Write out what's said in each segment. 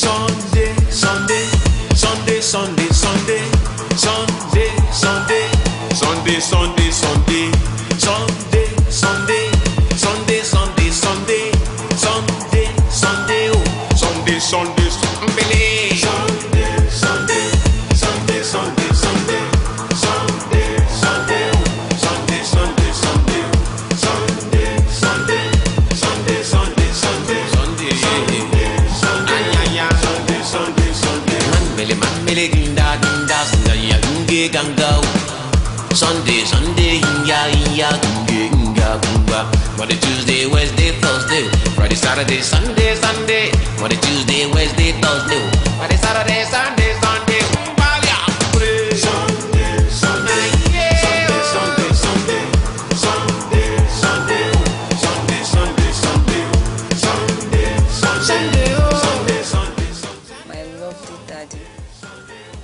Sunday, Sunday, Sunday, Sunday, Sunday, Sunday, Sunday, Sunday, Sunday. Saturday, Sunday, Sunday, What a Tuesday, Wednesday, Thursday, What a Saturday, Sunday, Sunday.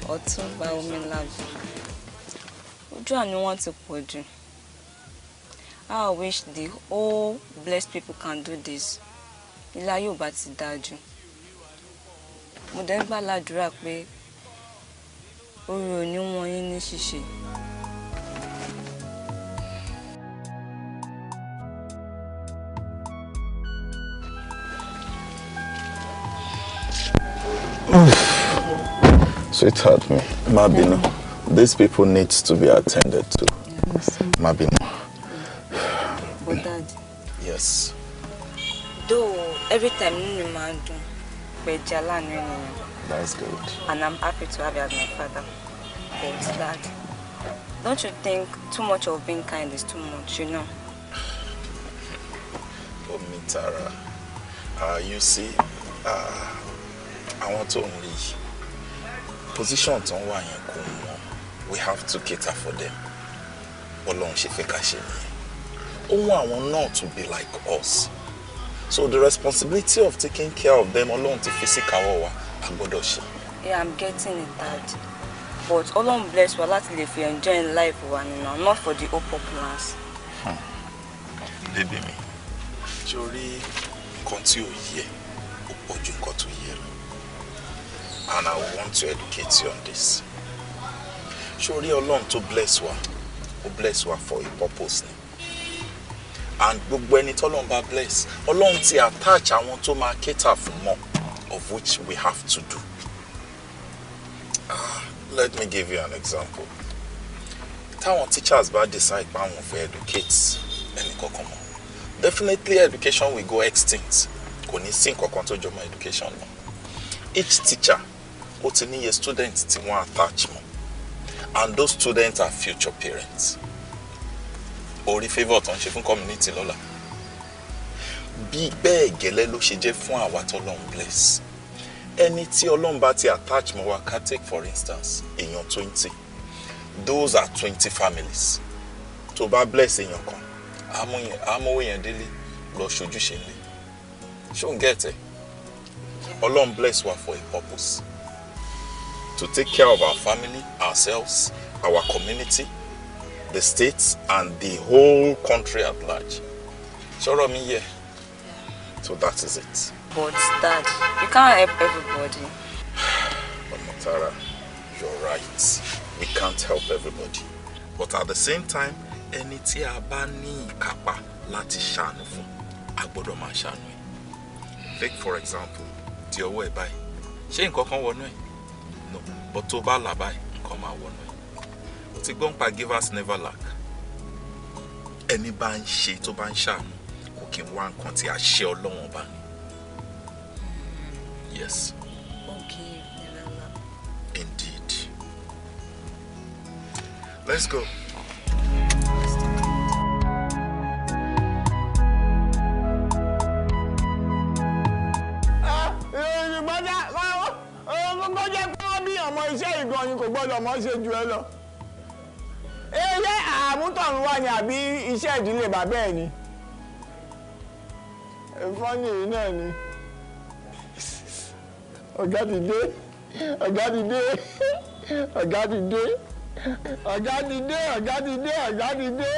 Ọ̀túnba Omilabo ojú àánú wọn ti pọ̀ jù. I wish the whole blessed people can do this ilé ayé bá ti dáa jù mo dẹ́ ń gbà ládùúrà pé oore ò ní yín ní ṣíṣe. Sweetheart me, má these people need to be attended to. Má But dad. Yes. Though every time you máa ń dùn pé ìjà you know. that's good. and i'm happy to have you as my father. Thanks, dad don't you think too much of being kind is too much you know. Oh, me tara uh, you see uh, I want to only. position on one, we have to cater for them ọlọ́run ṣe fẹ́ ká ṣe nìyẹn ó want not to be like us so the responsibility of taking care of them alone to fi sí kàwọ́ yeah i'm getting it dad but ọlọ́run bless wa láti lè fi enjoy life one. nínú not for the hope of plans. Hmm. bébì mi sórí nǹkan tí ò yẹ ó pọ̀ ju nǹkan tó yẹ and i want to educate you on this sórí ọlọ́run to bless wa ó bless wa for a purpose ni and gbogbo ẹni tọ́lọ́run bá bless ọlọ́run ti attach àwọn tó máa cater for more of which we have to do. Ah, let me give you an example. táwọn teachers bá decide pé àwọn fẹ́ educate ẹnì kankan mọ́ definitely education will go extinct kò ní sí nǹkan kan tó jọmọ́ education náà each teacher ó ti níye students tí wọ́n attach mọ́ and those students are future parents orí favour tó ń ṣe fún community lọ́la bí bẹ́ẹ̀ gẹ́lẹ́ ló ṣe jẹ́ fún àwa tó lọ́n bless ẹni tí ọlọ́run bá ti attach mọ́ wa ká take for instance èèyàn twenty those are twenty families tó bá bless èèyàn kan àmúwò yẹn délé lọ ṣojúṣe nílé ṣó ń gẹ̀tẹ̀ ọlọ́run bless wa for a purpose to take care of our family ourselves our community the states and the whole country at large. Sọ̀rọ̀ mi yẹ. So that is it. But Dad, you can't help everybody. But Matara, you're right. We can't help everybody. But at the same time, ẹni abani kapa bá ní ìkápá láti ṣàánú fún, Take for example, di ọwọ́ ẹ̀ báyìí. Ṣé nǹkan kan No. But tó bá là báyìí, nǹkan máa wọnú ẹ̀ o ti gbọ́n pa givers never lack ẹni bá ń ṣe tó bá ń ṣàánú kò kí n wá nǹkan tí àṣẹ ọlọ́wọ́n bá ní. yes. okay never indeed let's go. Ah, eh, ọmọ iṣẹ́ ìgbọ̀nyìn kò gbọ́dọ̀ mọ́ ṣe ju ẹ lọ eré àmútọ̀run wà ní àbí iṣẹ́ ìdílé bàbá ẹ̀ ni fọ́nì yìí náà ni ọ̀gá ti dé ọ̀gá ti dé ọ̀gá ti dé ọ̀gá ti dé ọ̀gá ti dé ọ̀gá ti dé.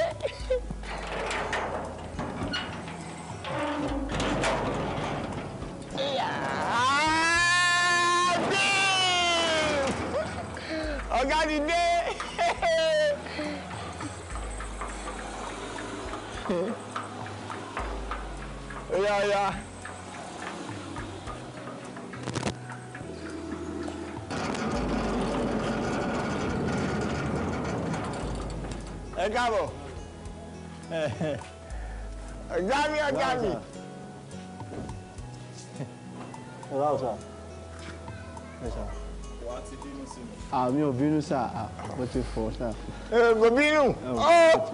ọ̀gá ti dé oya oya. ẹ káàbọ̀ ọ̀gá mi ọ̀gá mi àmì ah, ò bínú sà ó ah, ti fọ sà. kò bínú oh.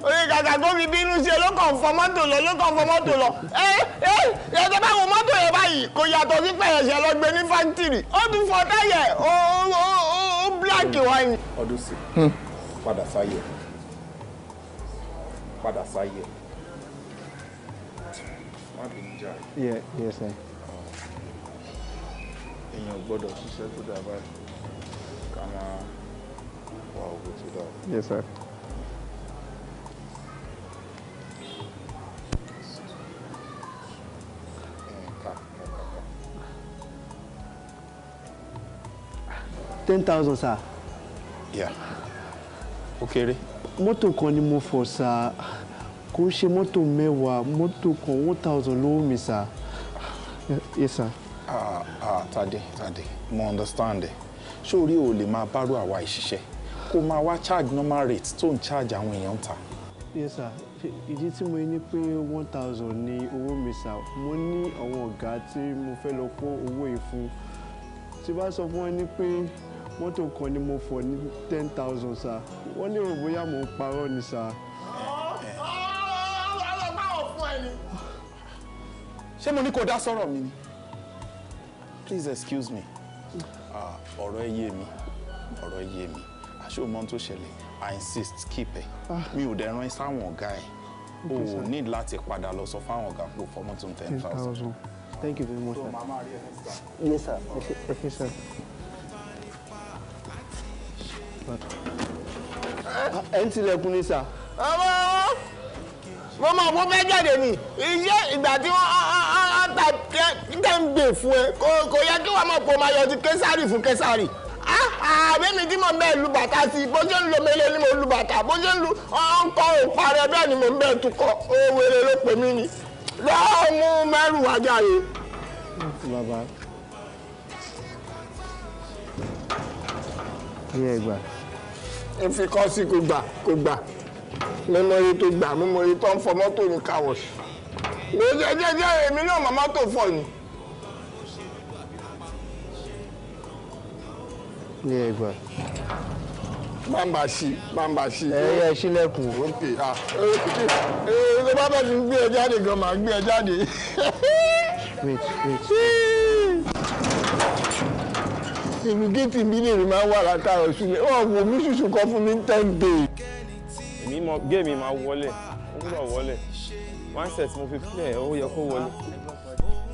oye kàkà tó fi bínú sí olókàn fọ mọ́tò lọ olókàn fọ mọ́tò lọ ẹ ẹ yàtọ̀ báwo mọ́tò yẹn báyìí kò yàtọ̀ sí pẹ̀yẹ̀sẹ̀ lọ gbé ní fáńtìrì ó ti fọ táyẹ̀ ó ó ó bíláàkì wá ni. ọdún sí hmm. padà sáyẹ padà sáyẹ má bínú jà. yẹ yẹ sẹ. èèyàn gbọ́dọ̀ ṣiṣẹ́ tó dáa báyìí a máa wà owó tó Yes, sir. ten thousand sir. yà ó kéré. mọ́tò kan ni mo fọ̀ sá kò ń ṣe mọ́tò mẹ́wàá mọ́tò kan one thousand ló mi sá. yes sir. ah ah Tade Tade mo understand it sórí ò lè máa bárò àwa ìṣiṣẹ́ kó máa wá charge normal rate tó ń charge àwọn èèyàn ta. yes sir ìdí tí mo ní pé one thousand ni owó mi sà mo ní àwọn ọ̀gá tí mo fẹ́ lọ kó owó yìí fún tí bá sọ fún ẹ ní pé mọ́tò kan ni mo fọ̀ ní ten thousand sà wọ́n lè rò bóyá mò ń parọ́ ni sà. ṣé mo ní kó dá sọ̀rọ̀ mi ni please excuse me. Ah, ọ̀rọ̀ ẹ mi ọ̀rọ̀ ẹ mi àṣé o tó ṣẹlẹ̀ i insist keep ẹ ah. mi ò dẹ̀ rán sáwọn ọ̀gá ẹ̀ o ò ní láti padà lọ sọ fáwọn ọ̀gá pé o tó ń ten thousand. thank you very much sir. yes sir ẹ ṣé sir. Ah, ẹ ń tilẹ̀kùn ni sir. ọmọ mo mọ̀ bó fẹ́ jáde ni iṣẹ́ ìgbà tí wọ́n á gbà tẹ́ǹgbè fún ẹ kò yẹ kí wọ́n mọ̀ pé o máa yọ ti késàrì fún késàrì àbẹ́mi tí mo bẹ́ẹ̀ lu bàtà sí i bó ṣe ń lo mele ni mo lu bàtà bó ṣe ń lu ọ̀nkọ́ òparẹ́ bẹ́ẹ̀ ni mo bẹ́ẹ̀ tún kọ́ òwèrè ló pè mí ni lọ́ọ́ mú mẹ́rù wájà yìí. bàbá ní ẹgbà. n fi kọ́ sí kò gbà kò gbà mímọ iye tó gbà mímọ iye tó ń fọ mọ́tò ní káwọ̀sì jẹ́ jẹ́ jẹ́ èmi náà màmá tó fọ ni. ní ẹgbà. bàbá sí bàbá sí. ẹ yẹ sílẹ̀kùn. ok ah ee ló bá bẹ̀ ti gbé ẹ jáde gan màá gbé ẹ jáde. wait wait. ibi géètì mi lè rí máa wà látàrọ̀ sílẹ̀ ọ̀ wò mí ṣùṣù kan fún mi ten days. èmi mọ géèmì máa wọlé ó gbọ́dọ̀ wọlé one set mo fi play ó yẹ kó wọlé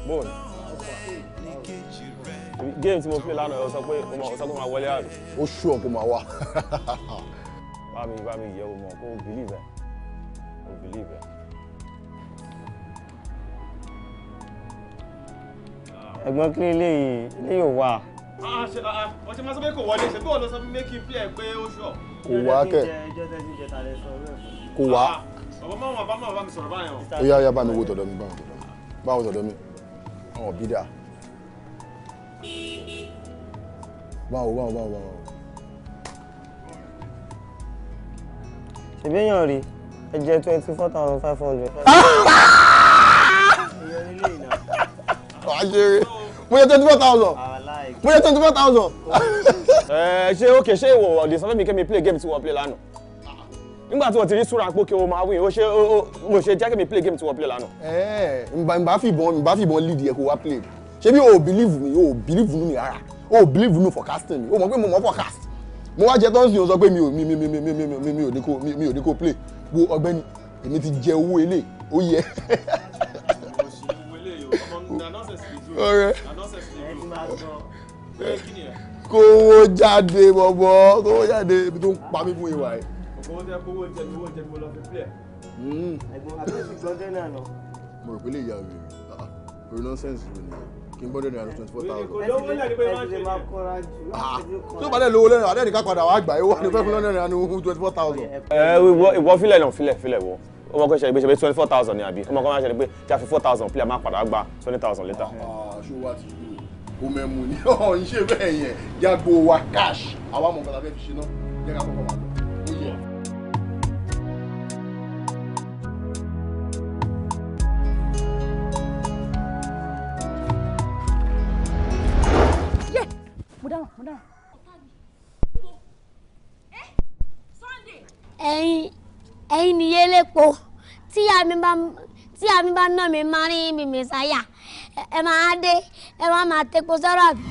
bóun game tí mo play lánàá ọ̀sán I was kó máa wọlé àrùn. ó ṣú ọ kó máa wá. bá mi bá mi yẹ o mọ kó o believe ẹ o believe ẹ. ẹ̀gbọ́n kí eléyìí eléyìí ò wà. ọtí máa sọ pé kò wọlé ṣe bí wọn lọ sọ fún mi kí n play ẹ pé ó ṣú ọ. kò wá kẹ kò wá ọmọ wọn bá máa bá mi sọ̀rọ̀ báyọ̀. ó yá yá bá mi wo tọ̀dọ̀ mi báwọn tọ̀dọ̀ mi báwọn tọ̀dọ̀ mi àwọn bí dáa. báwo báwo báwo báwo. ṣèbí èèyàn rí ẹ jẹ twenty four thousand five hundred. èèyàn nílé ìná. wàá twenty four thousand mo twenty four thousand. ẹ eh, ṣé okay ṣé ìwọ ọ̀dẹ̀sán fẹ́mi kẹ́mi play game tí wọ́n play lánàá nígbà tí wọ́n ti rí súra pé kí o máa win o o mo ṣe jẹ́ kí mi play game tí wọ́n play lánàá. ẹ ẹ nba fìbọn nba fìbọn lead yẹ kó wá play ṣé bí o believe mi o believe nu mi rárá o believe nu forecasting mi o mọ̀ pé mo mọ̀ forecast mo wá jẹ tó o sọ pé mi ò mi mi mi mi mi mi mi ò ní mi ò ní play wo ọ̀gbẹ́ni èmi ti jẹ owó eléyìí ó yẹ kówó jáde bọ̀bọ̀ kówó jáde ibi tó ń pa mí fún ìwà yìí owó tẹ kó owó jẹ mi owó jẹ mi mo lọ rò pé lè ya òye rẹ̀ ah, orí nọ́ńsẹ̀nsì rẹ̀ nìyẹn kí n bọ́dẹ̀ ní àdó twenty four thousand. tó ah, bá dẹ̀ lówó lẹ́nu àdé nìkan padà wàá gbà ewu àti fẹ́ fún lọ́nà ní twenty four thousand. ẹ ìwọ filẹ̀ náà filẹ̀ filẹ̀ wọ ó mọ̀ kó ṣẹlẹ̀ pé pé twenty four thousand ni àbí ó mọ̀ kó máa ṣẹlẹ̀ pé kí a fi four thousand player máa padà gba twenty thousand later. Ah, ṣó wá ti yí o mẹ́mu ni ọ̀hún ṣe bẹ́ẹ̀ yẹn jágbo wa cash àwa mọ̀ nǹkan tàbí ẹ̀ fi ṣe náà jẹ́ ká kọ́kọ́ máa lọ. dáhùn mo dáhùn. ẹ̀yin ẹ̀yin nìyẹn lépo tí àmì bá tí àmì bá ná mi máa rí mímí sáyà ẹ máa dé ẹ máa máa tepo sọ́rọ̀ àbí.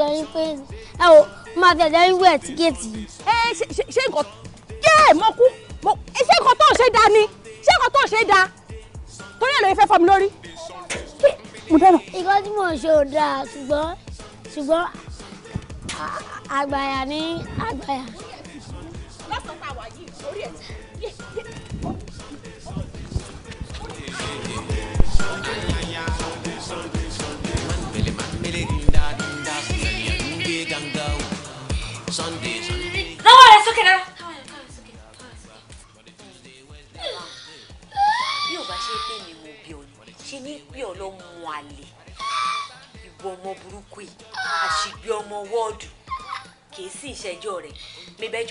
jọ rí pé ẹ o máa fi ẹ̀jẹ̀ wẹ̀ tí géètì yìí. ẹ ṣe ṣe nǹkan yé mọ́kú ṣé nǹkan tó ń ṣe dáa ni ṣé nǹkan tó ń ṣe dáa torí ẹ̀ lóye fẹ́ fọ́ mi lórí. mo dẹ́nu. ìkan tí mò ṣe ò dáa ṣùgbọ́n ṣùgbọ́n àgbàyà ní àgbàyà.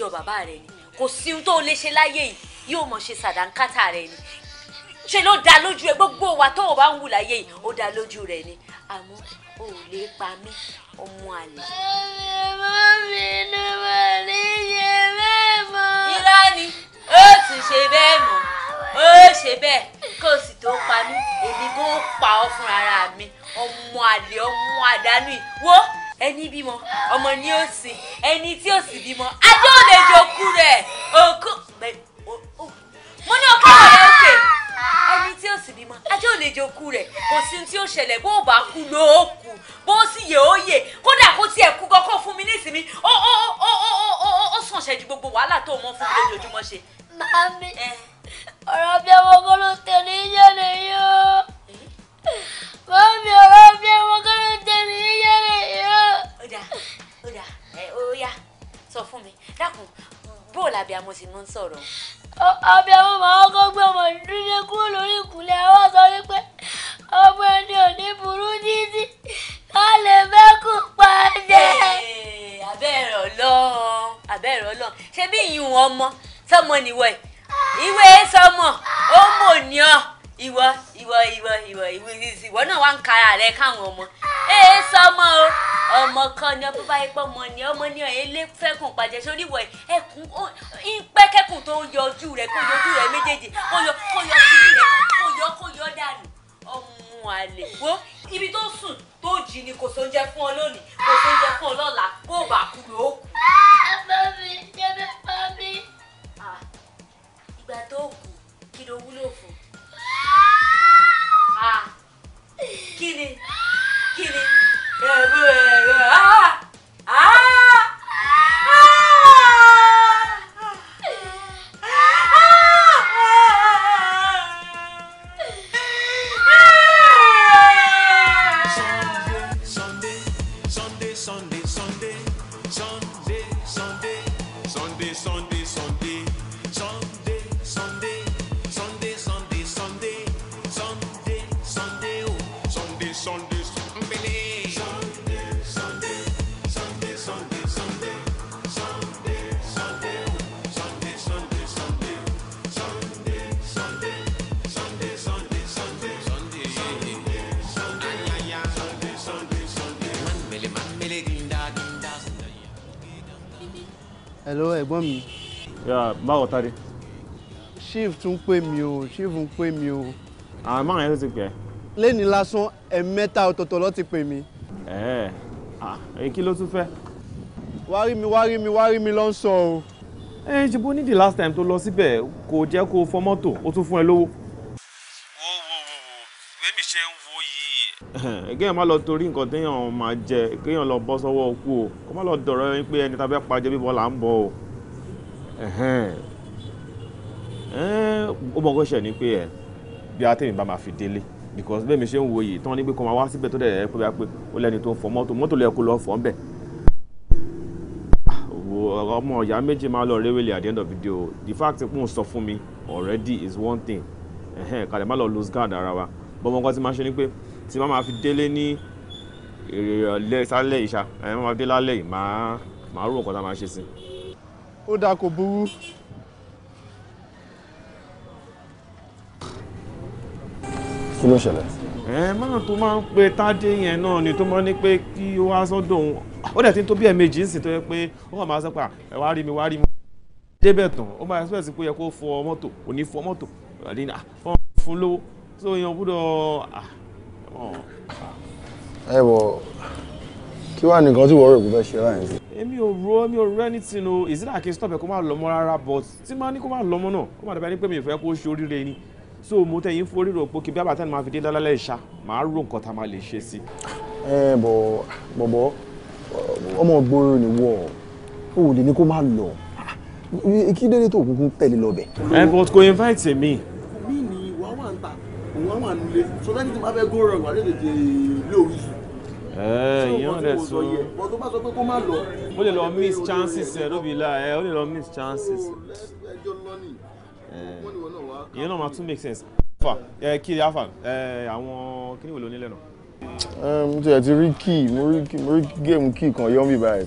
jọ bàbá rẹ ni kò sí ohun tó lè ṣe láyé yìí yóò mọ̀ ṣe sàdánkátà rẹ ni ṣe ló dá lójú ẹ gbogbo wa tó o bá ń wù láyé yìí ó dá lójú rẹ ni àmọ́ o ò lè pa mí ọmọ àlè. ọmọ mi ló wà ní ṣe bẹ́ẹ̀ mọ́. irá ni ó sì ṣe bẹ́ẹ̀ mọ́ ó ṣe bẹ́ẹ̀ kó o sì tó pa mí èmi kó pa ọ́ fúnra mi ọmọ àlè ọmọ àdánù yìí wo ẹni bímọ ọmọ ni ó sì ẹni tí ó sì bímọ ajé ò lè jòkú rẹ òkú mo ní ọkọ rẹ òkè ẹni tí ó sì bímọ ajé ò lè jòkú rẹ kò sí tí ó ṣẹlẹ̀ bó o bá kú ló ó kú bó o sì yè ó yè kódà kó tiẹ̀ kú gan kó fún mi ní ìsinmi ó ó ó ó ó sàn ṣẹ́jú gbogbo wàhálà tó o mọ fún mi lójoojúmọ́ ṣe. màmí ọ̀rọ̀ bí ọmọ gbọ́dọ̀ tẹ̀lé yẹn nìyí o màmí ọ̀rọ̀ bí ọmọ gbọ́dọ̀ tẹ̀lé yẹn nìyí o ó dà ó dà ẹ ó yá sọ fún mi dákun bó làbí àmọ́ sì ń sọ̀rọ̀. àbí àwọn màá kọ́ gbé ọmọ ìdílé kúrò lórí ìkúlẹ̀ àwọn sọ wípé ọmọ ẹni ò ní burú títí ká lè mẹ́kù pàdé. àbẹ̀rẹ̀ ọlọ́run àbẹ̀rẹ̀ ọlọ́run ṣé bí ìyún ọmọ sọmọ nìwọ̀ ẹ̀ ìwé sọmọ ó mọ̀ ní ọ ìwọ ìwọ ìwọ ìwọ ìwọ ìwọ náà wà ń kara rẹ káwọn ọmọ ee sọmọ o ọmọ kan ni ọbí báyìí pọ ọmọ ni ọmọ ni ọyẹ lé fẹkùn pàjẹ sórí ìwọ ẹkùn ìpẹkẹkùn tó yọ ojú rẹ kó yọ ojú rẹ méjèèjì kó yọ kó yọ kiri rẹ kó yọ kó yọ dànù ọmọ àlè wo ibi tó sùn tó jí ni kò sóúnjẹ fún ọ lónìí kò sóúnjẹ fún ọ lọ́la bó bá kú ló kù. mami jẹ́ mi mami. Ah, ìgbà tó kù kí ló wúlò fún. báwo tọ́dí. chief tún pè mí o chief ń pè mí o. àwọn márùn yẹn ló ti pè é. lẹ́ni lásán ẹ̀mẹ́ta ọ̀tọ̀ọ̀tọ̀ ló ti pè mí. ẹ ẹ kí ló tún fẹ́. wárí mi wárí mi wárí mi ló ń sọ o. ẹ ṣe bó ní the last time tó lọ síbẹ̀ kò jẹ́ kó o fọ mọ́tò ó tún fún ẹ lówó. wo wo wo bẹ́mi ṣe ń wo yìí. kéèyàn má lọ torí nǹkan téèyàn máa jẹ kéèyàn lọ bọ́ sọ́wọ́ okú o kó má lọ dọ̀rọ̀ yín ó mọ kó ṣe ní pé ẹ bí atẹ́mi bá máa fi délé because bẹ́ẹ̀ mi ṣe ń wo yìí tán ní pé kó máa wá síbẹ̀ tó dẹ̀ ẹ́ pé pé ó lẹ́ni tó ń fọ mọ́tò mọ́tò lẹ́yìn kó lọ́ọ́ fọ́ ń bẹ̀ ah, ọmọ ọ̀yà méjì máa lọ rẹ́wẹ̀lì at the end of the day o the fact pé òun sọ fún mi already is one thing kàdé má lọ lose guard ara wa bọ́mọ nǹkan tí máa ṣe ni pé tí máa máa fi délé ní èrè eh, ọ̀lẹ́ sálẹ̀ ìṣá ẹ̀ eh, máa dé lálẹ́ yìí máa máa rò nǹkan tá a máa ṣe sí i ó dáa kò burú. kí ló ṣẹlẹ̀. ẹ máa tó máa ń pe tádé yẹn náà ni tó máa ní pé kí ó wá sọ́dọ̀ òun ó dẹ̀ ti ń tó bí ẹ̀ẹ̀mejì ń sìn tó yẹ pé ó kàn máa sọ pé ẹ wá rí mi wá rí mi. débẹ̀ tán ó máa sọ èsì pé ó yẹ kó fọ mọ́tò kò ní fọ mọ́tò àdínà fún fún lówó so èèyàn gbọ́dọ̀ kí wàá nìkan tí wọ́n rò kó fẹ́ ṣe láyé sí. èmi ò ro èmi ò ro anything o ìsìlẹ̀ àkè stop ẹ̀ kó má lọ́mọ rárá but tí máa ní kó má lọ́mọ náà ó má dàbí ẹni pé mi ò fẹ́ kó ṣe oríire ni so mo tẹ̀ yín forí rò pé kí bí àbàtà ni màá fi dé lálẹ́ ìṣá màá rò nǹkan tá a máa lè ṣe sí. ẹ bọ bọbọ ọmọ gbòòrò ni wọ ò lè ní kó má lọ kí dédé tó kúkú tẹ̀lé lọ bẹ̀. ẹ but kò invite mi. mi ni wàá wà ń ta òun wàá wà so lẹ́ni tí mo go wrong wà lè tètè lé Eh, ìyẹn rẹ̀ so bọ́ tó bá sọ pé kó má lọ. ó lè lọ miss chances ẹ̀ lóbi la ẹ̀ ó lè lọ miss chances. ẹjọ́ lọ ni eh, ìyẹn náà máa tún make sense. afa ẹ kiri afa ẹ àwọn kíni wo ló nílẹ̀ náà. Eh, mo ti ẹ̀ ti rí key mo rí mo rí game key kan yọ́n mi báyìí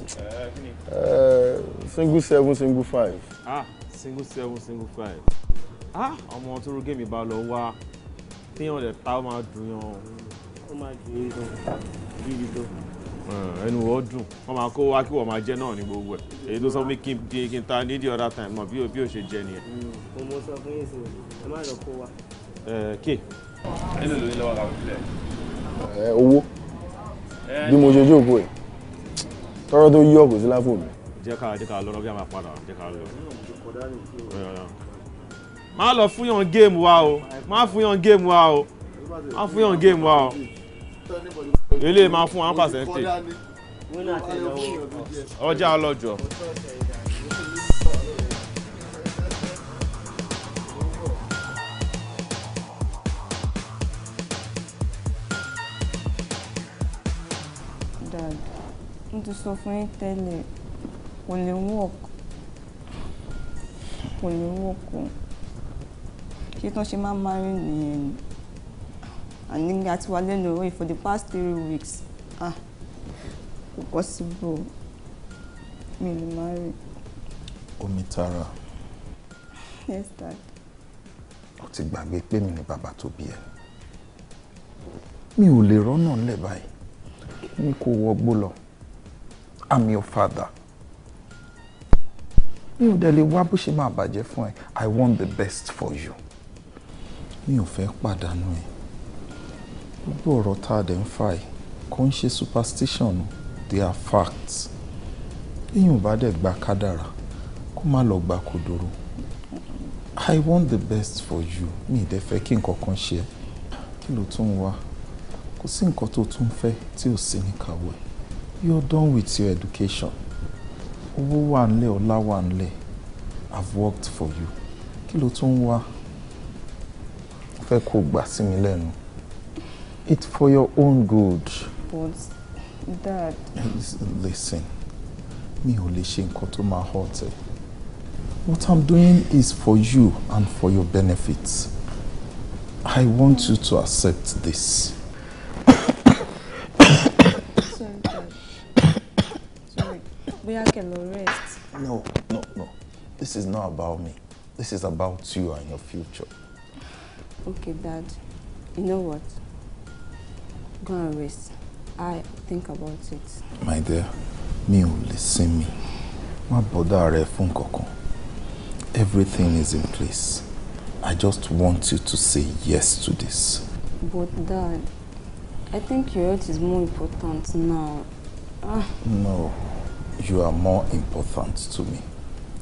single seven single five. ah single seven single five ah ọmọ tó rú géèmì bá lọ wá téèyàn lè ta ó máa dùn yàn ó máa dùn yín gan gidi gan. ẹnu wọ́n dùn wọ́n máa kó wá kí wọ́n máa jẹ́ náà ní gbogbo ẹ̀ èyí tó sọ pé kí n di kí n ta ní the other time náà bí ó ṣe jẹ nìyẹn. Mm, mo sọ fún yín sí ẹ má lọ kó wa. kí. ẹnu ló ní lọ́wọ́ làwọn ìpìlẹ̀. owó bí mo ṣe jókòó ẹ̀ tọ́rọ́ tó yí ọ̀gùn sí lápò mi. jẹ́ ká jẹ́ ká lọ́rọ́ bí a máa padà jẹ́ ká lọ má lọ fún yàn géèmù wa o má fún yàn géèmù wa o wọ́n fún yàn game wa o ilé máa fún one percentage ọjà ọlọ́jọ́. dad mo ti sọ fún yín tẹ́lẹ̀ kò lè work kò lè work o ṣé tán ṣe máa ń marry nìyẹn ni àní in that lẹ́nu ìwé for the past three weeks ah possible mi lè má rí. yes dad. o ti gbàgbé pé mi ni bàbá tó bí ẹ mi ò lè rọ́nà ńlẹ̀ báyìí mi kò wọgbó lọ i'm your father mi ò dẹ̀ lè wá bó ṣe máa bàjẹ́ fún ẹ i want the best for you mi ò fẹ́ pàdánù ẹ gbogbo ọ̀rọ̀ tá a dẹ̀ ń fà yìí kò ń ṣe superstition they are facts èèyàn bá dẹ̀ gba kádàrà kó má lọ gba kòdòrò i want the best for you mi ì dẹ̀ fẹ́ kí nǹkan kan ṣe kí ló tún wá kò sí nǹkan tó tún fẹ́ tí ò sí níkàwọ́ ẹ̀ you are done with your education owó wà nílẹ̀ ọlá wà nílẹ̀ i've worked for you kí ló tún wá fẹ́ kó gbà sí mi lẹ́nu. It's for your own good. But, Dad. Listen, mi ò lè ṣe nǹkan my heart. What I'm doing is for you and for your benefit. I want you to accept this. Sorry, Dad. Sorry. Bóyá kẹ́ lọ rest. No, no, no. This is not about me. This is about you and your future. Okay, Dad. You know what? Don't worry. I think about it. My dear, Me will listen me. My brother rẹ fún Everything is in place. I just want you to say yes to this. But Dad, I think your health is more important now. Ah. no, you are more important to me.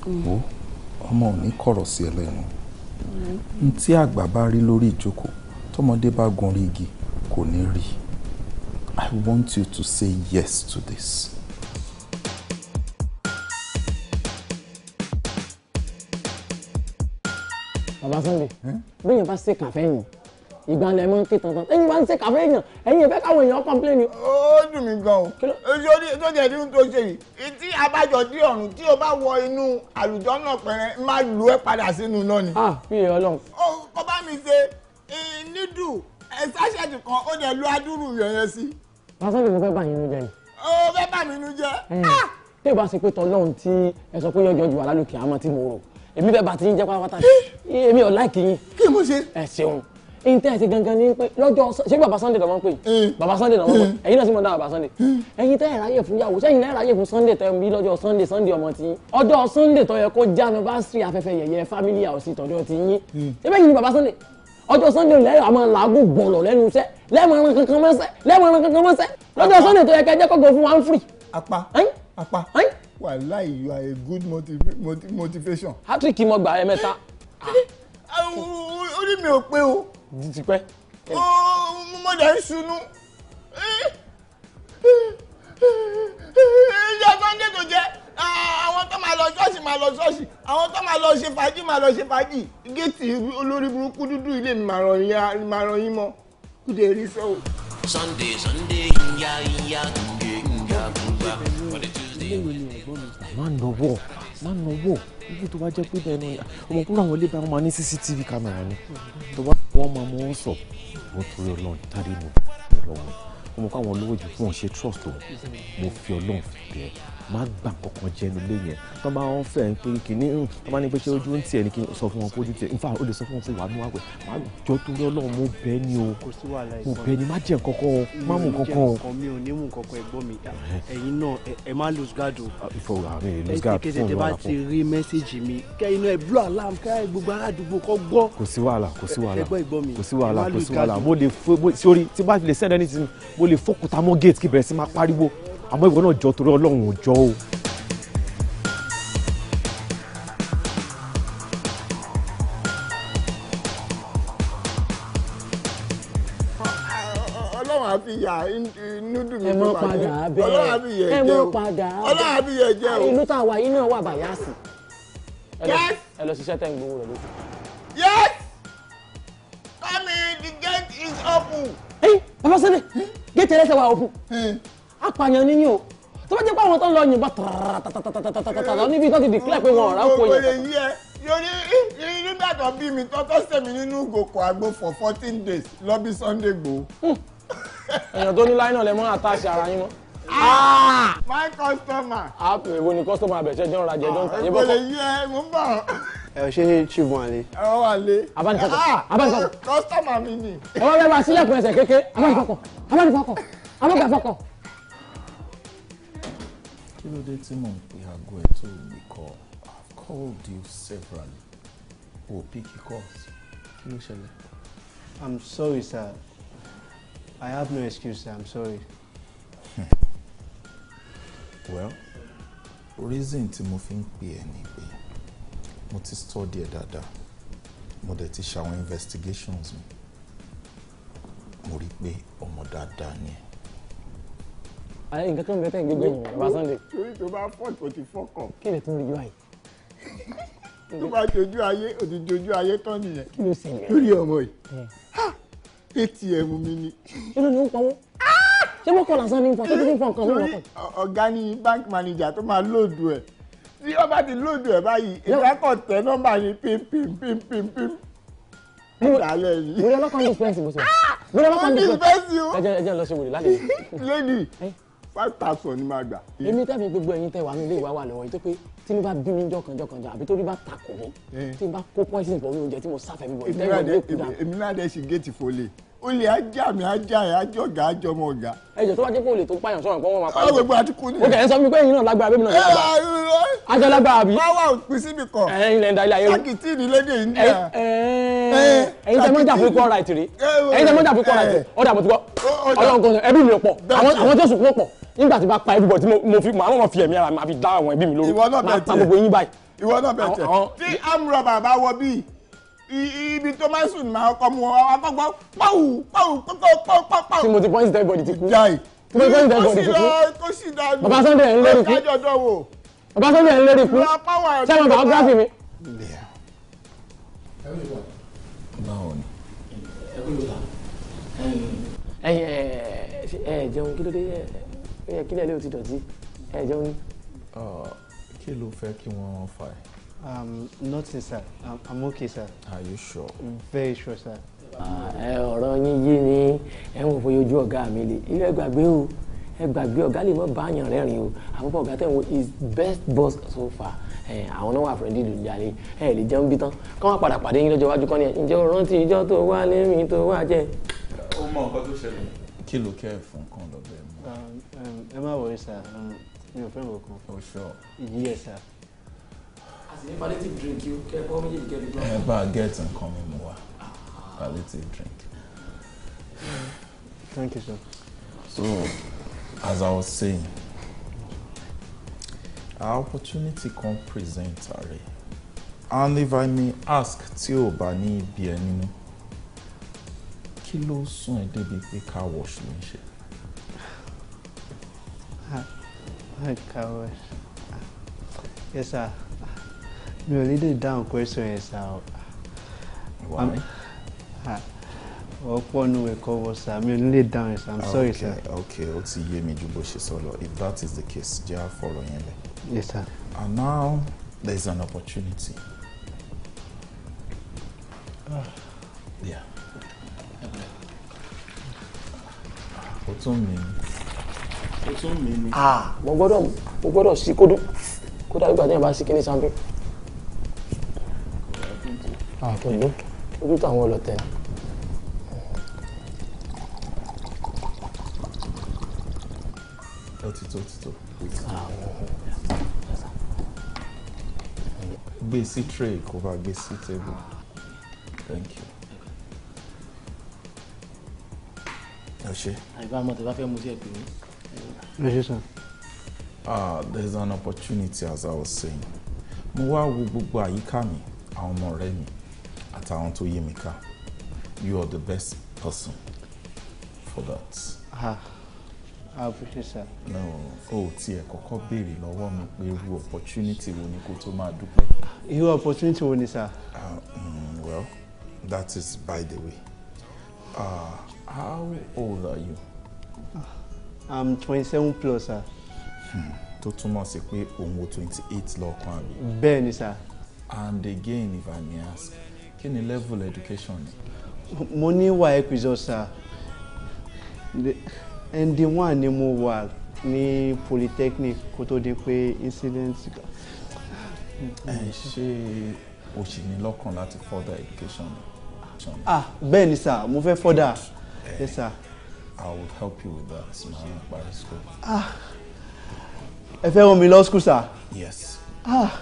Mm. Who? I'm only calling kọ̀rọ̀ sí ẹlẹ́nu. Mm. Ntí àgbà bá rí lórí ìjókòó tọmọdé bá gun rí igi kò ní I want you to say yes to this. Bàbá Sunday, bẹ́ẹ̀ bá ṣe kàfẹ́ yìí, ìgbà lẹ̀ mọ́ kí tantan, ẹ̀yin bá ń ṣe kàfẹ́ yìí, ẹ̀yin ìfẹ́ káwọn èèyàn complain ni. Ó dùn mí gan o, ojú tó jẹ́ ní tó ṣe yìí, etí abájọ dí ọ̀run tí o bá wọ inú àlùjọ náà pẹ̀rẹ̀ máa lù ẹ́ padà sínú náà ni. Ah, fi Ọlọ́run. Ó kọ́ bá mi ṣe, ìnídùú eh, ẹ sáṣẹ́ẹ̀tì kan ó dẹ̀ lu adúrú yẹn sí. pásítọ̀ mo fẹ́ bà yín nínú jẹ́ ni. ó fẹ́ bà mí nínú jẹ́. Ah! tí ò bá ṣe pé tọ́lọ́run tí ẹ sọ pé yọjọ́ ju alálùkì àmọ́ tí mo rò èmi fẹ́ bá ti yín jẹ́ pátápátá èmi ò láìkì yín. kí mo ṣe. ẹ ṣeun n tẹ́ ẹ ti gangan ní pé lọ́jọ́ ṣé bàbá Sunday lọ́mọ pé bàbá Sunday lọ́mọ pé ẹ̀yin náà sì mọ̀ dá bàbá Sunday ẹ̀yin tẹ́ ẹ̀ ráyè fún yàwó sẹ́yìn náà ráyè fún Sunday tẹ́ ń bí lọ́jọ́ Sunday Sunday ọmọ ti yín ọjọ́ Sunday tó yẹ kó já bá sí afẹ́fẹ́ yẹ̀yẹ́ family house ìtọ́jọ́ ti yín ṣé bẹ́ẹ̀ ni bàbá Sunday ọjọ́ sunday lẹ́yìn àmọ́ làágùn bọ̀lọ̀ lẹ́nu iṣẹ́ lẹ́mọ̀ràn kankan mọ́sẹ́ lẹ́mọ̀ràn kankan mọ́sẹ́ lọ́jọ́ sunday tó yẹ kẹjẹ́ kọ́gọ́ fún wa ń firi. apá apá wàláì you are a good motivation. patrick mo gbà ẹ mẹ́ta. orí mi ò pé o. ti pẹ́. mo dẹ̀ ń sunú ìjà sunday kò jẹ́ àwọn tó máa lọ ṣọ́ọ̀ṣì máa lọ ṣọ́ọ̀ṣì àwọn tó máa lọ ṣe fàájì máa lọ ṣe fàájì géètì olórí burúkú dúdú ilé mi máa ràn yín mọ́ kú dé rí sọ́wọ́. Sunday Sunday ìyá ìyá kúndé ìyá kúndà ọ̀dẹ Tuesday Wednesday. má nọwọ́ má nọwọ́ ibi tó bá jẹ́ pé bẹ́ẹ̀ ni ọmọkùnrin àwọn ilé bá máa ní CCTV camera ni tó bá wọ́n máa mú wọn sọ wọ́n torí ọlọ́run tàbí mo bẹ̀rẹ̀ lọ́wọ́ ọmọkùnrin àwọn olówó jù fún ọ̀ṣẹ́ trust o mo fi ọlọ́run fi bẹ́ẹ̀ má gbà kankan jẹnu lé yẹn tó bá wọn fẹ́ ń pé kìíní ń tó bá ní pé ṣé ojú ń tiẹ̀ ní kí n sọ fún wọn kó ojú tiẹ̀ ń o lè sọ fún wọn pé wàá nú àwẹ̀ má jọ tó rí ọlọ́run mo bẹ́ẹ̀ ni o mo bẹ́ẹ̀ ni má jẹ́ kankan o má mú kankan o. mi ò ní mú kankan ẹ̀gbọ́n mi ẹ̀yin náà ẹ má lose guard o. Ah, ìfọwọ́ àmì lose guard fún ìwà fún. ẹ ti rí mẹ́sẹ̀gì mi kẹ́ inú ẹ̀ blow alarm kẹ́ gbogbo aládùúgbò kọ́ gbọ́. kò sí wàhálà kò sí wàhálà kò sí wàhálà kò sí wàhálà mo lè sórí tí bá lè send anything mo lè fòkúta mọ́ gate kí bẹ̀rẹ̀ sí máa pariwo àmọ́ ìwọ náà jọ torí ọlọ́run ò jọ o. ọlọ́run àfi yà inú dùn mí pípa padà bẹ́ẹ̀ ọlọ́run àfi yẹ jẹ́ o ọlọ́run àfi yẹ jẹ́ o. ìlú tá a wà yìí náà wà bàyàsì. ẹ lọ ṣiṣẹ́ tẹ̀ ń gbowó rẹ̀ lóṣù. yes come in the gate is open. ẹ bàbá sẹ́dẹ̀ gate ẹlẹ́sẹ̀ wà open. Hmm apààyàn níyìn o tó bá jẹ́ pé àwọn tó ń lọ yìnbọn tààràtàtàtàtàtà níbi tó ti dìklẹ̀ pé wọn ọ̀rá kò yẹn. yorí nígbà tó bí mi tó tó sẹ̀mí nínú gòkò àgbo for fourteen days lọ́bí Sunday gbò. Hmm. èèyàn tó ní láyé náà lè mọ́ àtàṣe ara yín mọ́. Ah! my customer. àpè èwo ni customer àbẹ̀ṣẹ́ jọ́ ń rajà ẹjọ́ ń tà yín bọ́. ìgbòlè yí ẹ mú bọ̀. ẹ ṣe chief wọn àlè. ẹ wọ́n wà lé. abánikọ́kọ̀ ah! abánikọ́kọ̀. customer mi ni. ẹ wọ́n bẹ́ẹ̀ bá sílẹ̀kùn ẹsẹ̀ kéke abánikọ́kọ̀ abánikọ́kọ̀ abánikọ́kọ̀ kí ló dé tí mò ń pe aago ẹ̀ tó gbé kọ́ I've called you several. o ò pick your calls kí ló ṣẹlẹ̀. I'm sorry sir I have no excuse sir I'm sorry. well reason tí mo fi ń pè ẹ́ ni pé mo ti study ẹ̀ dáadáa mo dẹ̀ ti ṣàwọn investigations mi mo rí i pé ọmọ dáadáa ni ẹ́ ayé nǹkan tó ń bẹ tẹ̀ ń gbégbé yìí bàbá Sunday. torí tó bá fọ́ọ̀tì ó ti fọ́kàn. kí lè tún rí báyìí. tó bá jojú ayé ó ti jojú ayé tán nìyẹn. kí ló ṣẹlẹ̀. lórí ọmọ yìí atm mi ni. kí ló ní ń pawọ́ ṣé mọ́kàn lásán ní nǹkan tó ti ń fọ nǹkan mìíràn kan. ọ̀gá ni bank manager tó máa lóòdù ẹ̀ tí wọ́n bá ti lóòdù ẹ̀ báyìí ìdákọ̀ tẹ nọ́mbà ni pim pim pim pim pim ìdálẹ́ yìí. mo rí ọlọ́kàn ní fẹ́ǹsì mo sọ. Ah! mo rí ọlọ́kàn ní fẹ́ǹsì o. ẹ jẹ́ ẹ jẹ́ lọ ṣe wòlé lálẹ́ yìí. lady five thousand ni máa gbà. èmi tẹ́mi gbogbo ẹ̀yin tẹ́ wà nílé ìwà wà lọ́wọ́ yìí tó pé tí mo bá bí mi jọkànjọkànjọ àbí tó rí bá takò mí eh. tí mo bá kó poison pọ̀ mí oúnjẹ tí mo sáfẹ́ mi bọ̀ ìtẹ́wọ̀n mi ò kú dà. èmi náà dẹ̀ ṣe géètì fọlẹ̀ olè ajá mi ajá ẹ ajọgà ajọmọ ọgà. ẹjọ tó bá jẹ kó olè tó pààyàn sọ̀rọ̀ nǹkan wọn máa pààyàn. ọwọ́ gbogbo àti kúni. o kẹ ẹ sọ fún mi pé ẹ̀yin náà lágbára bẹẹ mi náà lágbára. ajá lágbára bí. báwa ò pín síbi kan. ẹ̀yin ilẹ̀ ń da ilé ayé. sakiti ìdílédè India. ẹ̀yin tẹ mọ́jà fún ikọ́ right rè ẹ̀yin tẹ mọ́jà fún ikọ́ right rè ọ̀dà àbọ̀tí kọ́ ọlọ́nkọ́ ẹbí mi pọ̀ àwọn tó sùn pọ̀ nígbà tí bá pa everybody mo fi màá fi ẹ̀mí ara mi àfi dá àwọn ẹbí mi lóró máa pa gbogbo yín báyìí. ìwọ náà bẹ̀ tẹ̀ tí amúrọ̀bà bá wọ bíi ibi tó máa ń sùn máa kọ́ mu akọ́gbọ́ pàwù pàwù pàwù pàwù. tí mo ti point everybody ti kú. jai tí mo ti point everybody ti kú. kó sì dájú bàbá Sunday ń lérí kú bàbá Sunday ń lérí kú sẹ́wọ̀n biography mi. báwo ni. ẹyin ẹ ẹ jẹun kí ló dé ẹ kílẹ̀ lé o ti dọ̀tí ẹ jẹun kí ló fẹ́ kí wọ́n fà ẹ́. Um, nothing, sir. I'm, I'm okay, sir. Are you sure? Very sure, sir. Ah, ọ̀rọ̀ yín yí ni ẹ ń fojú ojú ọ̀gá mi lè ilé ẹ gbàgbé o ẹ gbàgbé ọ̀gá lè mọ̀ báyàn rẹ́rìn o àbúkọ̀ ọ̀gá tẹ̀ ń wo his best boss so far àwọn náà wà fún dídùn jalè ẹ lè jẹun bí tán kọ́ wọn padà pàdé yín lọ́jọ́ iwájú kan ní ẹ̀ ǹjẹ́ o rántí ìjọ tó wà lẹ́mí tó wà jẹ́. ó mọ nǹkan tó ṣẹlẹ̀ kí ló kẹ́ ẹ̀ fún kan lọ́bẹ̀ mọ́. Um, um, ẹ má wọrí sir um, mi ò fẹ́ mọ̀ kan. sure. yes sir àti palliative drink o kẹ bọ́ méjèèjì kẹ́ fi gbọ́. ẹ bá a get nǹkan mi mu wa palliative drink. thank you sir. so as i was saying our opportunity come present are and if i may ask tí o bá ní ibi ẹ nínú kí ló sún ẹ débi pé car wash ló ń ṣe. Ah, car wash ah, yes sir mi ò lè down. question is, sá o. why. Ah, ọ̀pọ̀ nu ẹ̀kọ́ wọ sá mi ò ní lè dáhùn sá i'm sorry sir. okay okay ó ti yé mi ju bó if that is the case jẹ́ àfọ̀rọ̀ yẹn yes sir. and now there is an opportunity. Uh. yeah. ó tún mi ó tún mi ni. ah mo gbọ́dọ̀ mo gbọ́dọ̀ sí kódó kódà nígbà tí yẹn bá sí kíní sanpé àkọ́jú ojú táwọn ọlọ́tẹ̀ ni. ó ti tó ti tó. gbé sí tray kó bá gbé sí table thank you. ẹ ṣe. àìbá àmọ́ tẹ bá fẹ́ mú ah there's an opportunity as i was saying mo wá wo gbogbo àyíká àtàwọn tó yé mi ká you are the best person for that. Ah, I appreciate sir. no o ò tiẹ̀ kọ́kọ́ béèrè lọ́wọ́ mi pé irú opportunity wo ni kó tó máa dúpẹ́. irú opportunity wo ni sir. Uh, mm, well that is by the way uh, how old are you. Ah, I'm twenty-seven plus sir. Hmm. tó túmọ̀ sí pé òun wo twenty-eight lọ́kàn àbí. bẹ́ẹ̀ ni sir. and again if I may ask kí ni level education ni. mo ní wà equizor sir nd one ni mo wà ní polytechnic kó tó di pé incident. ẹ ṣe o ṣì ní láti further education. ah bẹ́ẹ̀ ni sir mo fẹ́ further yes sir. I will help you with that. My own private school. Ah. Ẹ fẹ́ rán mi lọ school, sir? Yes. Ah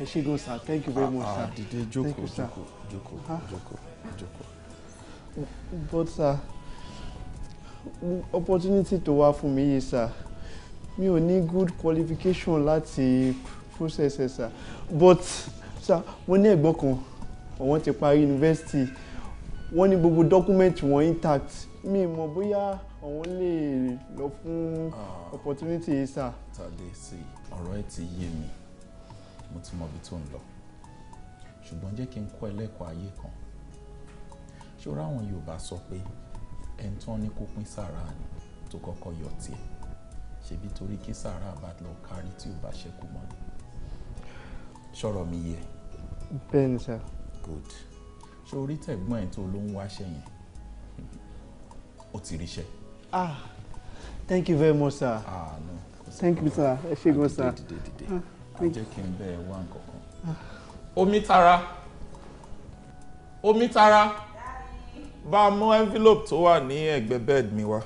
ẹ sir thank you very ah, much ah, sir. dìde jókòó joko, joko, joko, joko? but sir opportunity to wá fún mi yìí sir mi ò ní good qualification láti process ẹ sir but sir mo ní ẹ̀gbọ́n kan àwọn ti parí yunifásitì wọ́n ní gbogbo document wọn intact mi mọ̀ bóyá àwọn lè lọ fún ah. opportunity sir. tàdé sí ọ̀rọ̀ ẹ ti yé mi mo ti mọ ibi tó ń lọ ṣùgbọ́n jẹ́ kí n kọ́ ẹlẹ́kọ̀ọ́ ayé kan ṣọ́ra àwọn Yorùbá sọ pé ẹni tán ní kó pín sàrà ni tó kọ́kọ́ yọ tiẹ̀ ṣebí torí kí sàrà bá lọ kárí tí ò bá ṣẹ́kù mọ́ ni ṣọ̀rọ̀ mi yẹ. bẹ́ẹ̀ sá. good ṣé orí tẹ̀gbọ́n ẹ̀ tó ló ń wáṣẹ́ yẹn ó ti ríṣẹ́. ah thank you very much sir. ah no. thank you sir ẹ ṣé gan sir. Ah á jẹ́ kí n bẹ̀ ẹ́ wá nǹkan kan ah. omi tara omi tara bá a mú envelope tó wà ní ẹ̀gbẹ́ bed mi wá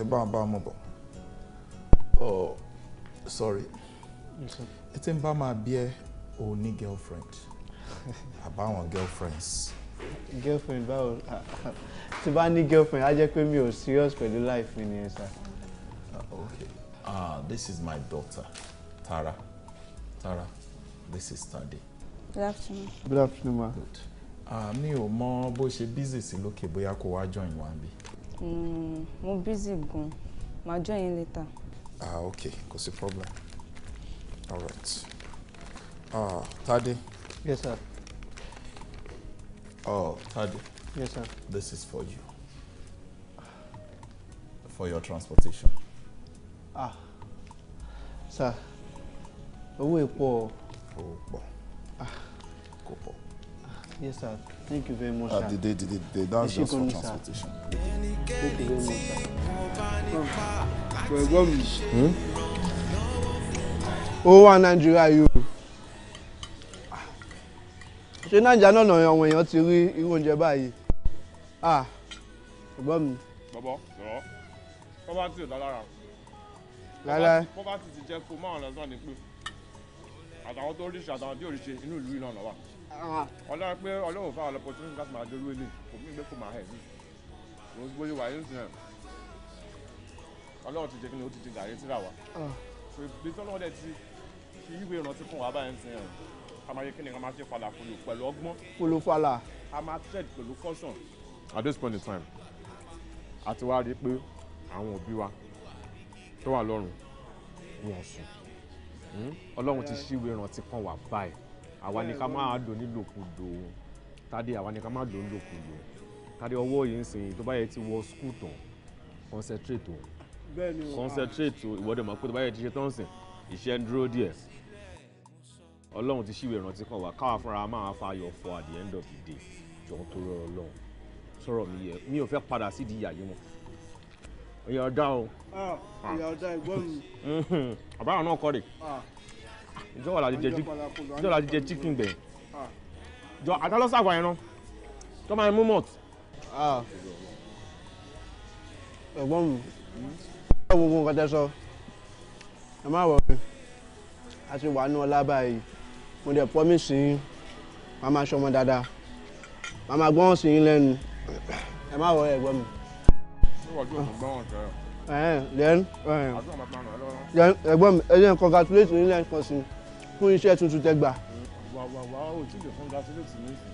ẹ bá a bá a mú bọ̀ oh sorry ètè ń bá máa bí ẹ ò ní girlfriend àbáwọn girlfriends. girlfriend báwo tí bá ní girlfriend á jẹ́ pé mi ò serious pẹ̀lú life mi nìyẹn sá. Ah, okay ah uh, this is my daughter Tara. Tara, this is Tade. Good afternoon. Good afternoon, ma. Good. Mi ò mọ bó ṣe busy sí lókè bóyá kó wá join wa bí. Hmm, mo busy gan. Màá join yín later. Ah, okay, kò sí problem. All right. Ah, Tade. Yes, sir. Oh, Tade. Yes, sir. This is for you. For your transportation. Ah, sir owó epo o. owó pọ̀ ah. kò pọ̀. Ah, yes sir thank you very much ah, sir. dìde dìde dìde that's just for transportation. thank you very much sir. pẹ̀lú ẹ̀gbọ́n mi. Hmm? ó wà nàìjíríà yìí o ṣé nàìjíríà náà náà àwọn èèyàn ti rí irú oúnjẹ báyìí ah ẹ̀gbọ́n mi. bọ́bọ́ bọ́bọ́ bọ́bá tí ò dá lára. láéláé bọ́bá ti ti jẹ́ kó máa lọ́sàn-án ní pé àtàwọn tó ríṣì àtàwọn tí ò inú ìlú yìí náà lọ́wọ́ ah. ọlọ́run pé ọlọ́run fáwọn opportunity láti máa dérú ilé kò mí gbé kò máa hẹ̀ mí gbogbo ìwà yìí sìn ẹ̀ ọlọ́run ti jẹ́ kí ni ó ti di gàrí síra wa ah. bí tọ́lọ́run dẹ̀ ti fi ìwé ìrántí fún wa báyìí sìn ẹ̀ ká máa yẹ kí ni ká máa ṣe falà kolo pẹ̀lú ọgbọ́n kolo falà ká máa tread pẹ̀lú caution. at this point in time a ti wá rí i pé àwọn òbí wa tó wà lọ́rùn wọn sùn ọlọ́run ti ṣíwèé rántí kan wà báyìí àwa ni ká máa lò nílòkulò tádé àwa ni ká máa lò nílòkulò tádé ọwọ́ yìí ń sìn tó bá yẹ ti wọ skul tán concentrate o concentrate o ìwọ́dẹ̀ mọ̀ pé tó bá yẹ ti ṣe tán sìn iṣẹ́ ń dúró díẹ̀ ọlọ́run ti ṣíwèé rántí kan wà káwa fúnra máa fa ayọ̀ fọ at the end of the day jọ̀ọ́ tó rọrọ lọ́hùn sọ̀rọ̀ mi yẹ mi ò fẹ́ padà sídìí ìyá yìí mọ́ ìyá ọ̀dà o. Ah, ìyá ọ̀dà ìgbọ́n mi. àbára náà kọ́ rè ah. ìjọba la ti jẹ chicken gbẹ̀. Ah. jọ àtàlọ́sàgbà yẹn náà tó máa mú mọ́t. ẹ̀gbọ́n mi ẹ wo gbogbo nǹkan tẹ́ sọ ẹ má wọ̀ mi a ti wà ní ọlá báyìí mo dẹ̀ promise yín màá máa ṣọmọ dáadáa màá máa gbọ́n sí yín lẹ́nu ẹ má wọ̀ ẹ ẹ̀gbọ́n mi then then ẹ̀gbọ́n mi ẹ̀yẹ́ congratulate ní lẹ́ẹ̀kan sí fún iṣẹ́ tuntun tẹ́ gbà. wà wà wà ó tí lè congratulate mi sí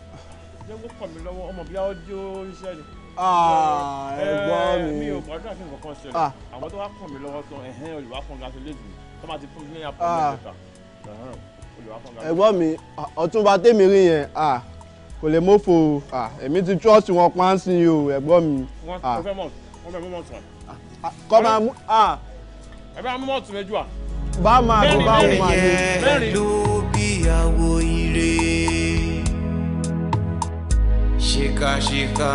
jẹ́ kó kọ̀ mí lọ́wọ́ ọmọ bí áódíó iṣẹ́ ni. Ah, ẹ̀gbọ́n mi mi ò gbàdúrà kí nǹkan kan ṣẹlẹ̀ ah. àwọn tó wá kọ̀ mí lọ́wọ́ tán ẹ̀hẹ́n olùwà congratulate mi tó máa ti fún mi ní apọ̀ ah. mẹ́ta ẹ̀gbọ́n mi ọ̀túnba tèmi rí yẹn kò lè mọ́fò èmi ti trust wọn pa á sí i o ẹ̀gbọ́n mi. wọ́n fẹ́ mọ̀ wọ́n bẹ ah, ah, ah. mú mọ̀tún. kọ́ máa mú a. bá a máa lọ bá òun máa lọ. mẹ́rin ló bíyàwó ire ṣìkàṣìkà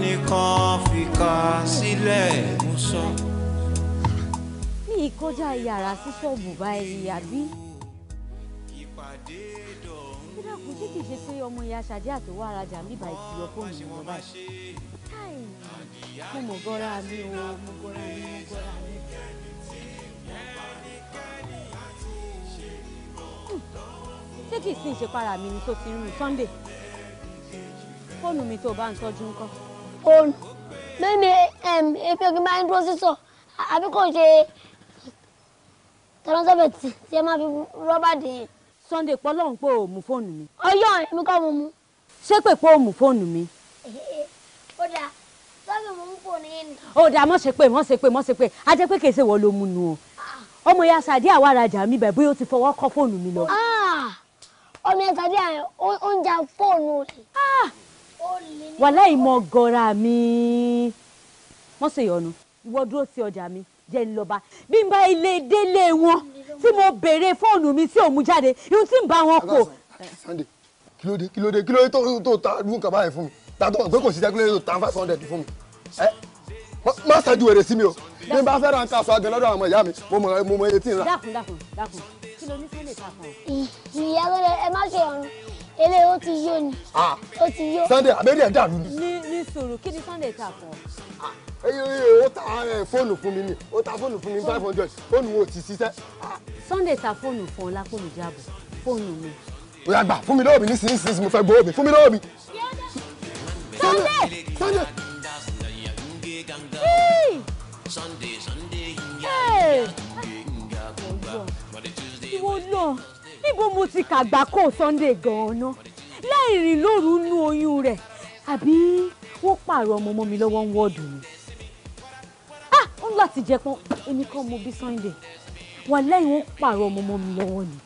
nìkan fìkà sílẹ̀ mú sọ. mi ì kọjá sí ṣọ́ọ̀bù báyìí àbí dákun ṣé kìí ṣe pé ọmọ ìyá ṣàdé àti wà ń bíbá ìtì ọkọ mi lọ báyìí táì mo mọ̀ gọ́ra mi o mo gọ́ra mi mo gọ́ra mi. Hmm, ṣé kìí sì ń ṣe para mi ni tó ti rún Sunday fóònù mi tó bá ń tọ́jú ńkọ́. fóònù mímí efi ogi máa ń dúró sísọ àbí kò ṣe tẹlifíṣọ̀bẹ̀ tí ẹ máa fi rọ́bà dè é. Sunday pọ́ lọ́hùn pé o mú fóònù mi. ọyọ èmi kọ́ mo mú. ṣé pè pé o mú fóònù mi. ó dà Sunday mo mú fóònù yẹn nì. ó dà mọ̀ ṣe pé mọ̀ ṣe pé mọ̀ ṣe pé a jẹ́ pé kì í ṣe wọ́n ló mú nu o. ọmọ ya sàdí àwa arajà mi bẹ̀ bóyá o ti fọwọ́ kọ́ fóònù mi lọ. Ah! ọmọ ya sàdí àyàn ó ń ja fóònù rẹ̀. Ah! wàhálà ìmọ̀ mi mọ̀ ṣe yọnu ìwọ dúró ti ọjà mi jẹ́ ń lọ́ba bí n bá ilé délé wọn tí mo béèrè fóònù mi tí ò mú jáde irun tí ń bá wọn kò. Sunday kí ló dé kí ló dé kí ló dé tó tó ta irú nǹkan báyìí fún mi tàbí pé kò sí jẹ́ tó ta five hundred fún mi má ṣáájú wèrè sí mi o bí n bá fẹ́ ra nǹkan aṣọ agan lọ́dọ̀ àwọn ìyá mi mo mọ mo mọ etí ńlá. dákun dákun dákun kí ló ní Sunday ta ìyá lọ́dẹ ẹ má ṣe ọ̀run Ele ó ti yó ni. Ó ti yó. Sunday abẹ́rẹ́ ẹ̀ dànù ni. Ní ní kí ni Sunday tà fún ọ? Eye eye ta fóònù fún mi ni ó ta fóònù fún mi five hundred fóònù wo ti ṣiṣẹ́. Sunday ta fóònù fún ọ lápò olùjábọ̀ fóònù mi. Ó yá gbà fún mi lóòbí nísinsìnyí mo fẹ́ gbowó mi fún mi lóòbí. Sunday Sunday. Sunday Sunday. Ìwọ náà níbo mo ti kàgbà kó Sunday gan-an láì lóru nú oyún rẹ̀ àbí wọ́n pààrọ̀ ọmọ ọmọ mi lọ́wọ́ ń wọ́ọ̀dù mi. ah ń láti jẹ pọ́n èmi kàn mo bí Sunday wà lẹ́yìn wọ́n pààrọ̀ ọmọ ọmọ mi lọ́wọ́ ni.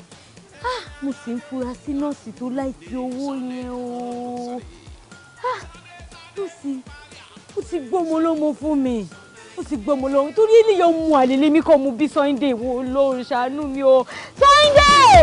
ah mo sì ń fura sí nọ́ọ̀sì tó láìsí owó yẹn o. ah nọ́ọ̀sì ó ti gbọ́mọ lọ́mọ fún mi ó ti gbọ́mọ lọ́mọ torí ènìyàn mu àlè lèmi kàn mo bí Sunday wo lóòrùn ṣàánú mi o Sunday.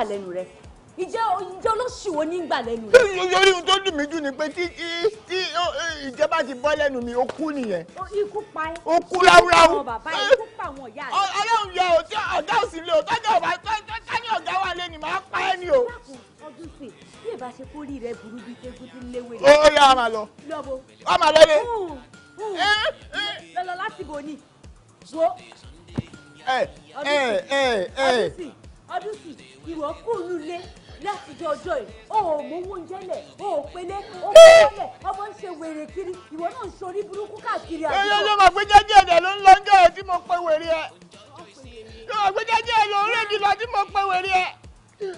gbà lẹ́nu rẹ ìjẹ́ ìjẹ́ olóṣùwò ní gbà lẹ́nu rẹ. lórí ohun tó dùn mí jù ni pé tí tí ìjọba ti bọ́ lẹ́nu mi ó kú nìyẹn. ikú pa ẹ́. ó kú ráúráú. ọlọ́run yẹ o tí ọ̀gá ò sí lé o tọ́jú ọ̀gá tọ́jú ọ̀gá wà lé ni màá pa ẹ́ ni o. ọdún sí bí ìbá ṣe kórìí rẹ burú bíi tẹ́kú tí léwé. ó yà á máa lọ. lọ́bọ̀ ó máa lọ lọ́lọ́ láti bò ní. wo. ọdún sí ọdún sí ìwọ kù nílé látijọ́ ọjọ́ yìí o ò mówó oúnjẹ lẹ̀ o ò pélé o kò lẹ̀ ọmọ ń ṣe wèrè kiri ìwọ náà ń sori burúkú káàkiri àdúgbò. ẹyọ ló máa gbé jẹjẹ ẹ ló ń lọ ń jẹ ẹ tí mo pe wèrè ẹ ló máa gbé jẹjẹ ẹ ló ń rèdí lọ tí mo pe wèrè ẹ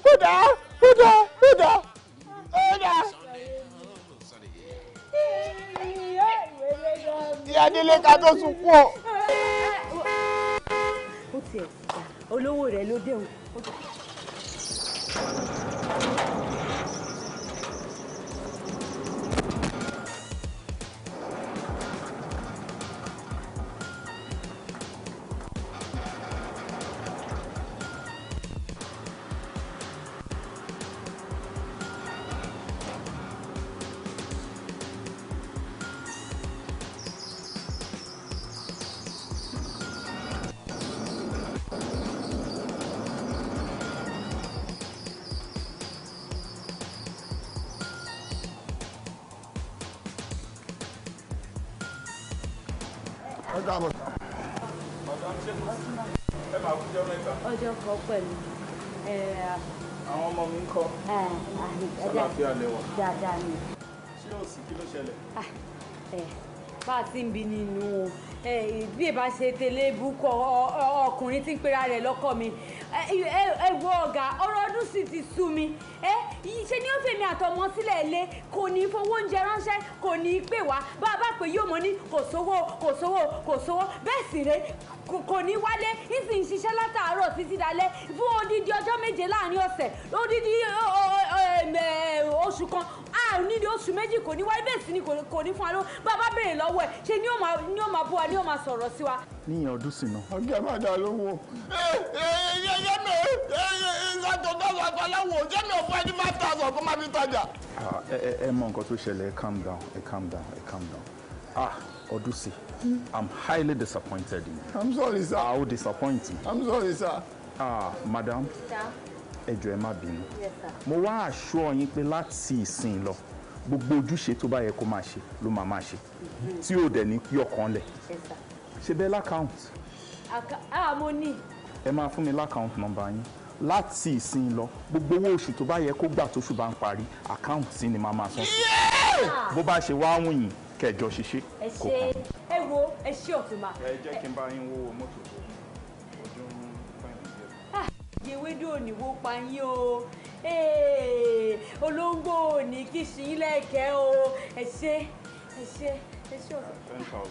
kódà kódà kódà kódà. ìyá délé ká tó sunkún o. ó tiẹ̀ olówó rẹ̀ ló dé o. Thank you. síbi nínú o bí ìbá ṣe tẹ̀lé ibùkọ ọkùnrin tí ń pera rẹ̀ lọ́kọ mi ẹ wo ọ̀gá ọdún sì ti sú mi ṣe ni ó fèmí àtọmọ sílẹ̀ lé kò ní fowó oúnjẹ ránṣẹ́ kò ní pè wá bá a bá pè yóò mọ ní kò sówó kò sówó kò sówó bẹ́ẹ̀ sì rèé kò ní wálé ìsì ń ṣiṣẹ́ látàárọ̀ títí dalẹ́ fún odidi ọjọ́ méje láàrin ọ̀sẹ̀ odidi oṣù kan nídìí oṣù méjì kò ní wá ibẹ̀ sí ni kò ní fún wa ló bàbá béèrè lọ́wọ́ ẹ̀ ṣe ni yóò máa bú wa ni yóò máa sọ̀rọ̀ sí wa. níyàn ọdún sí náà. ọgá máa dà lówó. ẹ ẹ ẹ yẹ mi ẹ ẹ látọ̀ bá wà fọláwọ̀ yẹ mi ò fún ẹni máa ta àṣọ fún máa fi tajà. ẹ ẹ ẹ mọ nǹkan tó ṣẹlẹ̀ ẹ calm down ẹ calm down ẹ calm down ah ọdún sí i'm highly disappointed in you. i'm sorry sir. How o i'm sorry sir. ah madam. Yeah ẹ jọ̀ọ́ ẹ má bínú mo wá àṣọ yín pé láti ìsìn lọ gbogbo ojúṣe tó bá yẹ kó máa ṣe ló máa máa ṣe mm-hmm. tí ò dẹ̀ ní kí ọkàn lẹ̀ ṣe bẹ́ẹ̀ lákàùnt. a ah, mo ní. ẹ máa fún mi lákàùnt nọ́mbà yín láti ìsìn lọ gbogbo owó oṣù tó bá yẹ kó gbà tóṣù bá ń parí àkáùnt sí ni màá máa san fún bó bá ṣe wá wùn yín kẹjọ ṣiṣẹ́ kò kàn. ẹ ṣe é wo ẹ ṣe ọ̀tún máa. ẹ jẹ́ kí n bá yín wo mọ́tò tó ṣe ewédú òní pa yín o olóńgbò òní kì ṣe yín lẹ́ẹ̀kẹ́ o ẹ ṣe ẹ ṣe ẹ ṣe ọ̀sán.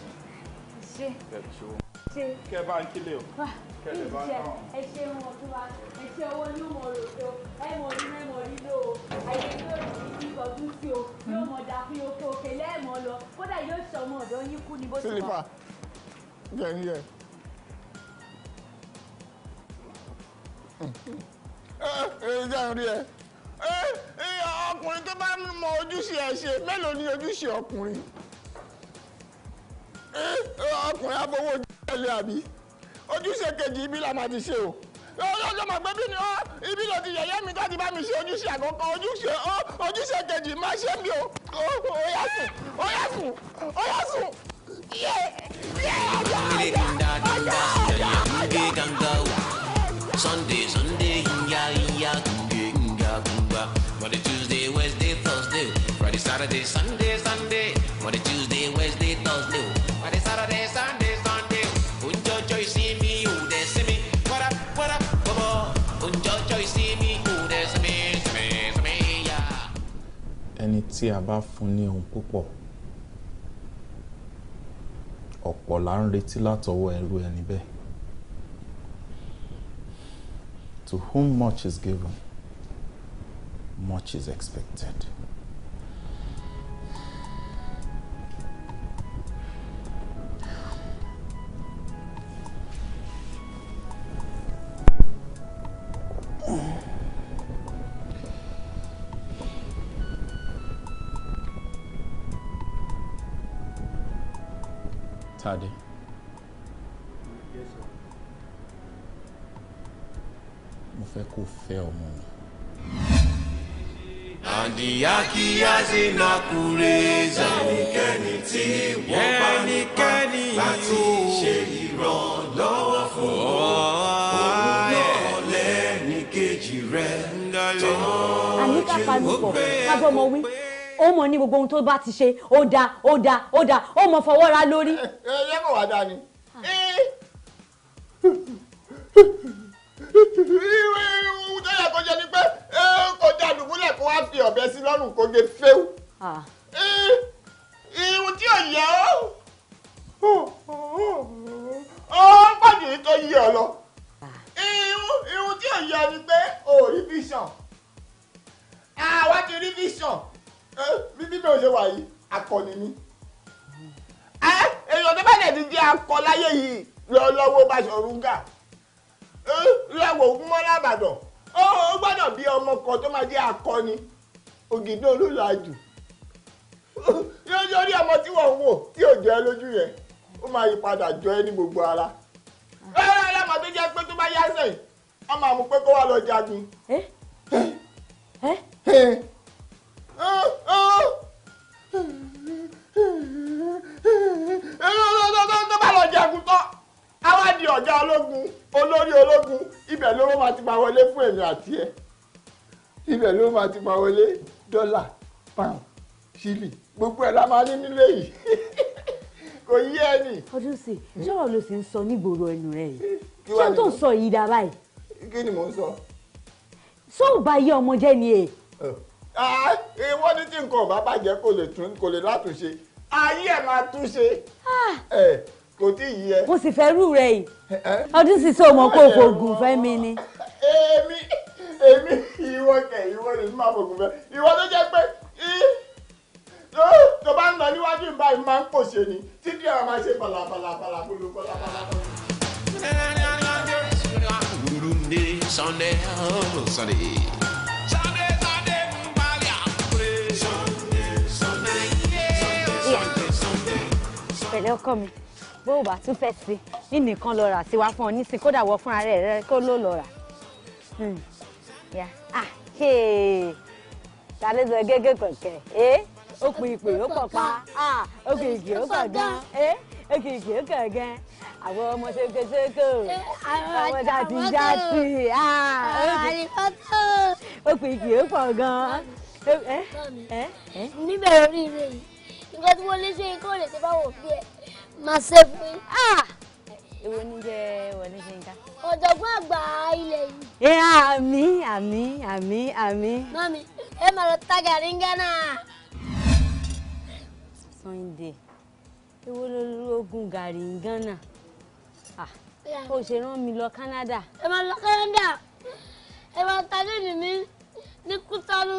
ẹ ṣe. ẹ ṣe o. ṣe. kẹ bá ń kílè o. Ah, kẹlẹ bá ń náà. ẹ ṣe wọn fún wa ẹ ṣe owó ní mọ̀ lòdò ẹ mọ̀ ní mẹ́mọ̀ nílò o àyè yóò ní ìbọ̀dún sí o yóò mọ̀ dà fún oko òkè lẹ́ẹ̀mọ́ lọ kódà yóò ṣọmọ ọ̀dọ́ yín kú ni bó ti wà. Eh, eh, ẹ jẹ́ rí ẹ eh, ọkùnrin tó bá mọ ojúṣe ẹ ṣe mélòó ni ojúṣe ọkùnrin ọkùnrin abowó ojú ẹlẹ àbí ojúṣe kejì ibi la máa ti ṣe o lọ́jọ́ mọ̀ pé bí ni ó ibi ló ti yẹ̀yẹ́ mi tó ti bá mi ṣe ojúṣe àkọ́kọ́ ojúṣe ó ojúṣe kejì má ṣe mi o ó yá sùn ó yá sùn ó yá sùn yé yé ọjà ọjà ọjà ọjà ọjà. Sunday, Sunday, inga, inga, kunge, inga, kunga. Monday, Tuesday, Wednesday, Thursday. Friday, Saturday, Sunday, Sunday. Monday, Tuesday, Wednesday, Thursday. Friday, Saturday, Sunday, Sunday. Unjo joy see me, you they see me. What up, what up, come on. Unjo joy see me, you they see me, see me, see me, yeah. Ẹni tí a bá fún ní ohun púpọ̀ ọ̀pọ̀ là ń retí látọwọ́ ẹrú ẹni bẹ́ẹ̀. To whom much is given, much is expected. Tade. mo fẹ́ kó fẹ́ ọmọ mi. àdìyákíyáze nàkúrẹ́zà ẹnikẹ́ni tí wọ́n bá nípa láti ṣe ìrànlọ́wọ́ fún ọ òun náà lẹ́ni kejì rẹ̀ tọ́jú àníkà panupọ̀ kábọ́mọ wí ó mọ ní gbogbo ohun tó bá ti ṣe ó dáa ó dáa ó dáa ó mọ fọwọ́ra lórí. ẹ ẹ yẹ kó wá dá ni ohun tó yẹ kó jẹ ni pé kó dá dùbúlẹ̀ kó wá fi ọ̀bẹ sí lọ́rùn kó gé fẹ́ù. ihun tí ò yẹ ó ó pàdé tó yẹ ọ lọ. ihun tí ò yẹ ni pé ò rí vision àwa ti rí vision bíbí mi ò ṣe wà yìí akọni ni èèyàn tó bá dẹ̀ ti jẹ́ akọ láyé yìí lọ́wọ́ bá ṣọ̀rùngà ìyàwó ògúnmọ́lá àbàdàn ó gbọ́dọ̀ bí ọmọ kan tó máa jẹ́ akọni ògìdó olólàjù yóò yọ ọmọ tí wọ́n ń wò tí ò jẹ́ lójú yẹn ó máa yí padà jọ ẹ́ ní gbogbo ara rárá ọlọ́mọ tó jẹ́ pé tó bá yá sẹ́yìn wọ́n máa mú pé kó wá lọ jagun. àwa di ọ̀gá ológun olórí ológun ibẹ̀ ló máa ti máa wọlé fún èmi àti ẹ ibẹ̀ ló máa ti máa wọlé dọ́là pound ṣílì gbogbo ẹ̀ la máa ní nílé yìí kò yí ẹ nì. ọdún sí sọ̀rọ̀ ló sì ń sọ nígboro ẹnu rẹ̀ yìí ṣé tó ń sọ yìí dá báyìí. kí ni mò ń sọ. sọ́ọ̀ bá yé ọmọ jẹ́ ni e. wọ́n ní tí nǹkan ò bá bàjẹ́ kò lè látúnṣe ayé ẹ̀ máa túnṣe. Ah! kò tí ì yẹ. mo sì fẹ́ rú rẹ yìí ọdún sì sọ mọ kó fògùn fẹ́ mi ni. èmi èmi ìwọ kẹ ìwọ lè má fògùn fẹ́ ìwọ tó jẹ́ pé tó bá ń lọ níwájú ìbá yìí máa ń pòṣe ni títí àwọn máa ṣe bàlàbàlàbàlà bolo bàlàbàlà. Sunday, oh, Sunday. Pẹ̀lẹ́ ọkọ mi bó o bá tún fẹ́ sí i nìkan lọ rà sí wa fún ọ ní sí kódà wọ fúnra rẹ rẹ kó ló lọ rà hmm. ah, ta ló sọ gẹ́gẹ́ kọ̀kẹ́ ẹ́ eh? ó pin ìpè ó pọ̀ pa ah, ó pin ìpè ó pọ̀ gan ẹ́ ó pin ìpè ó kọ̀ gan àwọn ọmọ ṣokoṣoko eh, àwọn jàti jàti ah, ó pin ìpè ó pọ̀ gan. Eh, níbẹ̀ oríire yìí nǹkan tí mo lè ṣe kó lè ṣe báwọn òbí ẹ̀ máa ṣe fún yín. Ah! èwo ni jẹ wọlé ṣẹyìnká. ọ̀jọ̀gbọ́n àgbà ilẹ̀ yìí. ẹ àmì àmì àmì àmì. mami ẹ máa lọ ta gàrí ń gánà. Sunday ewo ló lóògùn gàrí ń gánà ah, ó ṣe rán mi lọ Canada. ẹ máa lọ Canada ẹ máa ta lẹ́nu mi ní Kútọ́nù.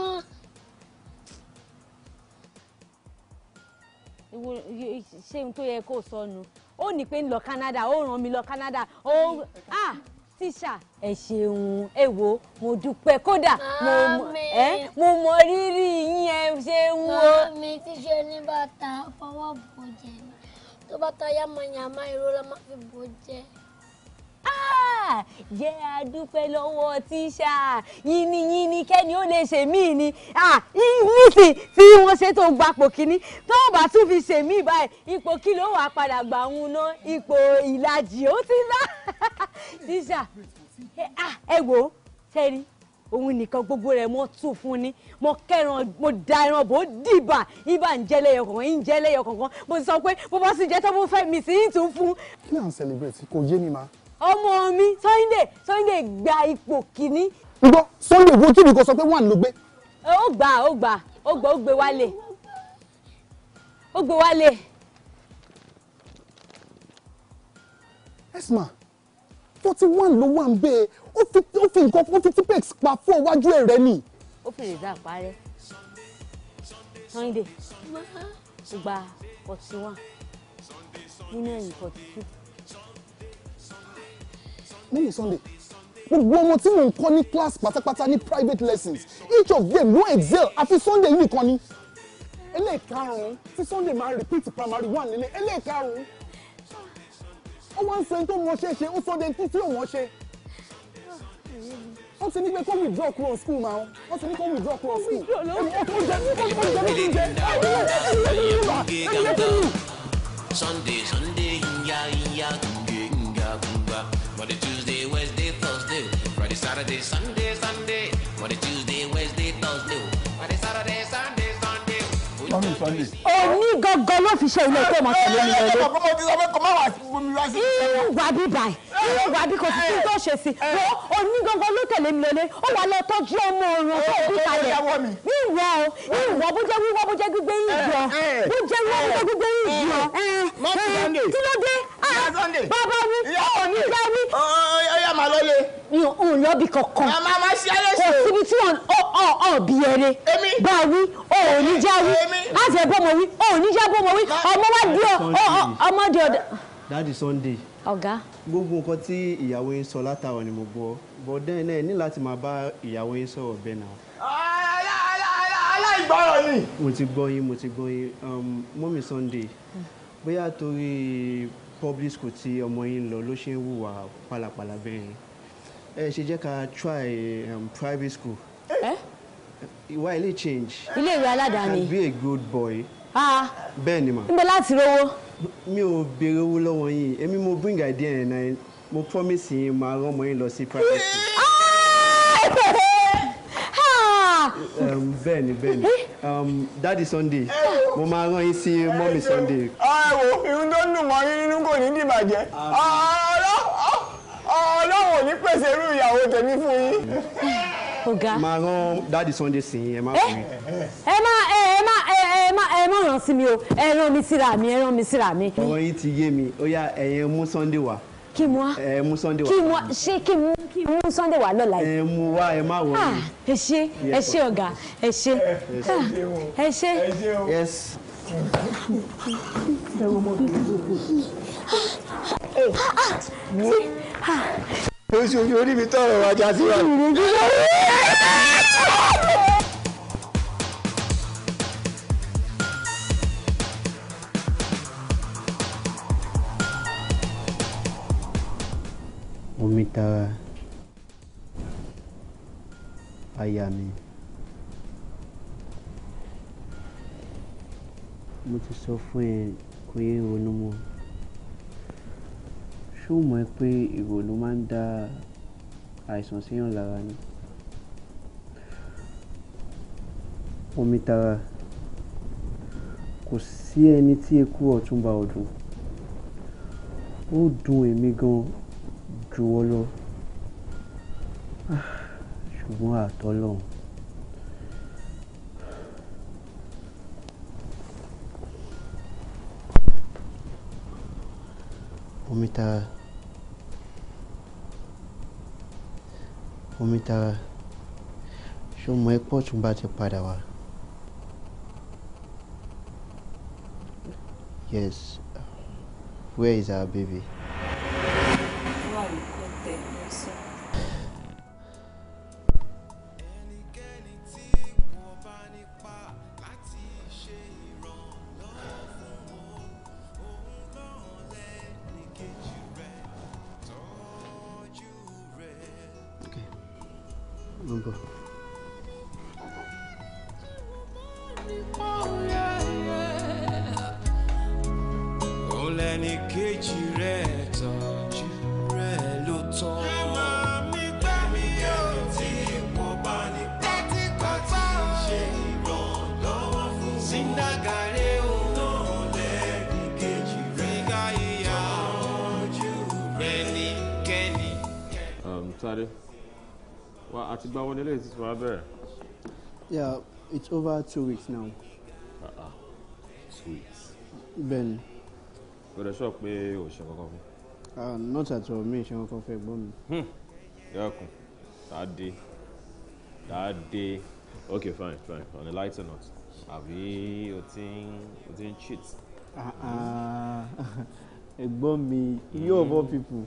ṣé ohun tó yẹ kó sọnù ó ní pé ń lọ Canada ó ràn mí lọ Canada ó ah tíṣà ẹ ṣeun ẹ wo mo dúpẹ́ kódà mo ẹ mo mọ rírì yín ẹ ṣeun o. mi ti ṣe oníbàtà fọwọ́ bò jẹ tó bá ta yàmáyàmá ìrora máa fi bò jẹ. Ah! jẹ́ adúpẹ́ lọ́wọ́ tíṣà yìnyínyìnyín kẹ́ni ó lè ṣe míì ni ah, nísìn tí wọ́n ṣe tó gbapò kínní tó bá tún fi ṣe míì báyìí ipò kí ló wàá padà gbà ń ná ipò ìlàjì ó ti lá tíṣà ah, ẹ wò ó sẹ́rí òun nìkan gbogbo rẹ̀ mọ́ tù fún ni mo kẹ́ran mo da ẹran bò ó dìbà ibà ń jẹ́ lẹ́yọ kọ̀ọ̀kan ń jẹ́ lẹ́yọ kọ̀ọ̀kan mo sọ pé bó bá sì jẹ́ tó bó fẹ́ mi sí ń tún fún. kí à ń celebrate kò yé mi máa ọmọ mi Sunday Sunday gba ipò kìíní. gbọ́ Sunday wo tíbi kan sọ pé one ló gbé. ó gbà ó gbà ó gbà ó gbé wálé ó gbé wálé. esma forty one ló wà ń bẹ́ẹ̀ ó fi ó fi nǹkan ó fi tipex pa fún ọwájú ẹ̀ rẹ ni. ó fi rèézà parẹ́ Sunday ó gba forty one nínú ẹ̀yìn forty two lẹ́yìn sunday gbogbo ọmọ tí mò ń kọ́ ní class pátápátá ní private lessons each of them no excel àfi sunday yìí kan ni ẹlẹ́ẹ̀karùn-ún tí sunday máa repeat primary one nílé ẹlẹ́ẹ̀karùn-ún ó wá ń sọ ẹni tó mọṣẹ́ ṣe ó sọ ẹni tí ò mọṣẹ́ wọ́n ti ní pé kó withdraw kúrò school máa ń wọ́n ti ní kó withdraw kúrò school Sunday Sunday ìyá ìyá gbẹ̀ngà gbẹ̀ngà but the two. Saturday, Sunday, Sunday, Monday, Tuesday, Wednesday, Thursday, Friday, Saturday, Sunday, Sunday. Òní gangan ló fi ṣe ilé tó máa tẹ̀lé ẹni lọ. Ìwà bíbà ẹ̀ ìwà bí kò sí kí n tó ṣe sí. Wọ́n òní gangan ló tẹ̀lé mi lọlé. Ó wà lọ tọ́jú ọmọ ọ̀run tó kú kalẹ̀. Ìwọ ìwọ bó jẹ́ wíwọ́ bó jẹ́ gbígbé ìjọ. Bó jẹ́ wíwọ́ bó jẹ́ gbígbé ìjọ. Kí ló dé? Bàbá mi, òní gbá mi wá máa lọ́lé. mi ò ń lọ́bì kankan. màmá má ṣe alẹ́ sí. kò síbi tí wọn ọ̀ ọ̀ bí ẹrẹ. èmi bá a wí ò ní já wí. èmi láti ẹ̀gbọ́n mo wí ò ní já bọ́mọ wí ọmọ wa di ọmọ di ọ̀dà. dáàdi Sunday. ọ̀gá. gbogbo nǹkan tí ìyàwó yín sọ látàwọn ni mo gbọ́ bọ́dẹ́ náà ní láti máa bá ìyàwó yín sọ̀rọ̀ bẹ́ẹ̀ náà aláìgbọràn ni. mo ti gbọ́ yín mo ti gbọ́ yín mọ́mí um, Sunday bóyá torí public school tí ọmọ yín ń lọ ló ṣe ń hùwà pálapàla bẹ́ẹ̀ ẹ ṣe jẹ́ ká try um, private school. Eh? ìwà ilé change. ilé ìwé aládàáni. you can be a good boy. Ah. bẹ́ẹ̀ ni ma. níbo láti rówó. mi ò béèrè owó lọ́wọ́ yín èmi mo bring idea ẹ̀ náà mo promise yín máa rán ọmọ yín lọ sí private school. Ah! Ah. Um, bẹ́ẹ̀ni bẹ́ẹ̀ni eh? um, Daddy sunday eh, oh. mo máa rán yín sí eh, mọ́mí sunday. Ah, ẹ wo irun tó dùn mọ́ yín nínú kò ní dìbàjẹ́ ah, ọlọ́run ò ní pèsè irú ìyàwó tèmi fún yín. ọ̀gá máa rán dadi sunday sí yín ẹ má fi. ẹ má ẹ má ẹ má ẹ má ràn sí mi o ẹ ràn mí síra mi ẹ ràn mí síra mi. ọ̀rọ̀ yín ti yé mi ó yá ẹ̀yin mú sunday wá kí mu wá ẹ mú Sunday wá kí mu wá ṣé kí mu kí mu Sunday wá lọ́la yìí. ẹ mu wá ẹ má wọ ah, ẹ ṣé ẹ ṣé ọ̀gá ẹ ṣé ẹ ah, ṣé. yes. oṣù orí mi tọrọ wájà sí wa. monitor àyà mi mo ti sọ fún ẹ kó yé ronú mọ́ ṣó mọ̀ ẹ́ pé ìrònú máa ń dá àìsàn O lára ni omi tara kò sí ẹni tí eku ọ̀túnba ọ̀dùn ó dùn èmi gan-an juwọ́ lọ ah, ṣùgbọ́n àtọ́lọ́hún omi tara omi tara ṣó mọ tún bá ti padà wá. Yes. Where is our baby? over two weeks now. Uh -uh. two weeks. Ben. kò dẹ̀ sọ pé o ṣe kankan fún. Ah, not at all mi ṣe kankan fẹ́ gbọ́ mi. yọkùn dáadé dáadé ok fine fine on a lighter note àbí o ti ń o ti ń cheat. ẹ̀gbọ́n mi you of all hmm. people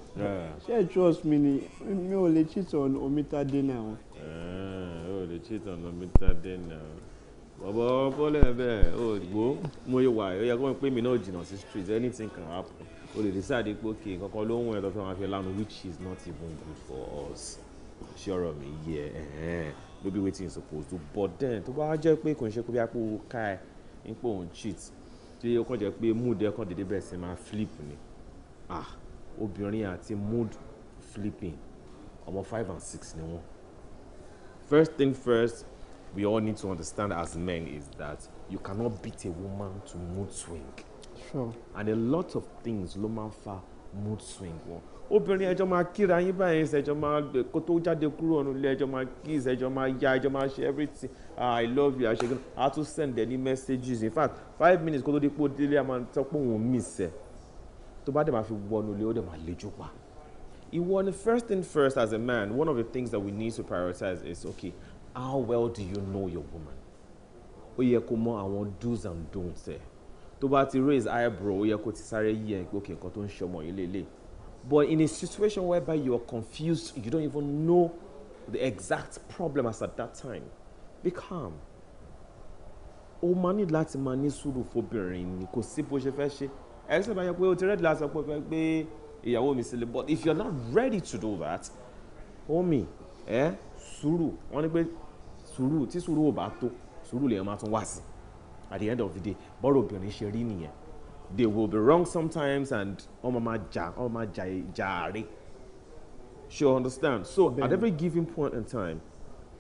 ṣe trust me ni mi ò lè cheat on omita dena o. ẹ eh, ò lè cheat on omita dena o bọ̀bọ̀ bọ́lẹ̀ bẹ́ẹ̀ o gbó mo yẹ wà ó yẹ kó mọ̀ pé mi náà jìnnà sí street anything can happen o lè decide pé ok kankan ló ń wọ̀n ẹ̀ lọ́fẹ́ wọn fi lánàá which is not even good for us ṣé ọ̀rọ̀ mi yẹ ẹ̀hẹ́n no be wetin you suppose do but then tó bá jẹ́ pé kò ń ṣe pé bí apò ká ẹ̀ ń pò ń cheat tí ó kàn jẹ́ pé mood ẹ̀ kàn dédé bẹ̀rẹ̀ sí máa flip ni ah obìnrin àti mood flipping ọmọ five and six ni wọ́n first thing first we all need to understand as men is that you cannot beat a woman to mood swing. Sure. And a lot of things ló máa ń fa mood swing wọn. obìnrin ẹjọ́ máa kíra yín báyìí ẹjọ́ máa kó tó jáde kúrò ọ̀nù ilé ẹjọ́ máa kiss ẹjọ́ máa ya ẹjọ́ máa ṣe everything ah, i love you àṣegùn a tún send any messages in fact five minutes kó tó dé pé ó délé a máa tọ́ pé òun miss ẹ̀ tó bá dẹ̀ máa fi wọnú ilé ó dẹ̀ máa lejú pa. ìwọ ni first thing first as a man one of the things that we need to prioritize is okay how well do you know your woman ó yẹ kó mọ àwọn do's and don'ts ẹ tó bá ti raise eyebrow ó yẹ kó ti sáré yí ẹ pé òkè nǹkan tó ń ṣọmọ yìí lélẹ̀ but in a situation whereby you are confused you don't even know the exact problem as at that time be calm o máa ní láti máa ní sùúrù fóbìnrin ni kò sí bó ṣe fẹ́ ṣe ẹ ṣe máa yẹ pé o ti rẹ́ẹ̀dì láti sọ fẹ́ gbé ìyàwó mi sílẹ̀ but if you are not ready to do that homie ẹ sùúrù wọ́n ní pé sùúrù tí sùúrù ò bá tó sùúrù lèèyàn máa tún wá sí at the end of the day bọ́rọ̀ obìnrin ṣe rí nìyẹn they will be wrong sometimes and ọmọ máa jà ọmọ máa jà jàre she understand so ben. at every given point in time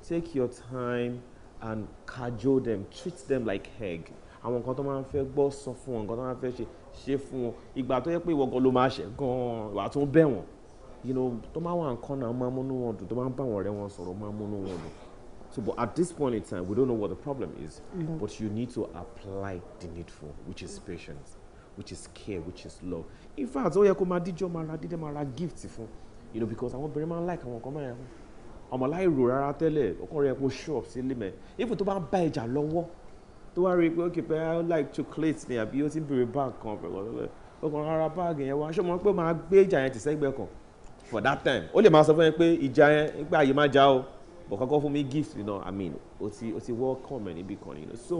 take your time and cajole them treat them like egg àwọn nǹkan tó máa ń fẹ́ gbọ́ sọ fún wọn nǹkan tó máa ń fẹ́ ṣe ṣe fún wọn ìgbà tó yẹ pé ìwọ gan ló máa ṣe gan ìwà tó ń bẹ̀ wọ́n tó máa wà nǹkan náà máa múnú wọn dùn tó máa ń bá wọn ọ̀rẹ́ wọn sọ̀rọ̀ máa múnú wọn dùn So, but at this point in time, we don't know what the problem is. Mm. But you need to apply the needful, which is patience, which is care, which is love. In fact, ó yẹ come máa díjọ́ máa ra dídẹ́ máa ra gift fún you know because I want very ń like àwọn kan máa ń ọmọ láì rò tell tẹ́lẹ̀ ọkàn rẹ̀ kó show up sí ilé If you tó bá ń long ìjà lọ́wọ́ tó wá i like chocolates. kì I like chocolate ni àbí ó ti ń bèrè bag kan pẹ̀lú ọkàn rárá báàgì yẹn wá ṣé mo rán pé máa for that time only lè máa sọ fún yẹn pé ìjà yẹn but kankan fún mi gift you know i mean o ti o ti welcome ẹni bí kan you know so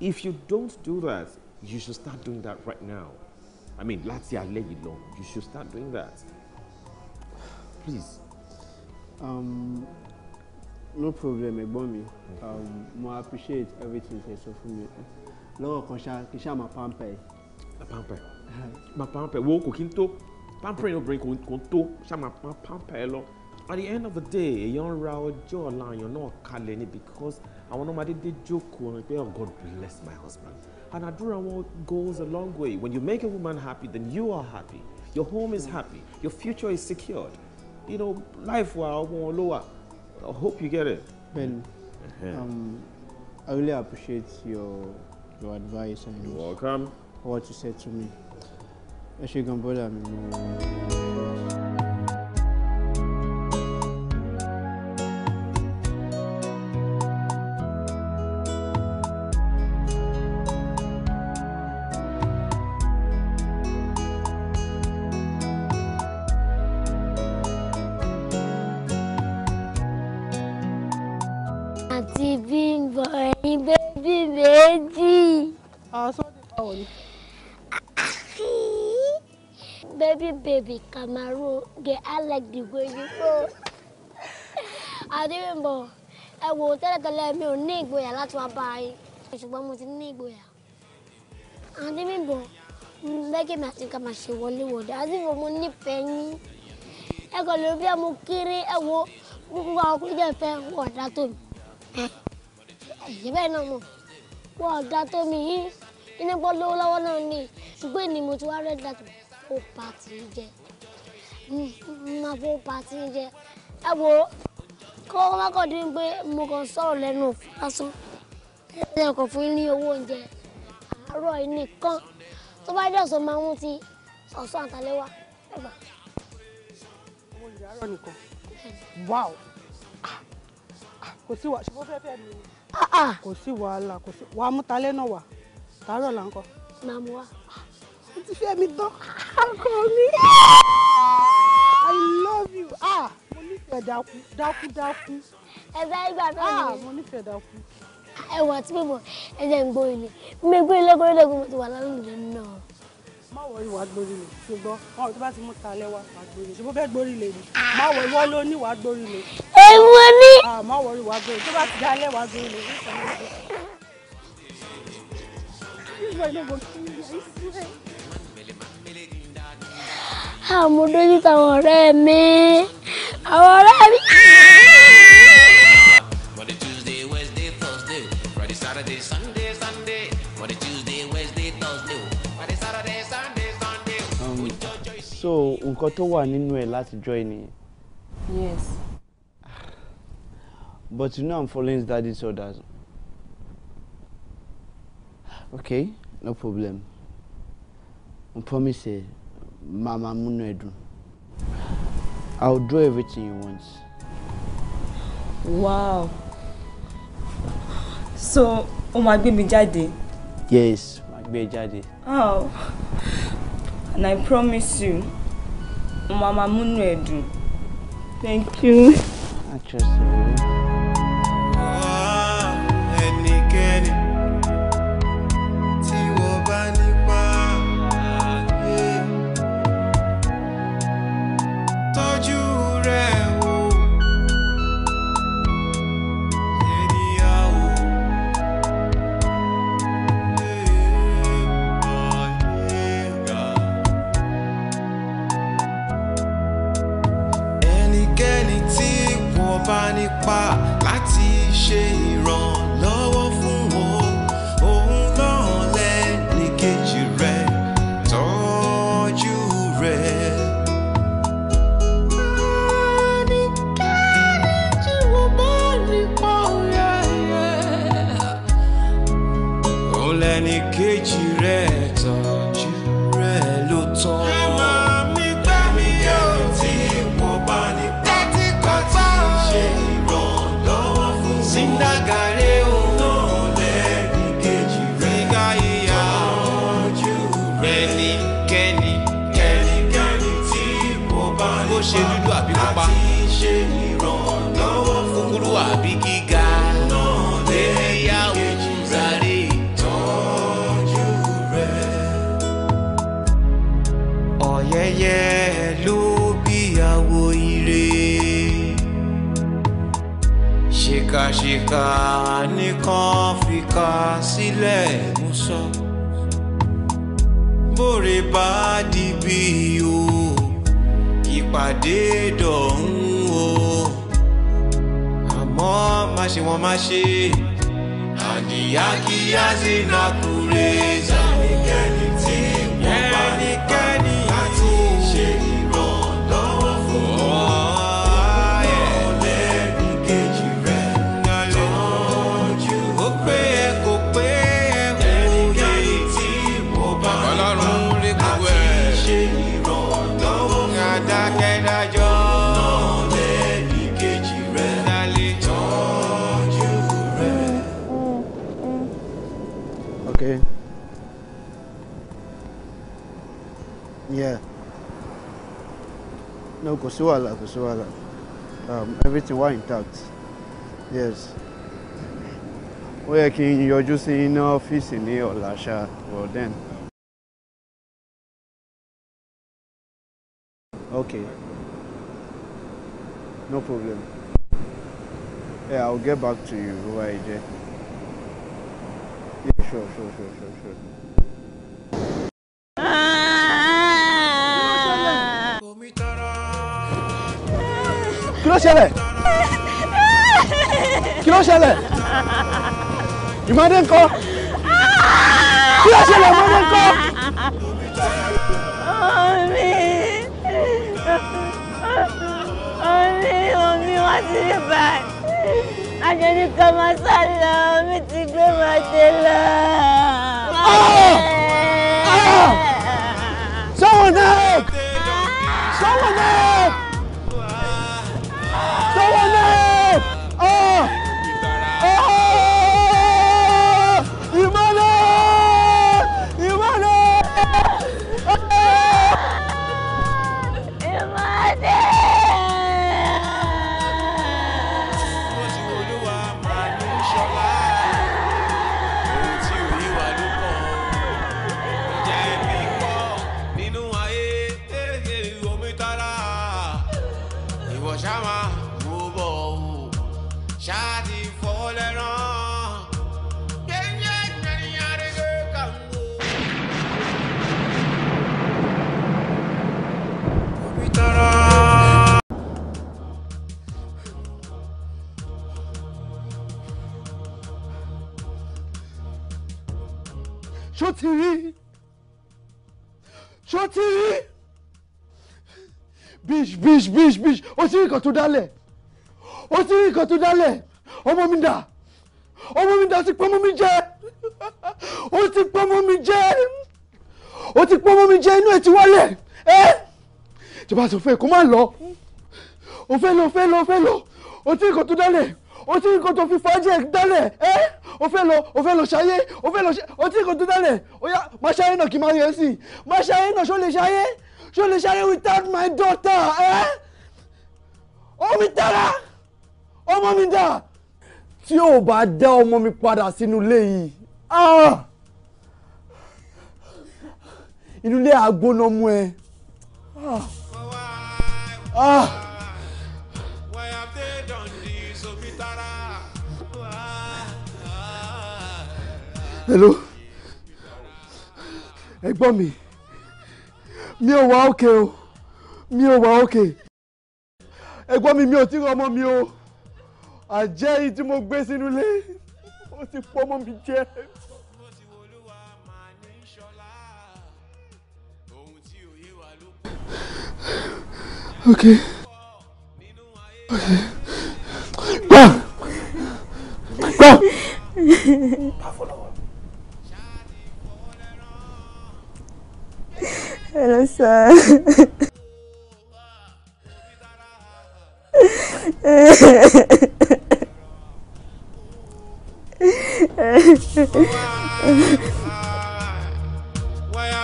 if you don't do that you should start doing that right now i mean láti alẹ́ yìí lọ you should start doing that please. Um, no problem ẹ̀gbọ́n mi um, mo appreciate everything ṣe sọ fún mi lọ́wọ́ kan ṣá kí ṣá máa pamper ẹ̀. máa pamper máa pamper wo kò kí n tó pampering obìnrin kò ń tó ṣá máa pamper ẹ lọ at the end of the day èèyàn ń ra ọjọ́ ọ̀la èèyàn náà kalẹ̀ ni because àwọn ọmọdé dé jókòó rìn pé oh God bless my husband and àdúrà wọn goes a long way when you make a woman happy then you are happy your home is happy your future is secured you know life wa ọmọ wọn ló wà I hope you get it. Ben uh-huh. um, I really appreciate your your advice and You're welcome. what you said to me. ẹ ṣé gan bọ́dà mi. girl. I like the way you go. Adébímbọ̀, ẹ wò tẹ́lẹ̀tẹ́lẹ̀ mi ò ní ìgboyà láti wá bá yín. Ṣùgbọ́n mo ti ní ìgboyà. Adébímbọ̀, bẹ́ẹ̀kì mi àti kàmá ṣe wọléwọ̀dé. Adébímbọ̀ mo nífẹ̀ẹ́ yín. Ẹ kàn lè bí ọmọ kéré ẹ wo gbogbo àwọn kúrò jẹ́ fẹ́ wọ̀ ọ̀dà tó mi. Ẹ̀yẹ́ bẹ́ẹ̀ náà mọ̀, wọ̀ ọ̀dà tó mi yìí. Iná gbọ́ lówó náà ni, ṣùgbọ́n ènìyàn mo ti wá rẹ̀ dàtò, ó pa tì í jẹ máa fowó pa sí jẹ ẹ wo kọ́ mọ́kàndé ń pé mo kàn sọ̀rọ̀ lẹ́nu lásán ẹ kàn fún ní owó oúnjẹ àárọ̀ yìí nìkan tó bá dé ọ̀sán máa ń ti ọ̀sán àtàlẹ́wà ẹ̀gbà. owó oúnjẹ àárọ̀ nìkan wow ah, ah, kò sí wàhálà ṣùgbọ́n fẹ́ fẹ́ mi ah, kò sí wàhálà kò sí wàá mú talẹ́ náà wà tààrọ̀ là ń kọ́. màmú wa ti fẹ́ mi tán ọkọ mi i love you ah mo nífẹ̀ẹ́ dákú dákú dákú. ẹ ìgbà náà ni ah mo nífẹ̀ẹ́ dákú. ẹwà tí mo ẹ jẹ́ ń gbóyin ni mi gbóyin lọ́gọ́rọ́ lọ́gọ́rọ́ mo ti wà lálùjẹ náà má wọrí wàá gborí lè ṣùgbọ́n wọn tó bá ti mú ta lẹ́wà wàá gborí lè ṣùgbọ́n bẹ́ẹ̀ gborí lè ni má wọrí wọ́n ló ní wàá gborí lè. èèwọ̀ ni. Ah, má wọrí wàá gborí tó bá ti dá lẹ́wà gborí lè. This is my number two. I swear àmú dójú táwọn ọ̀rẹ́ mi àwọn ọ̀rẹ́ mi. so nǹkan tó wà nínú ẹ láti join nìyẹn. yes. but you know i'm following daddy's orders. okay no problem i promise you. Mama Munedu. I'll do everything you want. Wow. So, o máa gbé mi jáde? Yes, máa gbé ẹ e Oh. And I promise you, Mama Munedu. Thank you. I trust you. sí iná ọ́fíìsì ní ọ̀làṣà Warden. Okay. No problem. Yeah, I'll get back to you, YJ. Yeah, sure, sure, sure, sure, sure. kí ló ṣẹlẹ̀ kí ló ṣẹlẹ̀ ìmọ̀dé ńkọ́ kí ló ṣẹlẹ̀ ìmọ̀dé ńkọ́. omi omi omi wọ́n ti rí báyìí ajẹ́ni kan máa sá lọ omi ti gbé màdé lọ. Someone help! Someone help! ti rí ṣó ti rí bish bish bish bish ó ti rí nǹkan tó dálẹ̀ ó ti rí nǹkan tó dálẹ̀ ọmọ mi dà ọmọ mi dà ó ti pọ́n mọ́ mi jẹ́ ó ti pọ́n mọ́ mi jẹ́ ó ti pọ́n mọ́ mi jẹ́ inú ẹ̀ ti wálẹ̀ ẹ́ tí bá sọ fẹ́ kó má lọ ó lọ ó lọ ó lọ ó ti rí nǹkan tó dálẹ̀ o ti nǹkan tó fi fàájì dálẹ̀ ẹ́ o fẹ́ lọ o fẹ́ lọ ṣayé o fẹ́ lọ ṣe o ti nǹkan tó dálẹ̀ o yá má ṣayé náà kí má yẹ sí má ṣayé náà ṣó lè ṣayé ṣó lè ṣayé without my daughter ẹ́ ó mi dára ọmọ mi dà tí ò bá dá ọmọ mi padà sínú ilé yìí ah! inú ilé àgbóná mú ẹ. Ah. ah! hello ẹ̀gbọ́n mi mi ò wá òkè o mi ò wá òkè ẹ̀gbọ́n mi mi ò tí ì ọmọ mi o àjẹ́ yìí tí mo gbé sínú ilé ó ti pọ́ ọmọ mi jẹ. Okay. Okay. Go. Go. Hello, sir. Why have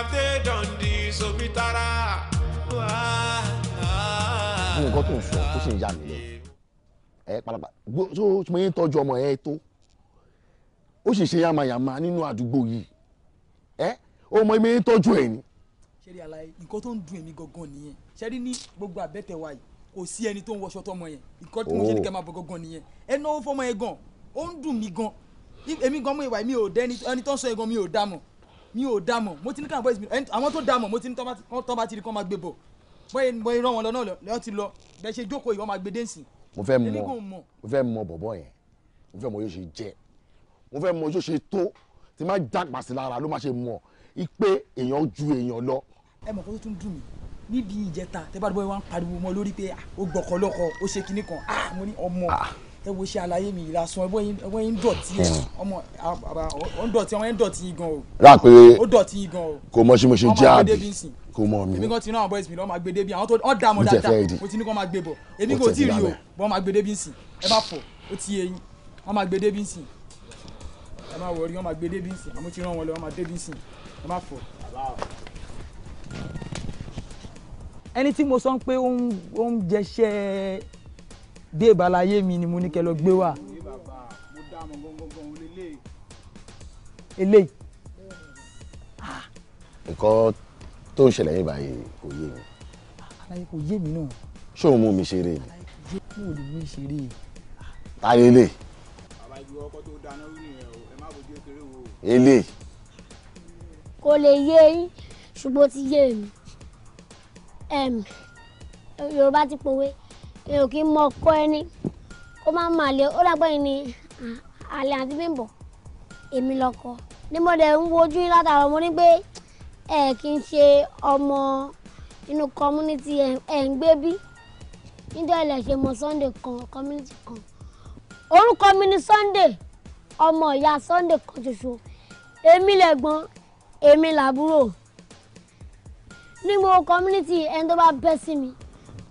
they done this, Obitara? nǹkan tó ń sọ tó sì ń yà mí lẹ ẹ palaba tó mo yẹn tọ́jú ọmọ ẹ tó ó sì ṣe yamayama nínú àdúgbò yìí ẹ ọmọ mi yẹn tọ́jú ẹ ni ṣẹ́rí aláyé nǹkan tó ń dùn èmi gangan nìyẹn ṣẹ́rí ní gbogbo àbẹ́tẹ̀ wa yìí kò sí ẹni tó ń wọṣọ tọmọ yẹn nǹkan tí mo ṣe ní kẹ́ máa bọ̀ gangan nìyẹn ẹ náwó fọmọ yẹn gan ó ń dùn mí gan èmi gan mú ìwà mi ò dẹ́ni ẹni tó ń sọ yẹn gan mi ò dá mọ̀ mi ò dá mọ̀ mo ti ní káwọn boys mi àwọn tó dá mọ̀ mo ti ní tọ́ bá ti rí kán máa gbé bọ̀ bọ́ọ̀ ìran wọn lọ náà ti lọ ipe èèyàn ju èèyàn lọ ẹ mọ̀ kó tún dùn mí níbi ìjẹta tẹ bá dúpọ̀ wá pariwo mọ́ lórí pé ó gbọ̀kọ̀ lọ́kọ̀ ó ṣe kinní kan ah mo ní ọmọ ẹ wo ṣe àlàyé mi ìlàsùn ẹgbẹ́ yín dọ̀tí ẹ hmm. ọmọ ọ ń dọ̀tí ọmọ yẹn dọ̀tí yín o. ráàpẹ ó dọ̀tí yín o. kò mọ ṣe mo àbí kò mọ mi. èmi kan ti àwọn boys mi lọ máa gbé débi àwọn tó ọ̀ dààmú dáadáa mo ti ní kó máa gbé bọ̀ èmi kò tí ì rí o bọ́ máa gbé débi nsìn ẹ bá fọ̀ ó ti yẹ yín wọ́n máa gbé débi nsìn ẹ má wọrí wọ́n máa gbé débi nsìn àmọ́ rán wọn lọ wọ́n máa débi nsìn ẹ má fọ̀ ẹni tí mo sọ pé ó ń jẹṣẹ́ déèbà láyé mi ni mo ní kẹ́ lọ gbé wá. eléyìí. Ah. nǹkan tó ń ṣẹlẹ̀ yín báyìí kò yé mi. àlàyé kò yé mi náà. ṣé o mú mi ṣeré ni. àlàyé kò lè mú mi ṣeré. ta ni eléyìí. bàbá ibi ọkọ tó dáná wí nìyẹn ẹ má bójú kéré wo. eléyìí. kò lè yé yín ṣùgbọ́n ti yé èmi yorùbá ti pòwe èèyàn kì í mọ ọkọ ẹni kó má má lé ó dàgbọ́ yìí ni àlẹ́ àti bímbọ̀ èmi lọ́kọ ní mo dẹ̀ ń wojú yín látara mo ní pé ẹ kì í ṣe ọmọ inú community ẹ ń gbé bí nítorí ẹ ṣe mọ Sunday kan community kan orúkọ mi ni Sunday ọmọ ìyá Sunday kan ṣoṣo èmi lẹ̀gbọ́n èmi làbúrò ní gbogbo community ẹni tó bá bẹ́ sí mi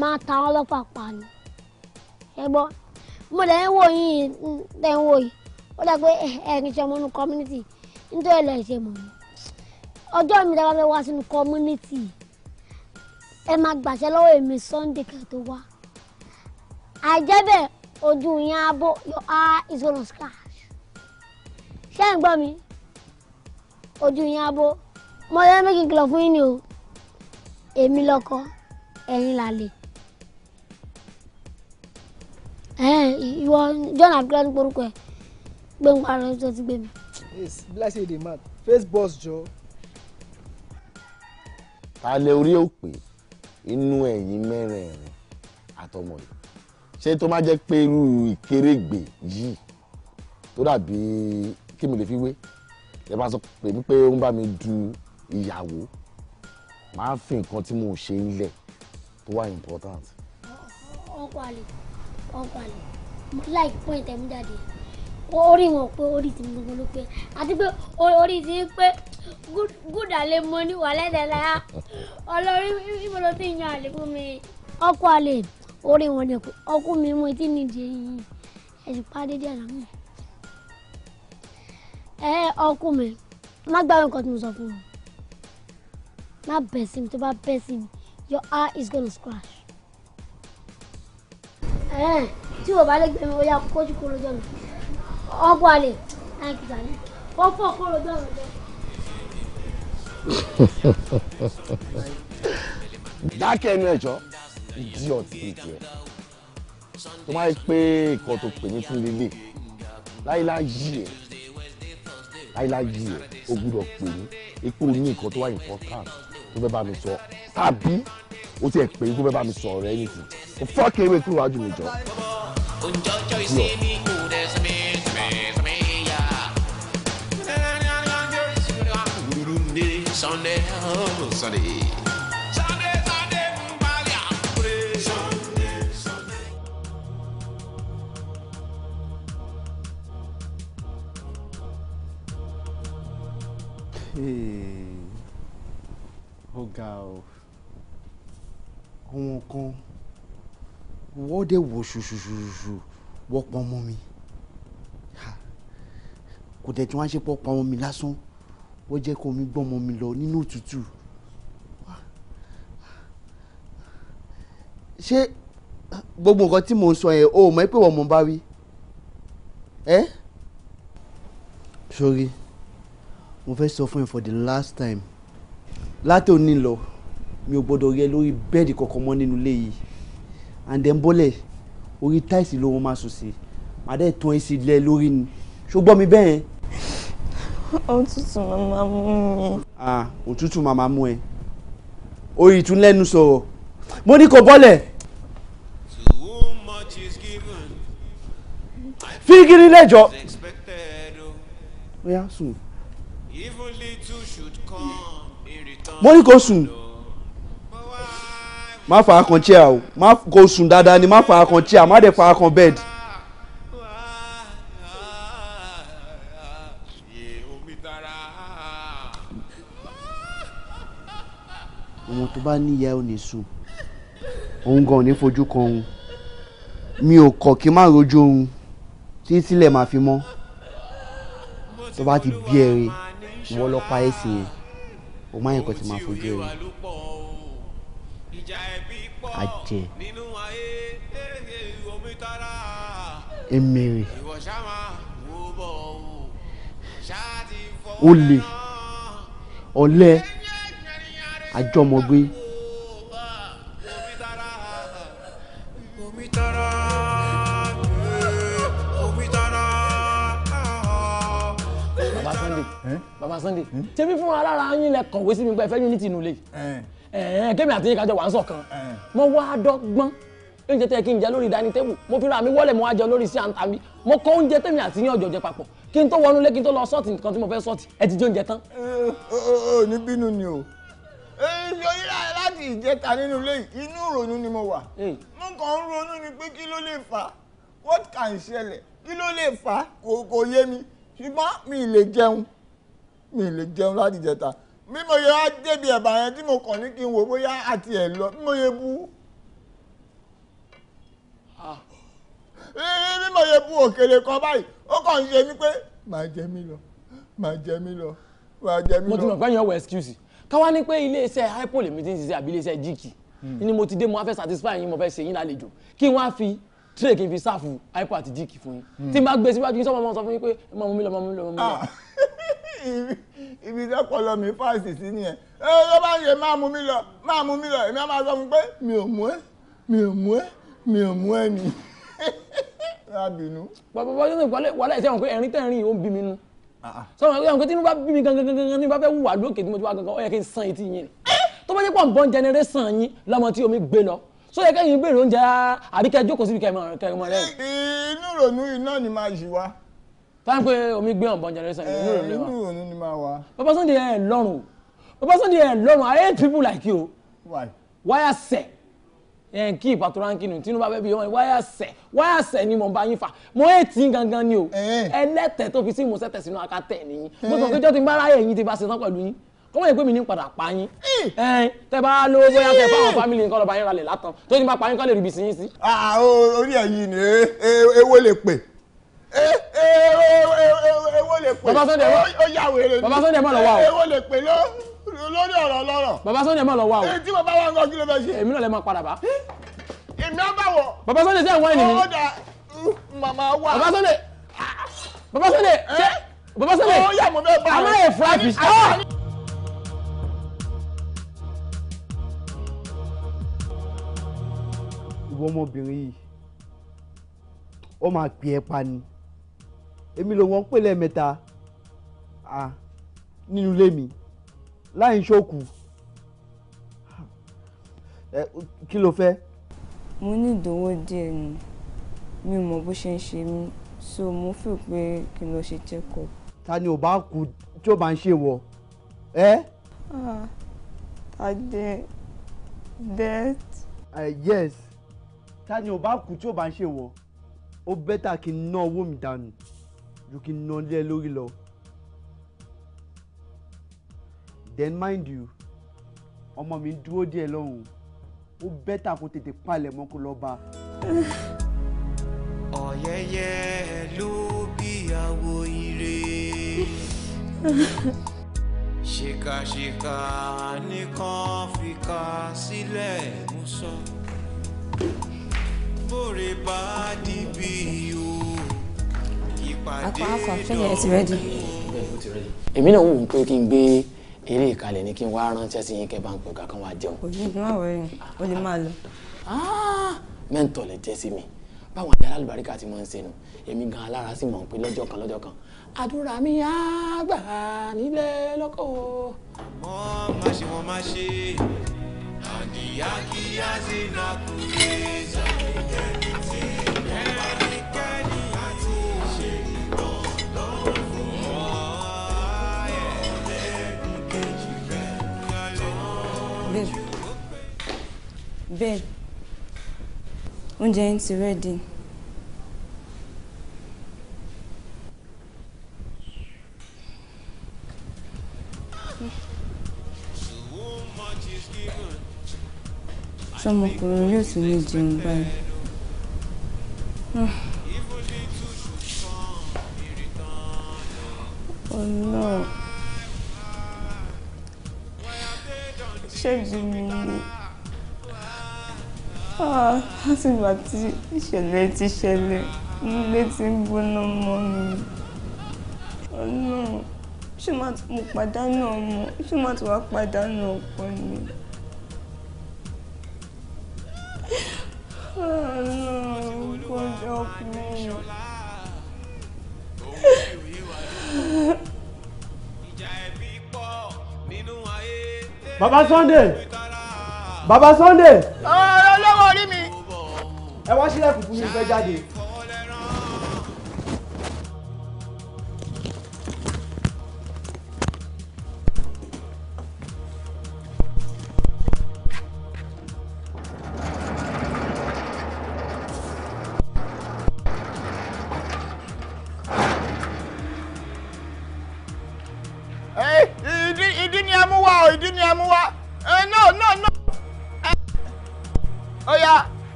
máa ta wọn lọ́pàá pa ni ẹ gbọ́ mo lẹ́ ń wò yìí lẹ́ ń wò yìí ó dà pé ẹ̀rín ṣe ọmọ inú community nítorí ẹ̀ ṣe mọ̀ mi ọjọ́ mi dábàá wá sínú community ẹ máa gbàṣẹ lọ́wọ́ èmi Sunday kan wá àìjẹ́bẹ̀ ojú yẹn á your eye is gonna splash ṣé ẹ̀ ń gbọ́ mi ojú yẹn á mo lẹ́ mẹ́kì kìlọ̀ fún yín ni o èmi lọ́kọ ẹ̀yin làlè ìwọ John Abdullahi gborúkọ ẹ gbé ń parọ tó ti gbé mi. yes blessed dey mad face boss jọ. ta lẹ orí òpè inú ẹ̀yin mẹ́rẹ̀ẹ̀rin àtọmọ yìí ṣé tó má jẹ́ pé irú ìkérégbè yìí tó dàbí kí mi lè fi wé ẹ bá sọ pé pé ó ń bá mi du ìyàwó máa fi nǹkan tí mo ṣe ń lẹ̀ tó wà important. ọkọ àlè ọkọ àlè like point ẹ̀mú jáde orí wọn pé orí ti gbogbo ló pé àti pé orí ti pé good àlè mo ní wà lẹ́dẹ̀ẹ́lá ọlọ́rí ibo ló ti yan àlè fún mi. ọkọ àlè orí wọn ni ọkọ mi mo ti nídìí yìí ẹ̀sìn pàdé díẹ̀ lánàá ẹ ọkọ mi má gbàgbé nǹkan tí mo sọ fún wọn má bẹ̀sí to tó bá your eye is gonna scratch. tí o bá lè gbẹ̀mí o yà kójú kóró jọ̀nà Oh, àlè Thank you, wọ́n fọ́ kóró jọ̀nà jọ. That ẹnu measure. idiot To my pay, máa ń pé me to pè mí fún lílé láíláyé ẹ̀ láíláyé ẹ̀ ó gbúdọ̀ pè mí epo ní nǹkan what wà important tó fẹ́ bá mi sọ tàbí o tiẹ̀ pé tó fẹ́ bá mi sọ ọ̀rẹ́ yìí sí o fọ́ọ̀kì ewé kúrò wájú mi jọ. Sunday, ó ga ọ ohun kan wọ́n dé wò ṣùṣùṣùṣù wọ́pọ̀ mọ́ mi kò dẹ̀ tí wọ́n á ṣe pọ́pọ́ ọmọ mi lásán wọ́n jẹ́ kó mi gbọ́ ọmọ mi lọ nínú òtútù ṣé gbogbo nǹkan tí mò ń sọ yẹn o mọ̀ pé wọ́n mọ̀ bá wí ẹ́ sori mo fẹ́ sọ fún ẹ for the last time látòní lọ mi ò gbọ́dọ̀ rí ẹ lórí bẹ́ẹ̀dì kankan mọ́ nínú ilé yìí and then bọ́lẹ̀ orí táìsì ló wọ́n máa sùn sí màá dẹ̀ tán èsì lẹ lórí ni ṣùgbọ́n mi bẹ́ẹ̀. òtútù màmá mú mi. ah òtútù màmá mú ẹ orí ìtúnlẹ́nu sọ̀rọ̀ mo ní kò bọ́lẹ̀. fígírí lẹ́jọ́. ó yá sùn mo ní kó sùn má fara kan chair o má kó sùn dáadáa ni má fara kan chair má dẹ̀ fara kan bed. ọmọ tó bá níyà ò ní sùn òun gan ò ní fojú kan òun mi ò kọ̀ kí n má rojú òun tí sílẹ̀ máa fi mọ́ tó bá ti bí ẹ̀rín ìwọ lọ́ọ́ pa ẹ̀sìn yẹn o máa yẹn kò ti máa fojú ẹ àjẹ emèrè olè ọ̀lẹ àjọmọ̀gbé. Sunday baba Sunday ṣé bí fún alára yín lẹ kọ̀wé sí mi pé ẹ fẹ́ unity nulẹ̀ kémi àti yín kájọ wà ń sọ̀kan mo wá dọ́gbọ́n oúnjẹ tẹ́ kí n jẹ lórí dining table mo fi ra mi wọlé mo wá jẹ lórí sí àǹtà mi mo kọ oúnjẹ tẹ́mi àti yín ọ̀jọ̀ papọ̀ kí n tó wọnú lé kí n tó lọ sọ́ọ̀tì nǹkan tí mo fẹ́ sọ́ọ̀tì ẹ ti jẹ oúnjẹ tán. o ní bínú ni o ṣùgbọ́n mi ì lè jẹun mi ì lè jẹun láti jẹta bí mo yẹ wá débi ẹ̀bà yẹn tí mo kàn ní kí n wò bóyá àti ẹ̀ lọ bí mo yẹ bu ah. bí mo yẹ bu òkèlè kan báyìí ó kàn ń ṣe mí pé màá jẹ mí lọ màá jẹ mí lọ màá jẹ mí lọ. mo ti mọ̀ pé yan wọ excuse káwá ní pé iléeṣẹ́ hypo lèmi ti ń ṣiṣẹ́ àbí iléeṣẹ́ jíìkì hmm. ni mo ti dé mo wá fẹ́ satisfy yín mo fẹ́ ṣe yín lálejò kí n wá fi tírè kí n fi sáàfù ipo àti díìkì fún yín tí n bá gbé síwájú yín sọ́mọ́ ọmọ sọ fún yín pé ẹ máa mú mi lọ máa mú mi lọ máa mú mi lọ. Ah, ibi ìdọ́pọ̀lọ mi fáàsì sí nìyẹn ẹ ló bá ń yẹ máa mú mi lọ máa mú mi lọ èmi á máa sọ fún pé mi ò mú ẹ mi ò mú ẹ mi ò mú ẹ ni rábìnú. bàbá bàbá yóò wọlé wọlé ẹsẹ wọn pé ẹ̀rín tẹ̀rín yìí ó ń bí mi nú sọmọ ẹgbẹ́ wọn tí inú bá bí mi gangan gangan tí mo bá jẹ́ sọ yẹ kẹ́yìn béèrè oúnjẹ àbí kẹ́ jókòó síbi kẹ́mọ rẹ. inú ìrònú iná ni máa yìí wá. táwọn pé omi gbé ọ̀bọ̀n generation inú ìrònú ni wá. inú ìrònú ni máa wá. bàbá Sunday ẹ lọ́rùn bàbá Sunday ẹ lọ́rùn I hate people like you. why. wáyà sẹ̀ ẹn kí ìpàtúránkì nù tinubu abẹ́bí wọn wáyà sẹ̀ wáyà sẹ̀ ni mo bá yín fà mo ẹ̀ tí gangan ni o eh. ẹlẹ́tẹ̀ tó fi sí ìmọ̀sẹ̀tẹ̀ sínú akátẹ̀ nìyí mo sọ eh. pé jọ́ ti ń bá aráyè yín ti bá ṣe tán pẹ̀lú yín kọ́ wọ́n yẹ pé mi ní padà pa yín tẹ bá lówó bóyá tẹ fáwọn fámìlì nǹkan lọ́ba yín ralẹ̀ látàn tó ní bá pa yín kọ́ lè ríbi sí yín sí. orí ẹ̀yìn ni e, e, ewé lè pè e, ewé lè pè bàbá Sunday ó yà wèrè ni bàbá Sunday mọ̀ lọ́wọ́ o ewé lè pè ló lórí ọ̀rọ̀ lọ́rọ̀ bàbá Sunday mọ̀ lọ́wọ́ o tí bàbá wa ń kọ́ kí ló fẹ́ ṣe èmi náà lè máa padà bá. èmi á bá wọ. bàbá Sunday sẹ́yìn wáìnì mi. ó dà mm, màmá wa. bàbá Sunday ah. bàbá Sunday eh? bàbá Sunday. ó yà mọ̀ bẹ́ẹ̀ bá a. a máa yẹ fura bìí. ìwọ ọmọbìnrin yìí ó máa pè ẹ́ pa ni èmi ló wọ́n pè lẹ́ẹ̀mẹ́ta nínú ilé mi láì ṣókù kí ló fẹ́. mo ní ìdánwò díẹ̀ ni mi ò mọ bó ṣe ń ṣe mí so mo fi pé kí n lọ ṣe check up. ta ni ò bá kú tí ó bá ń ṣe wọ ẹ. Tade ah, death. Uh, yes ta ni ò bá kú tí ò bá ń ṣe wọ ó bẹ́tà kí n ná owó mi dànù ju kí n ná lé lórí lọ. then mind you ọmọ mi dúró díẹ̀ lọ́hùn ó bẹ́tà kó tètè palẹ̀ mọ́ kó lọ bá. ọ̀yẹ́yẹ́ ló bíyàwó ire ṣìkàṣìkà nìkan fìkà sílẹ̀ mú sọ bóre bá dìbì o ìpàdé dọ̀ọ́ èmi náà ń wò pé kí n gbé eré ìkàlẹ̀ ni kí n wá ránṣẹ́ sí yín kẹ́ ń pè kankan wá jẹun. òye ni wọn wọ ẹyìn lè máa lọ. Ah, mẹ́ńtọ̀ lè jẹ́ sí mi báwọn ajá alálùbáríkà ti máa ń ṣe nu èmi gan alára sì mọ̀ pé lọ́jọ́ kan lọ́jọ́ kan àdúrà mi á gbà nílé lọ́kọ̀ọ́. mọ́ máa ṣe wọ́n Ben, oúnjẹ yín ti rẹ́dí. sọmọkùnrin yóò tún ní jẹun báyìí. Ah. ọ̀nà ṣẹ́jú mi ni ah, látìgbà tí ìṣẹ̀lẹ̀ ti ṣẹlẹ̀ nílé tí ń gbóná mọ́ mi ọ̀nà ṣé máa mo pàdánù ọmọ ṣé máa ti wá pàdánù ọkọ mi. God help Baba Sunday! Baba Sunday! Ọlọ́wọ́ orí mi! Ẹ wá sílẹ̀kùn fún mi fẹ́ jáde.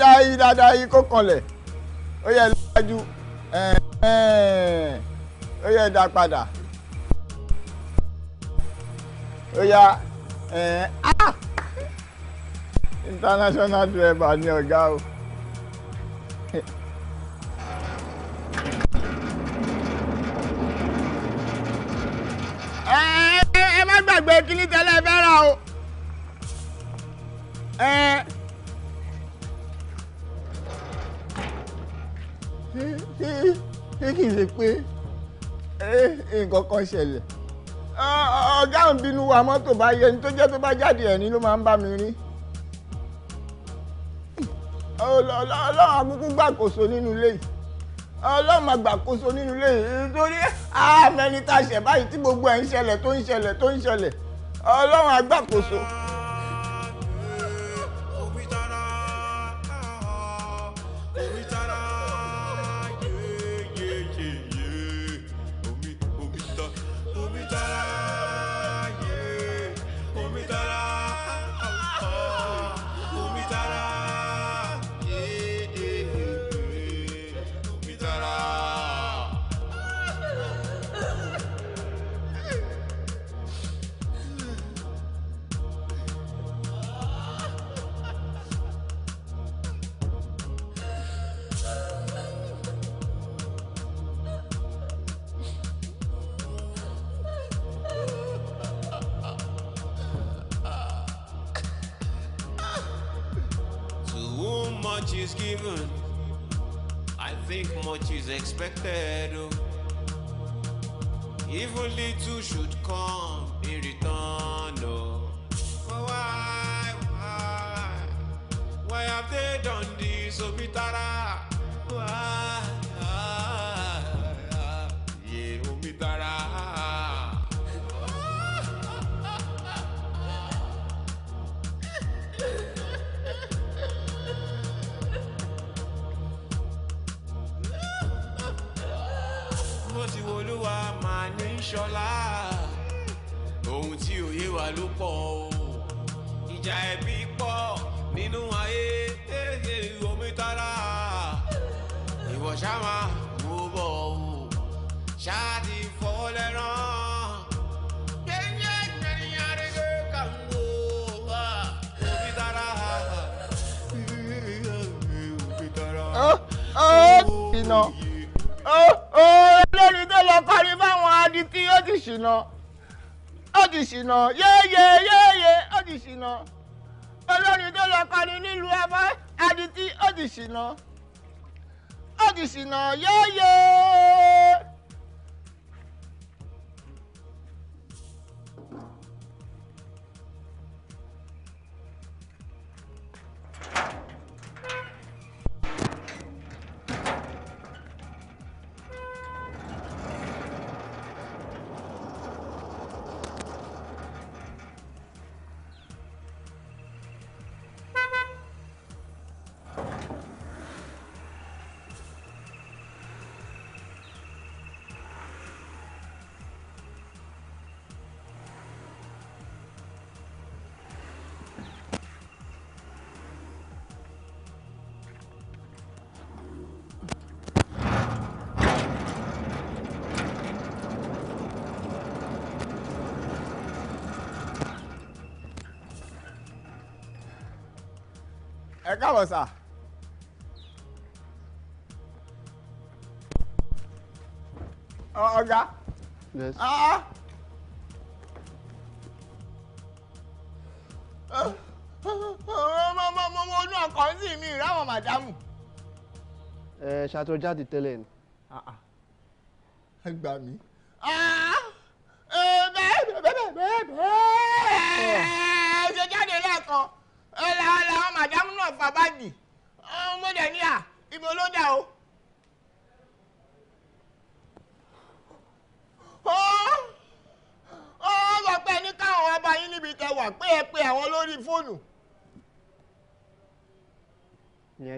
dáadáa yìí dáadáa yìí kó kanlẹ̀ ó yẹ lọ́wájú ó yẹ dá padà ó yá ah! international driver ni ọ̀gá o. kọ́kọ́ ṣẹlẹ̀ ọ̀gá ń bínú wa mọ́tò bá yẹ ẹni tó jẹ́ tó bá jáde ẹ̀rín ló máa ń bá mi rí ọlọ́run akúkú gbàkóso nínú ilé yìí ọlọ́run àgbàkóso nínú ilé yìí torí àmẹ́ni tá a ṣẹ̀ báyìí tí gbogbo ẹ̀ ń ṣẹlẹ̀ tó ń ṣẹlẹ̀ tó ń ṣẹlẹ̀ ọlọ́run àgbàkóso. is given, I think much is expected. Oh. Even little should come. káàbọ̀ sà. ọ̀gá. yes. ah. mo mo mo inú ọkọ̀ sí mi ìráwọ̀ màdámù. ẹ ṣàtọ̀ jáde tẹ́lẹ̀ ni. ẹ gbà mí.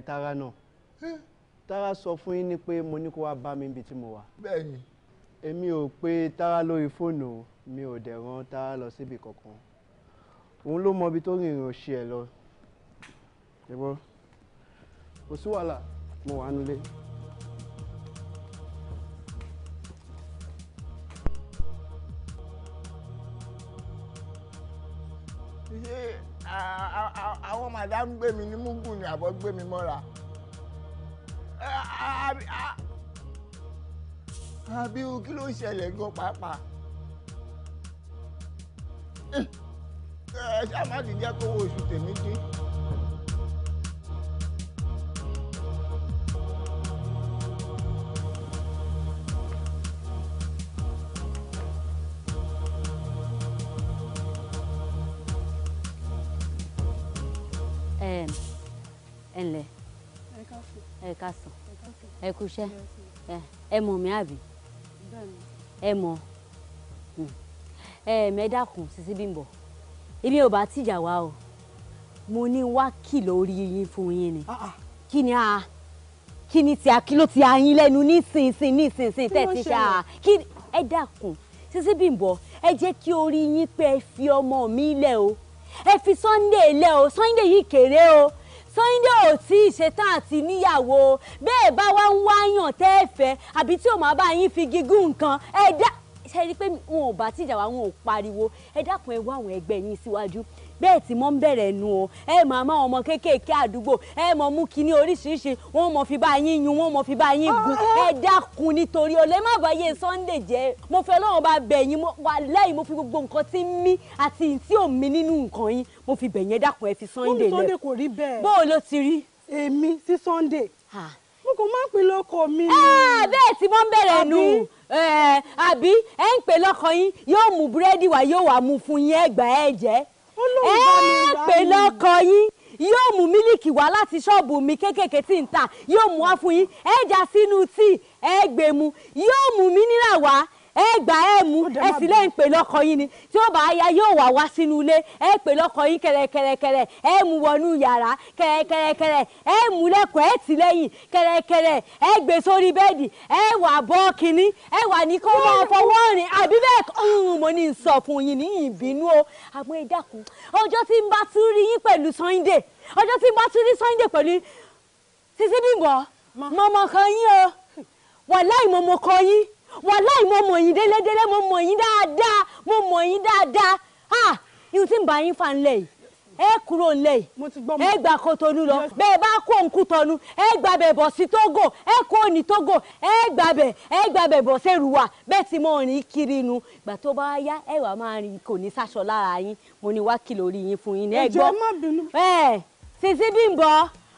tara náà tara sọ fún yín ni pé mo ní kó wá bá mi níbi tí mo wà. bẹ́ẹ̀ni. èmi ò pe tara lórí fóònù mi ò dẹ̀ rán tara lọ síbi kankan òun ló mọ ibi tó rìnrìn òṣì ẹ̀ lọ ṣùgbọ́n kò sí wàhálà mo wà nílé. àwọn màdám gbé mi ní mugun ni àbọ̀ gbé mi mọ́ra àbí o kí ló ṣẹlẹ̀ gan pàápàá ẹ ṣáà má ti jẹ́ kówó oṣù tèmi dín. ẹ kú iṣẹ́ ẹ mọ̀ mí àbí ẹ mọ̀ hmm. ẹ mẹ́dàkùn Sisi Bímbọ́ èmi ò bá tìjà wá o mo ní wá kìlọ̀ orí yín fún yín ni ah, ah. kí ni a kí ni tí a kí ló ti a yín lẹ́nu nísinsìnyí nísinsìnyí tẹ̀ ti ṣá kí ẹ dákun Sisi Bímbọ́ ẹ jẹ́ kí orí yín pé ẹ fi ọmọ mi lẹ̀ o ẹ fi Sunday lẹ̀ o Sunday yìí kéré o Sunday ò tí ì ṣetán àti níyàwó bẹ́ẹ̀ bá wá ń wáyàn tẹ́ ẹ fẹ́ àbí tí ò máa bá yín fi gígùn nǹkan ẹ dá ṣe rí i pé wọn ò bá tìjà wá wọn ò pariwo ẹ dákun ẹ wá àwọn ẹgbẹ́ yín síwájú bẹ́ẹ̀ tí mọ́ ń bẹ̀rẹ̀ nu o ẹ máa má ọmọ kéékèèké àdúgbò ẹ mọ mú kinní oríṣiríṣi wọn mọ fi bá yín yun wọn mọ fi bá yín gun ah, ah. ẹ dákun nítorí olè má bàyè Sunday jẹ́ mo fẹ́ lọ́wọ́n bá bẹ̀ yín wà lẹ́yìn mo fi gbogbo nǹkan tí ń mí àti tí ò mí nínú nǹkan yín mo fi bẹ̀ yín dákun ẹ fi Sunday lẹ. Sunday kò rí bẹ́ẹ̀. bó o ló ti rí. èmi sí Sunday. mo kò máa ń pè lọ́kọ mi. Ah, bẹ́ẹ̀ tí mo ń bẹ̀rẹ̀ nù àbí ẹ ń pè lọ́kọ yín yóò mú búrẹ́dì wá yóò wá mú fún yín ẹgbàá ẹ jẹ́ ẹ ẹ pè lọ́kọ yín yóò mú mílìkì wá láti ṣọ́ọ̀bù mi kéékèèké tí ń tà yóò mú wá fún yín ẹ sínú tíì ẹ gbé mu yóò mú mínírà wá ẹ gbà ẹ mú ẹ sì lè ń pè lọ́kọ yín ni tí ó bá yá yóò wá wá sínú ilé ẹ pè lọ́kọ yín kẹrẹkẹrẹkẹrẹ ẹ mú wọnú yàrá kẹrẹkẹrẹkẹrẹ ẹ mú lẹ́kọ̀ọ́ ẹ tì lẹ́yìn kẹrẹkẹrẹ ẹ gbé sórí bẹ́ẹ̀dì ẹ wà bọ́ kínní ẹ wà ní kó máa fọwọ́ rìn àbí bẹ́ẹ̀ kọ́ mo ní sọ fún yín ní ìbínú o àmọ́ ẹ dákun ọjọ́ tí n bá tún rí yín pẹ̀lú Sunday ọjọ́ tí n bá tún rí wàláì mo mọ̀ yín délédélé mo mọ̀ yín dáadáa mo mọ̀ yín dáadáa ah ihun tí ń bá yín fà ń yìí ẹ kúrò ńlẹ̀ yìí ẹ gbà Kotonu lọ bẹ́ẹ̀ bá kó Nkutọnu ẹ gbàbẹ̀ bọ̀ sí Togo ẹ kó ní Togo ẹ gbàbẹ̀ ẹ gbàbẹ̀ bọ̀ sẹ́rùwà bẹ́ẹ̀ tí mo rìn kiri nu ìgbà tó bá yá ẹ wà máa rìn kò ní sáṣọ lára yín mo ní wá kìlọ̀ orí yín fún yín ní ẹ ẹ Sisi Bimbo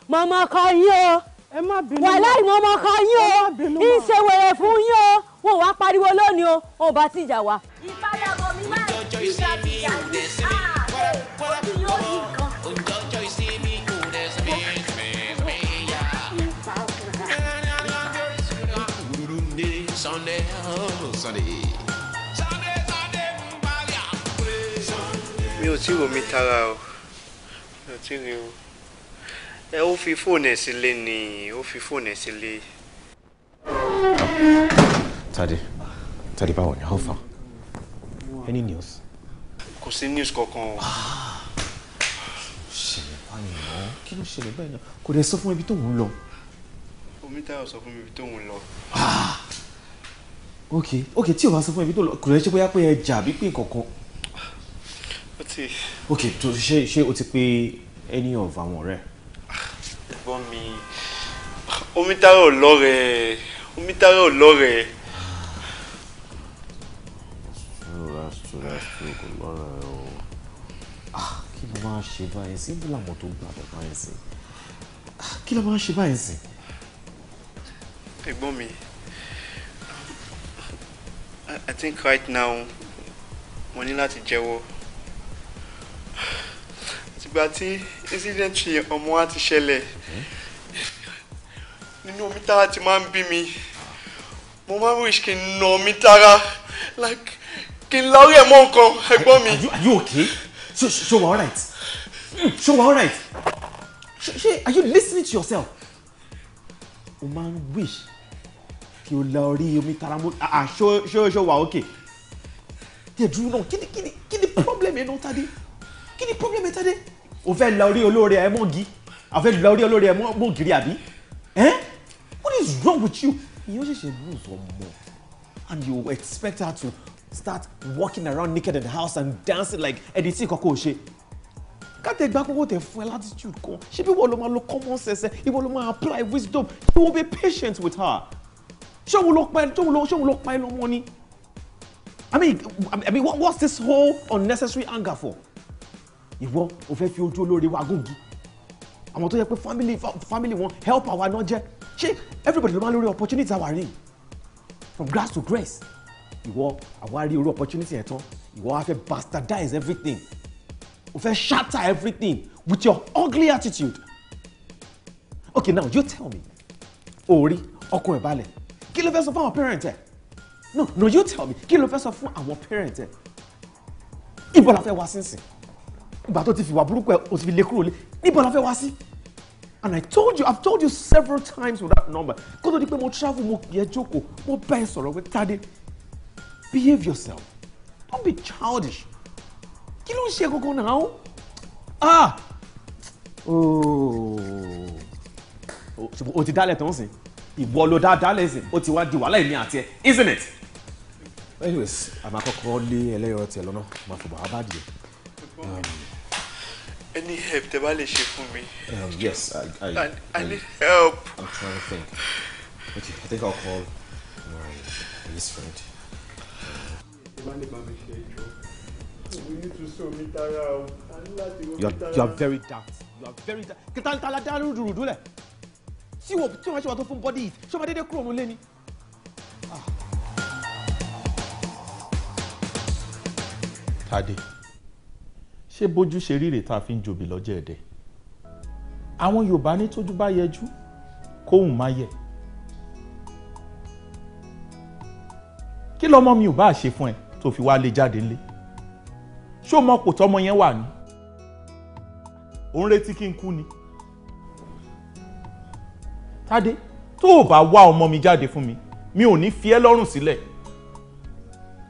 mọ̀mọ́ yín o wàhálà ìmọ̀ ọmọ kan yín o ń wèrè fún yín o wọn ò wá pariwo lónìí o ò bá ti jà wá. ìbálòpọ̀ mi máa ń jẹ́ ìṣàbí àti àárẹ̀ òbí yóò yí kan. Sunday, oh, Sunday. mi ò tí ì wò mí tara o mi ò tí ì rí o ẹ ó fi fóònù ẹ sílé ni ó fi fóònù ẹ sílé. Tade Tade báwo ni how far any news. kò sí news kankan o. Ah, ṣẹlẹ̀ báyìí náà kí ló ṣẹlẹ̀ báyìí náà kò dẹ̀ sọ fún ibi tó ń lọ. omi táyọ̀ sọ fún mi ibi tó ń lọ. Ah, ok ok tí o bá sọ fún ibi tó ń lọ kò dẹ̀ ṣe bóyá pé ẹ àbí pé kankan. ó ti. ok ṣe ṣe o ti pé any of àwọn ọ̀rẹ́ ẹ̀gbọ́n mi omítárà ò lọ́rẹ̀ẹ́ omítárà ò lọ́rẹ̀ẹ́. kí ló máa ah, ṣe báyìí sí ibi làwọn tó gbà bọ̀ báyìí sí kí ló máa ṣe báyìí I think right now mo ní láti jẹ́wọ́ tìgbà tí incident yẹn ọmọ wa ti ṣẹlẹ̀ nínú omi tára ti máa ń bí mi mo máa ń wish kí n nà omi tára like kí n lárí mọ́ nǹkan ẹ̀gbọ́n mi. are you okay? so so we alright so we alright ṣe are you listening to yourself? o máa ń wish kí o lọ rí omi tára mo ah, ah so so so wa okay. díẹ̀ dúró náà kí ni kí ni kí ni problem yẹn náà tàdé kí ni problem ẹ̀ta dé o fẹ́ la orí olóore ẹ mọ́gi a fẹ́ la orí olóore ẹ mọ́gìrì àbí what is wrong with you ìyẹn ṣẹ̀ṣẹ̀ lose ọmọ and you expect her to start walking around naked in the house and dancing like ẹni tí kọ́kọ́ ò ṣe kátẹ gba kókó tẹ fún ẹ latitude kan ṣé bí wọ́n lọ máa lo common sense ìwọ lọ máa apply wisdom you won't be patient with her ṣé òun ló pa ẹ ṣé òun ló pa ẹ lọ́mọ ni i mean i mean what's this whole unnecessary anger for ìwọ o fẹ́ fi ojú olóore wa gùn gùn àwọn tó yẹ pé family family wọn help our náà jẹ́ ṣé everybody ló máa lórí opportunity àwa rìn from grass to grace ìwọ àwa rí orí opportunity yẹn tán ìwọ wá fẹ́ bastardize everything o fẹ́ shatter everything with your ugly attitude okay now you tell me orí ọkọ ẹ̀ balẹ̀ kí ló fẹ́ sọ fún àwọn parents? ẹ̀ no no you tell me kí ló fẹ́ sọ fún àwọn parent ẹ̀ ibo la fẹ́ wá sínsìn ìgbà tó ti fìwà burúkú ẹ̀ o ti fi lé kúrò lé níbo la fẹ́ wá sí and i told you i've told you several times with that number kó tó di pé mo travel mo yẹ jókòó mo bá ẹ sọ̀rọ̀ pé tade behave yourself don't be childish kí ló ń ṣe gbogbo náà ah ooo oh. ṣùgbọ́n o ti dálẹ̀ tán sìn ìwọ ló dá dálẹ̀ sìn o ti wá di wàhálà èmi àti ẹ isn't it. anyways àmọ́ àkọ́kọ́ lé ẹlẹ́yọ̀ọ́ tiẹ̀ lọ́nà máa fò bàbá dìé any help the bá lè ṣe fún mi. Um, yes i i i, I need I, help. i'm trying to think okay i think i'll call my police friend. you are you are very dark you are very dark kìtàntàlà dàrú dùrùdú lẹ tí wọn tí wọn ṣe wà tó fún bọ́dí yìí ṣé ọmọdé dé kúrò òun lé ni. Ah. Tade ṣé bójú ṣe rí rèé tá a fi ń jòbì lọ́jọ́ ẹ̀dẹ̀ àwọn Yorùbá ní tójú bá yẹjú kóhùn má yẹ kí lọmọ mi ò bá ṣe fún ẹ tó fi wá lé jáde ńlé ṣó mọ kò tọmọ yẹn wà ní òun retí kí n kú ni Tádé tó o bá wá ọmọ mi jáde fún mi mi ò ní fi ẹ́ lọ́rùn sílẹ̀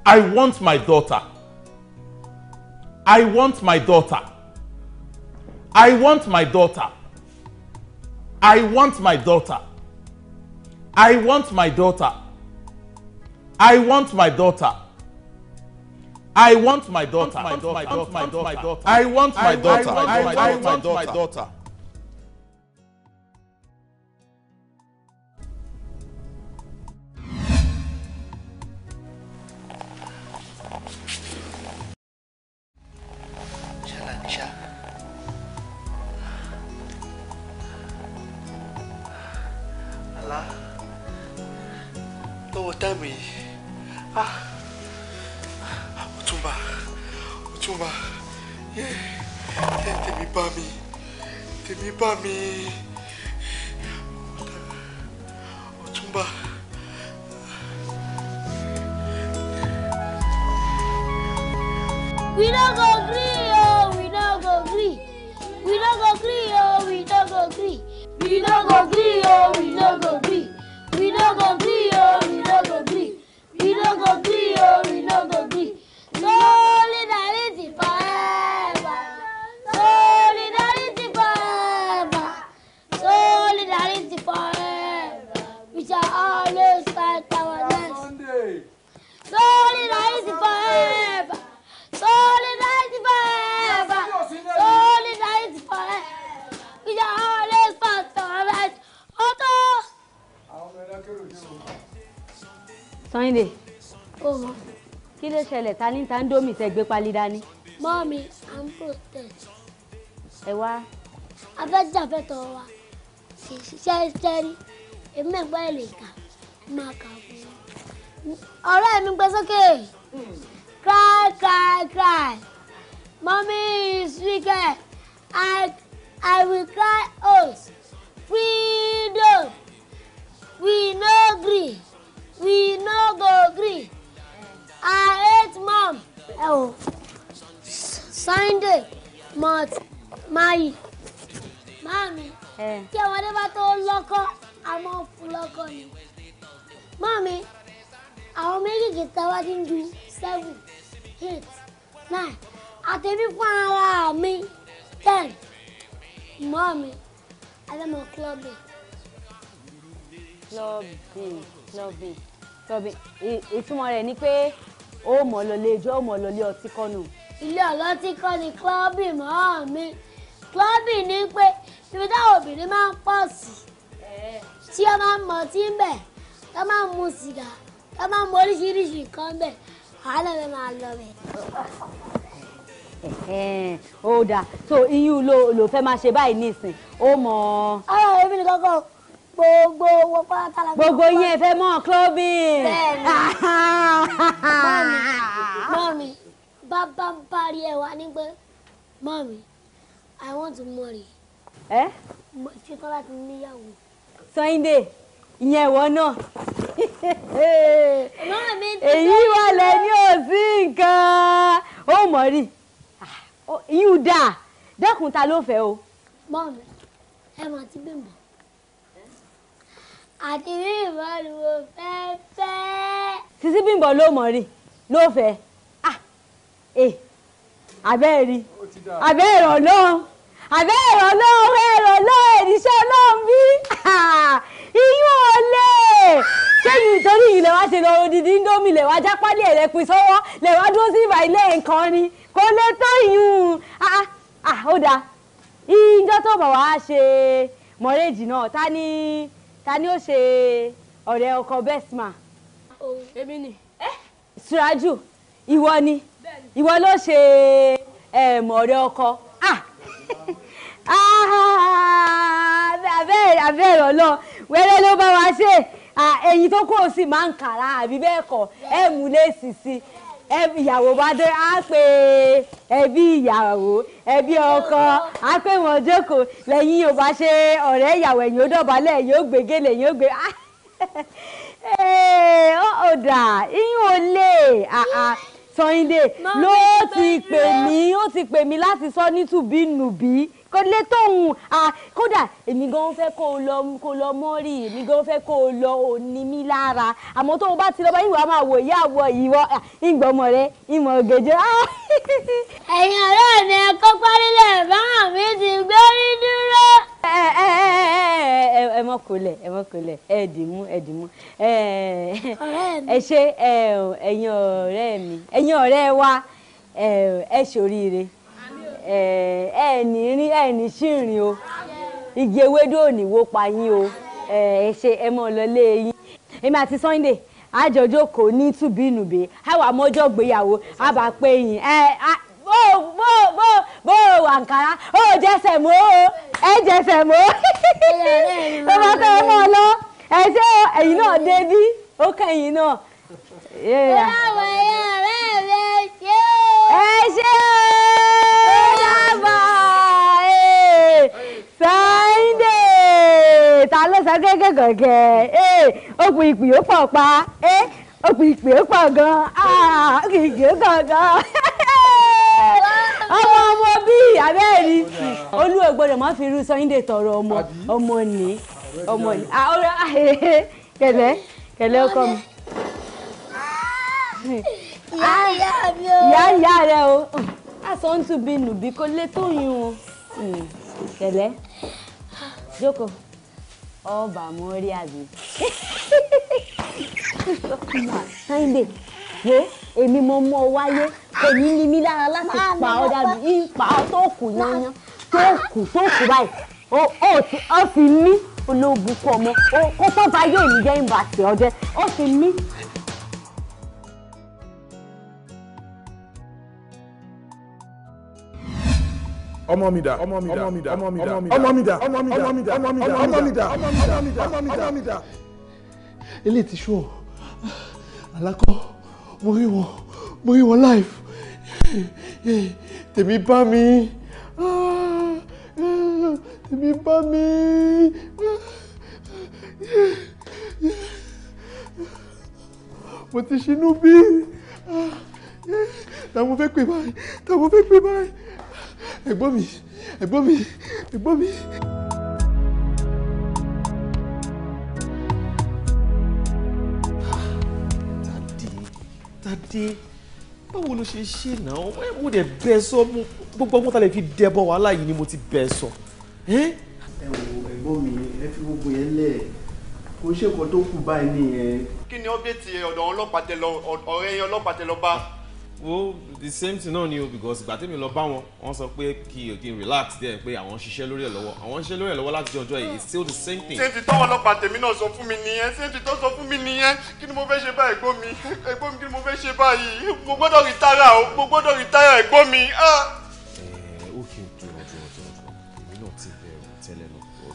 I want my daughter. I want my daughter. I want my daughter. I want my daughter. I want my daughter. I want my daughter. I want my daughter. I want my daughter. I want my daughter. I want my daughter. Mommy yín lè. ó mọ. kí ló ṣẹlẹ̀ ta ní ta ń dómì tẹ́ gbé pálí dání. mọ́mí à ń protest. ẹ wá. abẹ́jàfẹ́tọ̀ wa sì ṣiṣẹ́ iṣẹ́ rí èmi ẹ̀gbọ́n ẹ̀ lè kà máa kà fún un. ọ̀rẹ́ mi gbé sókè cry cry cry mommy is wicked i i will cry out oh. freedom we no gree we no go gree i hate mom oh. sunday mot mayi mami tí ọmọdé bá tó lọ́kọ a máa fún lọ́kọ ni mami àwọn méjèèjì táwa ti ń ju seven eight nine àtẹ̀mí fún ara mi ten mami adamọ club club clubbing clubbing ìtumọ̀ rẹ̀ ni pé ó mọ̀ lọlé ijó ó mọ̀ lọlé ọtí kọ́nù. ilé ọlọ́tí kọ́ ni clubbing mọ́ mi clubbing ni pé ibi táwọn obìnrin máa ń pọ̀ sí tí wọ́n máa ń mọ tí ń bẹ̀ tó máa ń mu sìgá tó máa ń mu oríṣiríṣi nǹkan bẹ̀ àánú mi máa lọ bẹ̀. ó dáa so iyún ló fẹ́ máa ṣe báyìí nísìn ó mọ̀. ọ̀rọ̀ èmi nìkan kọ́ gbogbo owó pátá la. gbogbo yín ẹ fẹ́ mọ́ clubbing. bẹ́ẹ̀ni mọ́mi bàbá parí ẹ̀ wá ní pé mọ́mi i want to marry. ẹ. ṣetán láti níyàwó. Sunday ìyẹn ìwọ náà èyí wà lẹ́ni òsì nǹkan ó mọ̀ rí ah, yíyú dáa dẹ́kun ta ló fẹ́ o. mọ́mi ẹ máa ti bímbọ àti bímbọ ni mo sisi bímbọ ló mọ̀ rí ló fẹ́ ah eh abẹ́ẹ̀ rí abẹ́ẹ̀ rọ̀ lọ́hùn àbẹ́ ìrànlọ́wọ́ ìrànlọ́wọ́ ìrìṣẹ́ ọlọ́run bí iyún olè kéyìn nítorí ilẹ̀ wa ṣe lọ odidi ńdómi lẹ̀ wá jápálí ẹ̀rẹ́ pin sọ́wọ́ lẹ̀ wá dúró sí ìbà ilé nǹkan ni kò lè tán iyún ah, ah, ah, ó dáa ìjọ tó bọ̀ wá ṣe mọ̀rẹ́jì náà ta ni ta ni ó ṣe ọ̀rẹ́ ọkọ bestman. Oh. èmi ni. Suraju ìwọ ni ìwọ ló ṣe ọ̀rẹ́ ọkọ ah! Ah! abẹ́rẹ́ abẹ́rẹ́ ọlọ wẹ́rẹ́ ló bá wa ṣe ah, ẹ̀yìn tó kù ó sì máa ń kàrà àbí bẹ́ẹ̀ kọ́ ẹ̀ mú lé sí sí i ẹbí ìyàwó bá dé á pé ẹbí ìyàwó ẹbí ọkọ á pé wọn jókòó lẹ́yìn ò bá ṣe ọ̀rẹ́ ìyàwó ẹ̀yìn ó dọ̀bálẹ̀ ẹ̀yìn ó gbé gèlè ẹ̀yìn ó gbé ah, eh, ó dà iyún ò lè ah, ah, Sọyìndé ló ti pè mí ó ti pè mí láti sọ nítùbínùbí kò lè tóhun kódà èmi gan fẹ́ kó o lọ kó o lọ mọ́rì èmi gan fẹ́ kó o lọ ò ní mí lára àmọ́ tó o bá ti lọ bá ìwà máa wò ìyá àwọ ìwọ ìgbọ̀mọ̀ rẹ ìmọ̀ gèjè. ẹ̀yin ọ̀rẹ́ mi ẹ kó párílẹ̀ báwọn mi ti gbórí dúró. ẹ mọ kò lẹ ẹ mọ kò lẹ ẹ dì mú ẹ dì mú ẹ ṣe ẹ̀yin ọ̀rẹ́ mi ẹ̀yin ọ̀rẹ́ wa ẹ ṣoríire. ẹ ní rí ṣìrìn o igi ewédú ò ní pa yín o eh, ẹ ṣe ẹ mọ lọlé yín èmi àti Sunday àjọjọ kò ní tùbínùbẹ àwa mọjọ gbéyàwó àbá pé yín ẹ eh, bó bó bó bó ó jẹsẹ mọ ó ẹ jẹsẹ mọ bá lọ ẹ náà ó náà. báyìí Sunday ta ló sọ kéèké gàngẹ ó pu ìpè ó pọ̀ pa ó eh, pu ìpè ó pọ̀ gan ah, ó kì í gé gangan ọmọ ọmọ bíi abẹ́ẹ̀rí olúwo gbọ́dọ̀ má fi irú Sunday tọrọ ọmọ ọmọ ní ọmọ ní kẹlẹ kẹlẹ ọkọ mi ìyá ìyá rẹ o sọ́ńtù bíi nùbí kó lé tó yún o tẹ̀lẹ́ hmm, jókòó ọba mórí àbí. Sunday wo èmi mo mọ wáyé èmi ni mí lára láti ah, pa ọ́ dàbí ìpa ọ́ tó kù yányán tó kù tó kù báyìí ó ti ó fi mí olóògùn kọ ọmọ kó tó bá yóò ní jẹ́ ìbàṣẹ ọdẹ ó fi mí ọmọ mi dà ọmọ mi dà ọmọ mi dà ọmọ mi dà ọmọ mi dà ọmọ mi dà ọmọ mi dà ọmọ mi dà ọmọ mi dà ọmọ mi dà ọmọ mi dà ọmọ mi dà. ilé ti ṣó alákọ mo rí wọn mo rí wọn live tèmi bá mi tèmi bá mi. mo ti ṣinú bí táwọn fẹ́ pè báyìí táwọn fẹ́ pè báyìí ẹ̀gbọ́n mi ẹ̀gbọ́n mi ẹ̀gbọ́n mi. Tádé Tádé báwo ló ṣe ṣe náà mo dẹ̀ bẹ́ẹ̀ sọ gbogbo ọgbọ́n tá lè fi dẹ́bọ̀ wàhálà yìí ni mo ti bẹ́ẹ̀ sọ. ẹ wo ẹ̀gbọ́n mi ẹ fi gbogbo yẹn lẹ̀ kò ṣe nǹkan tó kù báyìí nìyẹn. kí ni ọ́bẹ̀tì ọ̀dọ̀ ọlọ́pàá tẹ lọ ọ̀rẹ́ yẹn ọlọ́pàá tẹ lọ bá wo the same thing náà ni o because ìgbà tẹ́mi lọ bá wọn wọ́n sọ pé kí o kí n relax díẹ̀ pé àwọn ń ṣiṣẹ́ lórí ẹ̀ lọ́wọ́ àwọn ń ṣiṣẹ́ lórí ẹ̀ lọ́wọ́ láti ọjọ́ yìí it's still the same thing. ṣé ti tọ́wọ́ ọlọ́pàá tèmi náà sọ fún mi nìyẹn ṣé ti tọ́ sọ fún mi nìyẹn kí ni mo fẹ́ ṣe bá ẹ̀gbọ́n mi ẹ̀gbọ́n mi kí ni mo fẹ́ ṣe báyìí mo gbọ́dọ̀ rìtáyà o mo gbọ́dọ̀ rìtáyà ẹ̀gbọ́n mi. ẹ ókè ojú ọjọ́ ọjọ́ ọjọ́ èmi náà ti bẹ̀rù tẹ́lẹ̀ lọ mo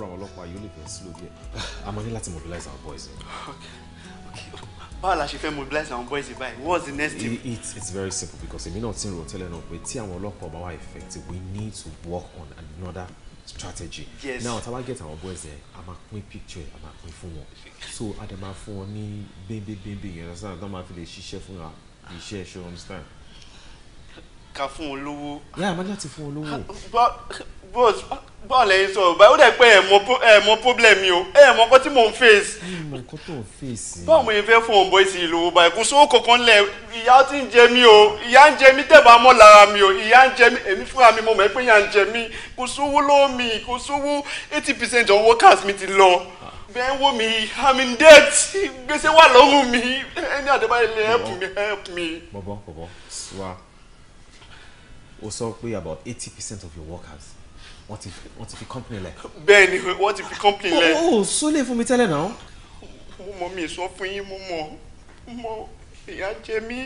rọ̀ àwọn ọlọ́pàá yóò lè bẹ̀rẹ̀ sí lójú ẹ̀ a máa ní láti mobilize our boys. okay báwo la ṣe fẹ́ mobilize àwọn boys báyìí what's the next step. it's it's very simple because èmi náà ti rò tẹ́lẹ̀ náà pé tí àwọn ọlọ́pàá bá wà effective we need to work on another strategy. yes now tá a bá get our boys there, a máa pín picture a máa pín fún wọn so a dẹ̀ máa fún wọn ní bẹ́ẹ̀bẹ́ẹ̀bẹ́ẹ̀ yẹn lọ́sàn-án tó máa fi lè ṣiṣẹ́ fún wa iṣẹ́ ẹ̀ ṣe understand ka fún olówó. yàrá máa ní láti fún olówó. but but bọ́ọ̀lù ẹ̀yin sọ̀rọ̀ báyìí ó dẹ̀ pé ẹ̀ mọ problem mi o ẹ̀ mọ nǹkan tí mò ń face. mọ nǹkan tó ń face. báwo mo yẹn fẹ́ fún òǹbọ ìsìn ìlú báyìí kò sówó kankan lẹ̀ ìyá ti ń jẹ mí o ìyá ń jẹ mí tẹ̀bà mọ́ lára mi o ìyá ń jẹ mí èmi fúnra mi mo mọ̀ pé ìyá ń jẹ mí kò sówó lọ́wọ́ mi sówó eighty percent of workers mi ti lọ bẹ́ẹ̀ wò mí i'm in debt gbèsè wà lọ́rùn mi ẹni àdébáyé lè help me help me. bọ̀bọ̀ bọ̀bọ̀ wa o sọ about eighty percent of your workers What if what if the company lẹ̀. bẹ́ẹ̀ What if the company lẹ̀. o o sólè fún mi tẹ́lẹ̀ náà. mo mọ mi sọ fún yín mo mọ mo ìyà jẹ mí.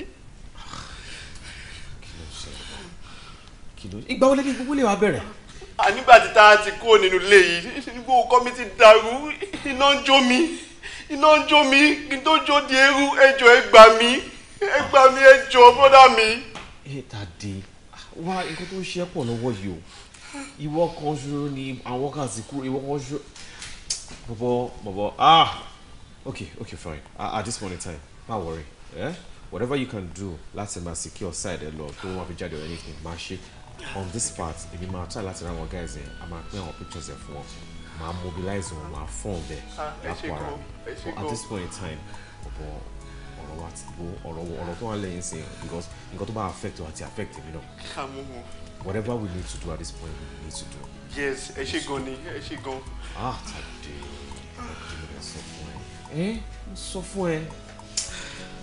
kí ló ṣe kí ló ìgbà wo lẹ́ni gbogbo lè wá bẹ̀rẹ̀. ànígbà tí tá a ti kó nínú ilé yìí nígbà wo kọ́mítì dàrú iná ń jó mi iná ń jó mi kí n tó jó di eérú ẹjọ́ ẹ gbà mí ẹ gbà bọ́dà mi. ẹ tà dé ah, wá nǹkan tó ń ṣe pọ̀ lọ́wọ́ yìí o ìwọ kan ṣoṣo ni àwọn kan ti kúrò ìwọ kan ṣoṣo bọ̀bọ̀ bọ̀bọ̀ ah okay okay fine ah, at this point in time má worry eh? whatever you can do láti máa secure side ẹ lọ tó wọn fi jáde or anything máa ṣe on this part èmi máa try láti ra àwọn guys yẹn a máa pín àwọn pictures yẹn fún wọn máa mobilize wọn máa fún bẹ́ẹ̀ lápò ara mi but at this point in time ọ̀bọ̀ ọ̀rọ̀ wa ti bo ọ̀rọ̀ tó wà lẹ́yìn sí because nǹkan tó bá affect wa ti affect mi náà whatever we need to do at this point we need to do. yes ẹ ṣe gan ni she ṣe gan. ah tàbí ẹ eh, sọ fún ẹ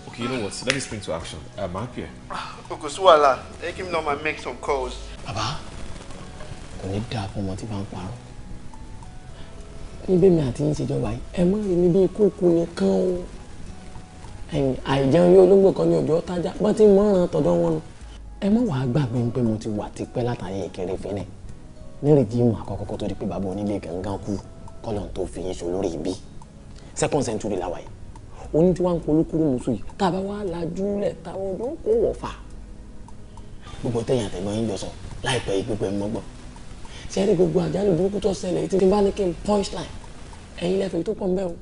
okay you know what let me spring to action i'm up here. sí wàhálà ẹ kí mi now. máa make some calls. Papa, kò ní dáa fún ọmọ tí bá ń parọ́ níbẹ̀ mi àti yín ṣèjọba yìí ẹ mọ̀ rí mi bíi kúkú nìkan o yo yóò lóògbò kan ní ọjọ́ tájà bá ti mọ̀ràn tọ̀dọ̀ wọn nù ẹ mọ̀ wàá gbàgbé pé mo ti wà tipẹ́ látàyè ìkéré fẹ́nẹ̀ nírètí ìmọ̀ àkọ́kọ́ kó tó di pé bàbá onílé gangan kú kọ́lọ̀ tó fi yín ṣe olórí ibi second century làwà yìí oní tí wàá ń polúkúrú musu yìí tá a bá wàá lajú lẹ̀ táwọn ọdún kò wọ̀ fà gbogbo tẹ̀yìn àtẹ̀gbọ́n yín jọ sọ láìpẹ́ yìí gbogbo ẹ̀ mọ́gbọ́n ṣé ẹ rí gbogbo àjálù burúkú tó ṣẹlẹ̀ tí n bá ní kí n punch line ẹ̀yin lẹ́fẹ̀ẹ́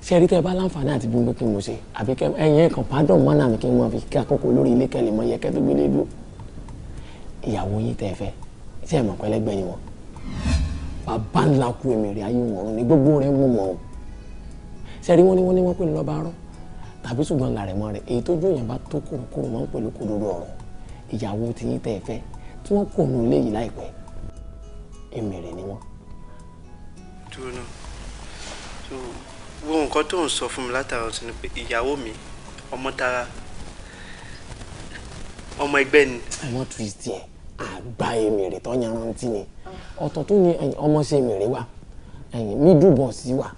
ṣé ẹrí tẹ ẹ bá láǹfààní àti gbogbo kí n mọ ṣe àbí kẹ ẹyin kan pardon mọ́nà mi kí n mọ fi kí akókò lórí ilé kẹlẹ mọ yẹ kẹ tó gbélé dúró ìyàwó yín tẹ fẹ́ ṣé ẹ mọ̀ pẹlẹgbẹ yín wọn bàbá ńlá ku èmi rẹ ayé wọn ní gbogbo rẹ mú mọ o ṣé ẹrí wọn ni wọn ni wọn pè ní lọba arọ tàbí ṣùgbọ́n làrẹ̀mọ rẹ èyí tó jóyàn bá tó kòròkòrò máa ń pẹ̀lú kòdodo ọ̀rọ̀ ìyàwó tiyín tẹ fẹ́ tí wọn kò nù léyìí láìpẹ́ èmi rẹ ni wọn. dúró náà tó o wo nǹkan tó ń sọ fún mi látara ọtí ni pé ìyàwó mi ọmọ tara ọmọ ẹgbẹ́ ni. ọmọ twist yẹ àgbà emèrè tó yanrantí ni ọ̀tọ̀ tó ní ọmọ ṣe emèrè wa middle boss wa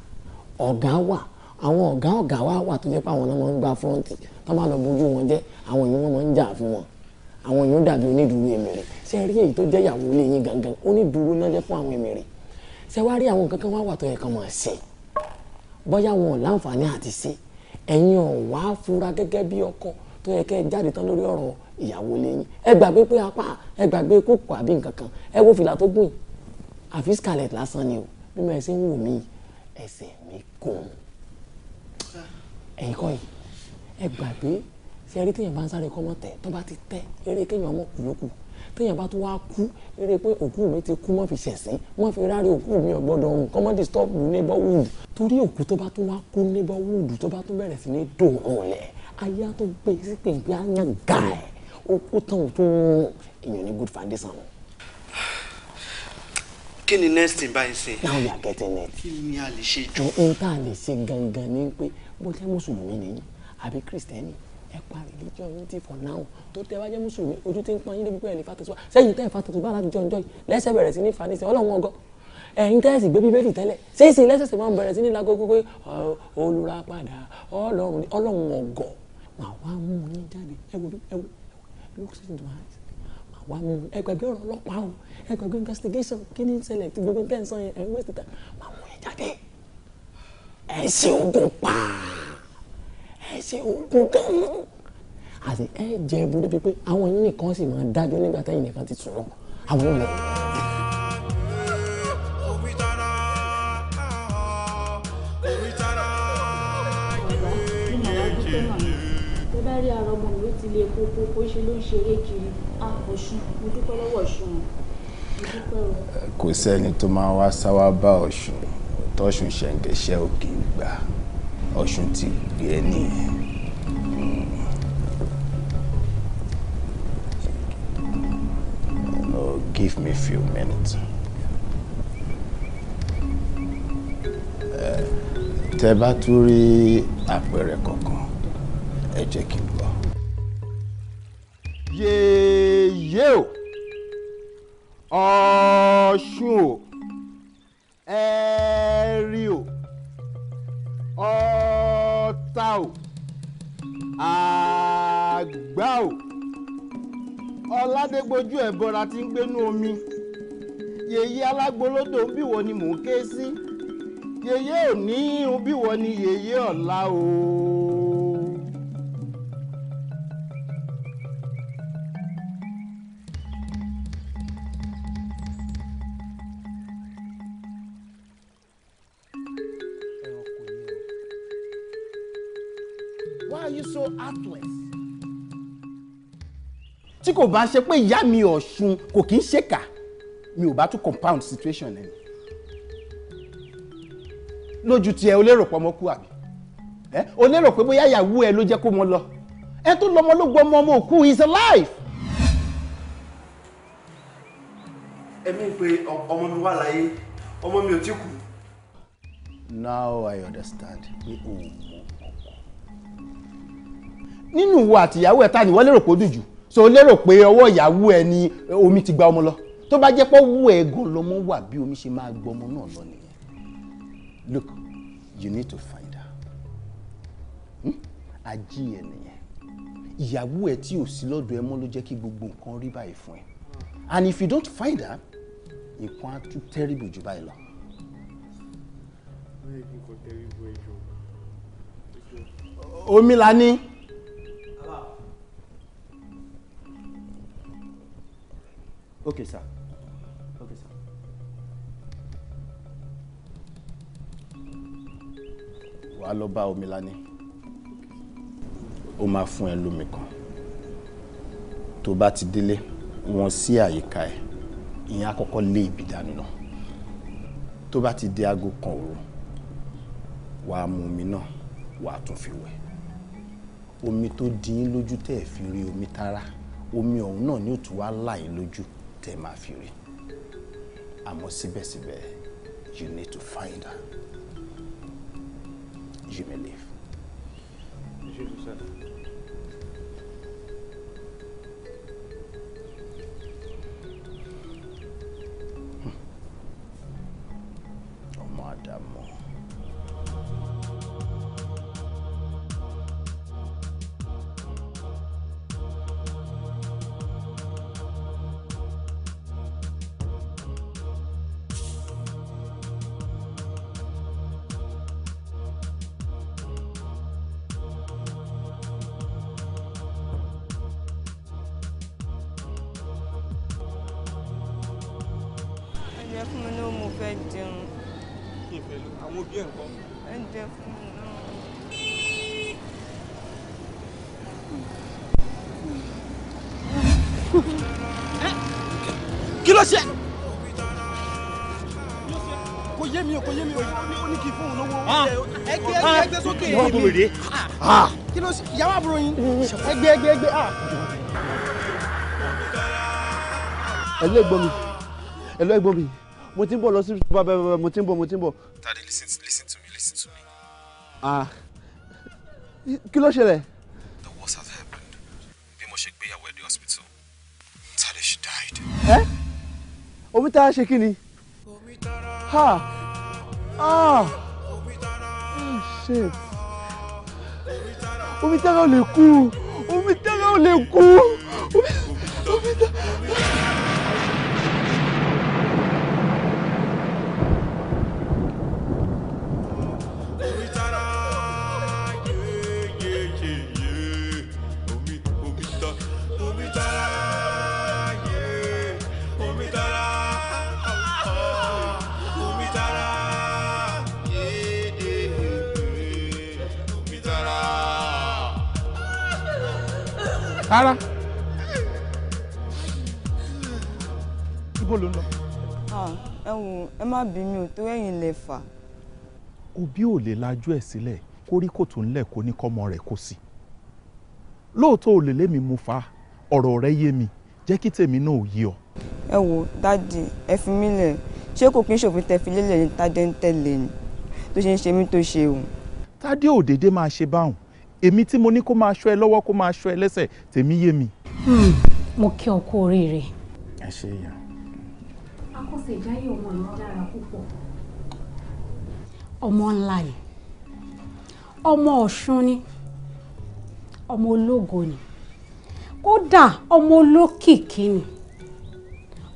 ọ̀gá wa àwọn ọ̀gá ọ̀gá wa wà tó jẹ́ pé àwọn náà máa ń gba fúrọ́ǹtì tó máa lọ bójú wọn jẹ́ àwọn èèyàn máa ń jà fún wọn àwọn èèyàn dàbí onídùúró emèrè ṣe rí èyí tó jẹ́ ìyàwó ilé yín gangan onídùúró náà jẹ́ fún àwọn emèrè ṣe wá rí àwọn kankan wà tó yẹ kàn máa ṣe bóyá wọn ò láǹfààní àti ṣe ẹ̀yin ò wá fura gẹ́gẹ́ bí ọkọ tó yẹ kẹ́ ẹ jáde tán lórí ọ̀rọ̀ ìyàwó lẹ́yìn ẹ gbàgbé pé apá ẹ gbàgbé kókò àbí nǹkan kan ẹ wo fìlà tó gùn àfi scarlet lásán ni o bí mo ẹsẹ̀ ń wò mí ẹsẹ̀ mi gùn ẹ̀yin kọ́ yìí ẹ gbàgbé ṣe eré téèyàn bá ń sáré kọ́mọ́tẹ̀ tó bá ti tẹ́ eré kéèyàn ọmọ kùlókù téèyàn bá tó wá kú eré pé òkú mi ti kú mọ́ fi ṣẹ̀sìn mọ́ fi ráre òkú mi ọ̀gbọ́dọ̀ ohun kọ́ mọ́ disturb neighborhood torí òkú tó bá tó wá kú neighborhood tó bá tó bẹ̀rẹ̀ sí ní dùn ọ̀lẹ̀ ayé tó gbé sí pèpè àyàn gà ẹ̀ òkú tán ò tún èèyàn ní good foundation. kí ni next thing báyìí ṣe. now you are getting it. kí ni a lè ṣe jù. ohun tá a lè ṣe gangan ni pé bọ́jà mùsùlùmí ni àbí kìrìsìtẹ́nì ẹ pa religion unity for now tó tẹ wá jẹ́ mùsùlùmí ojú tí ń pọn yín débi pé ẹ̀ lè fa tẹ̀síwá sẹ́yìn tẹ́ ẹ̀ fa tẹ̀síwá láti jọ ọjọ́ yìí lẹ́sẹ̀ bẹ̀rẹ̀ sí ní fa ní sẹ́ ọlọ́run ọgọ́ ẹ̀yin tẹ́sí gbé bíbélì tẹ́lẹ̀ ṣé ìsìn lẹ́sẹ̀sẹ̀ máa ń bẹ̀rẹ̀ sí ní lágógó pé olùràpadà ọlọ́run ọgọ́ màá wá mú yín jáde ẹ wo ẹ wo looks into my eyes wa mu ẹgbẹgbẹ ọ̀rọ̀ ọlọ́pàá o ẹgbẹgbẹ investigation kí ni ṣẹlẹ̀ tí gbogbo kẹsàn yẹn ẹ ń wẹsítà máa mú ẹ jáde ẹ ṣe oògùn pàà ẹ ṣe oògùn gan-an àti ẹ jẹ ẹbú pé àwọn yìí nìkan sì máa dájọ́ nígbà tẹ́yìn nìkan ti sùn lọ àwọn yìí nìkan. kò sẹ́ni tó máa wá sáwá bá ọ̀ṣun tọ́ṣun ṣẹ̀ǹgẹ̀ṣẹ̀ òkè gbà ọ̀ṣun ti gbé ẹ nìyẹn. Give me a few minutes. Eh, Tẹ́ bá tún rí àpẹẹrẹ kankan ẹ jẹ́ kí n gbọ́. Yèyé o Ọ̀ṣun o ẹ̀ẹ́. Eh, àgbà ò ọ̀làdégbójú ẹ̀ bọ́ra ti ń gbénú omi yèyé alágbolódò ń bìwọ ni mò ń ké sí yèyé òní ń bìwọ ni yeye ọ̀la o. heartless. tí kò bá ṣe pé ìyá mi ọ̀ṣun kò kí ń ṣèkà mi ò bá tún compound situation ẹ̀ lójú tiẹ̀ o lérò pé ọmọ kú àbí ẹ o lérò pé bóyá ìyàwó ẹ ló jẹ́ kó mọ lọ ẹ tó lọmọ ló gbọ́ ọmọ ọmọ òkú is alive. èmi pé ọmọ mi wà láyé ọmọ mi ò tí kú. now i understand pé òun nínú ìwọ àtìyàwó ẹ̀ ta ni wọ́n lérò pé ó dùn jù so ó lérò pé ọwọ́ ìyàwó ẹ ni omi ti gba ọmọ lọ tó bá jẹ́ pé ọwọ́ ẹ gan lọmọ wà bí omi ṣe máa gbọ́ ọmọ náà lọ nìyẹn look you need to find her. hmm? ají ẹ nìyẹn ìyàwó ẹ tí ò sí lọ́dọ̀ ẹ mọ́ ló jẹ́ kí gbogbo nǹkan rí báyìí fún ẹ and if you don't find out nǹkan á tún terrible jù báyìí lọ. omi la ní. Okay, sir. Okay, sir. Wà á lọ bá Omilani. Ó máa fún ẹ lómi kan. Tó bá ti délé, wọ́n sí àyíká ẹ̀. Ìyẹn àkọ́kọ́ lé ibi dànù náà. Tó bá ti dé aago kan òru, wà á mu omi náà, wà á tún fi wẹ̀. Omi tó dín lójú tẹ̀ fi rí omi tara. Omi ọ̀hún náà ni ó tún wá láyé lójú tẹ́ máa fi rí àmọ́ síbẹ̀síbẹ̀ you need to find her you may leave. Excuse me, sir. ọmọ àdàmú. ṣe. kò yé mi o kò yé mi o ó ní kí fún un lówó. Ah. ẹgbẹ́ ẹgbẹ́ sókè yé ah. mi ah. kí ló ṣe ìyàwó àbúrò yín ẹgbẹ́ ẹgbẹ́ ẹgbẹ́. ẹ̀lú ẹ̀gbọ́n mi ẹ̀lú ẹ̀gbọ́n mi mo ti ń bọ̀ lọ sí bàbá mo ti ń bọ̀ mo ti ń bọ̀. Tade listen listen to me listen to me. ah kí ló ṣẹlẹ̀. the worst has happened bí mo ṣe gbéyàwó ẹ̀ dé hospital Tade she died. Eh? omi tá ṣe kí ni ha ah shit omi tára ò lè kú omi tára ò lè kú omi tára. rárá ibo ló ń lọ. ẹ wò ẹ má bínú tó ẹ̀yin lè fà. òbí ò lè lajú ẹ̀ sílẹ̀ kó rí kòtò ńlẹ̀ kó ní kọ́mọ rẹ̀ kó sí lóòótọ́ ò lè lémi mú fa ọ̀rọ̀ rẹ̀ yé mi jẹ́ kí tèmi náà ò yé ọ. ẹ wo dáàdì ẹ fi mí lẹ̀ ṣé kò kí n ṣòfin tẹ fi lélẹ̀ ní tádé ń tẹ̀lé ni tó ṣe ń ṣe mí tó ṣe òun. tádé ò déédéé máa ṣe báwọn èmi tí mo ní kó máa ṣọ́ ẹ lọ́wọ́ kó máa ṣọ́ ẹ lẹ́sẹ̀ tèmi yé mi. Hmm, mo kí ọ kú oríire. ẹ ṣe ìyá. akọ́ṣẹ́jáyé ọmọ yìí dára púpọ̀. ọmọ ńlá yìí ọmọ ọ̀ṣun ni ọmọ ológo ni kódà ọmọ olókìkí ni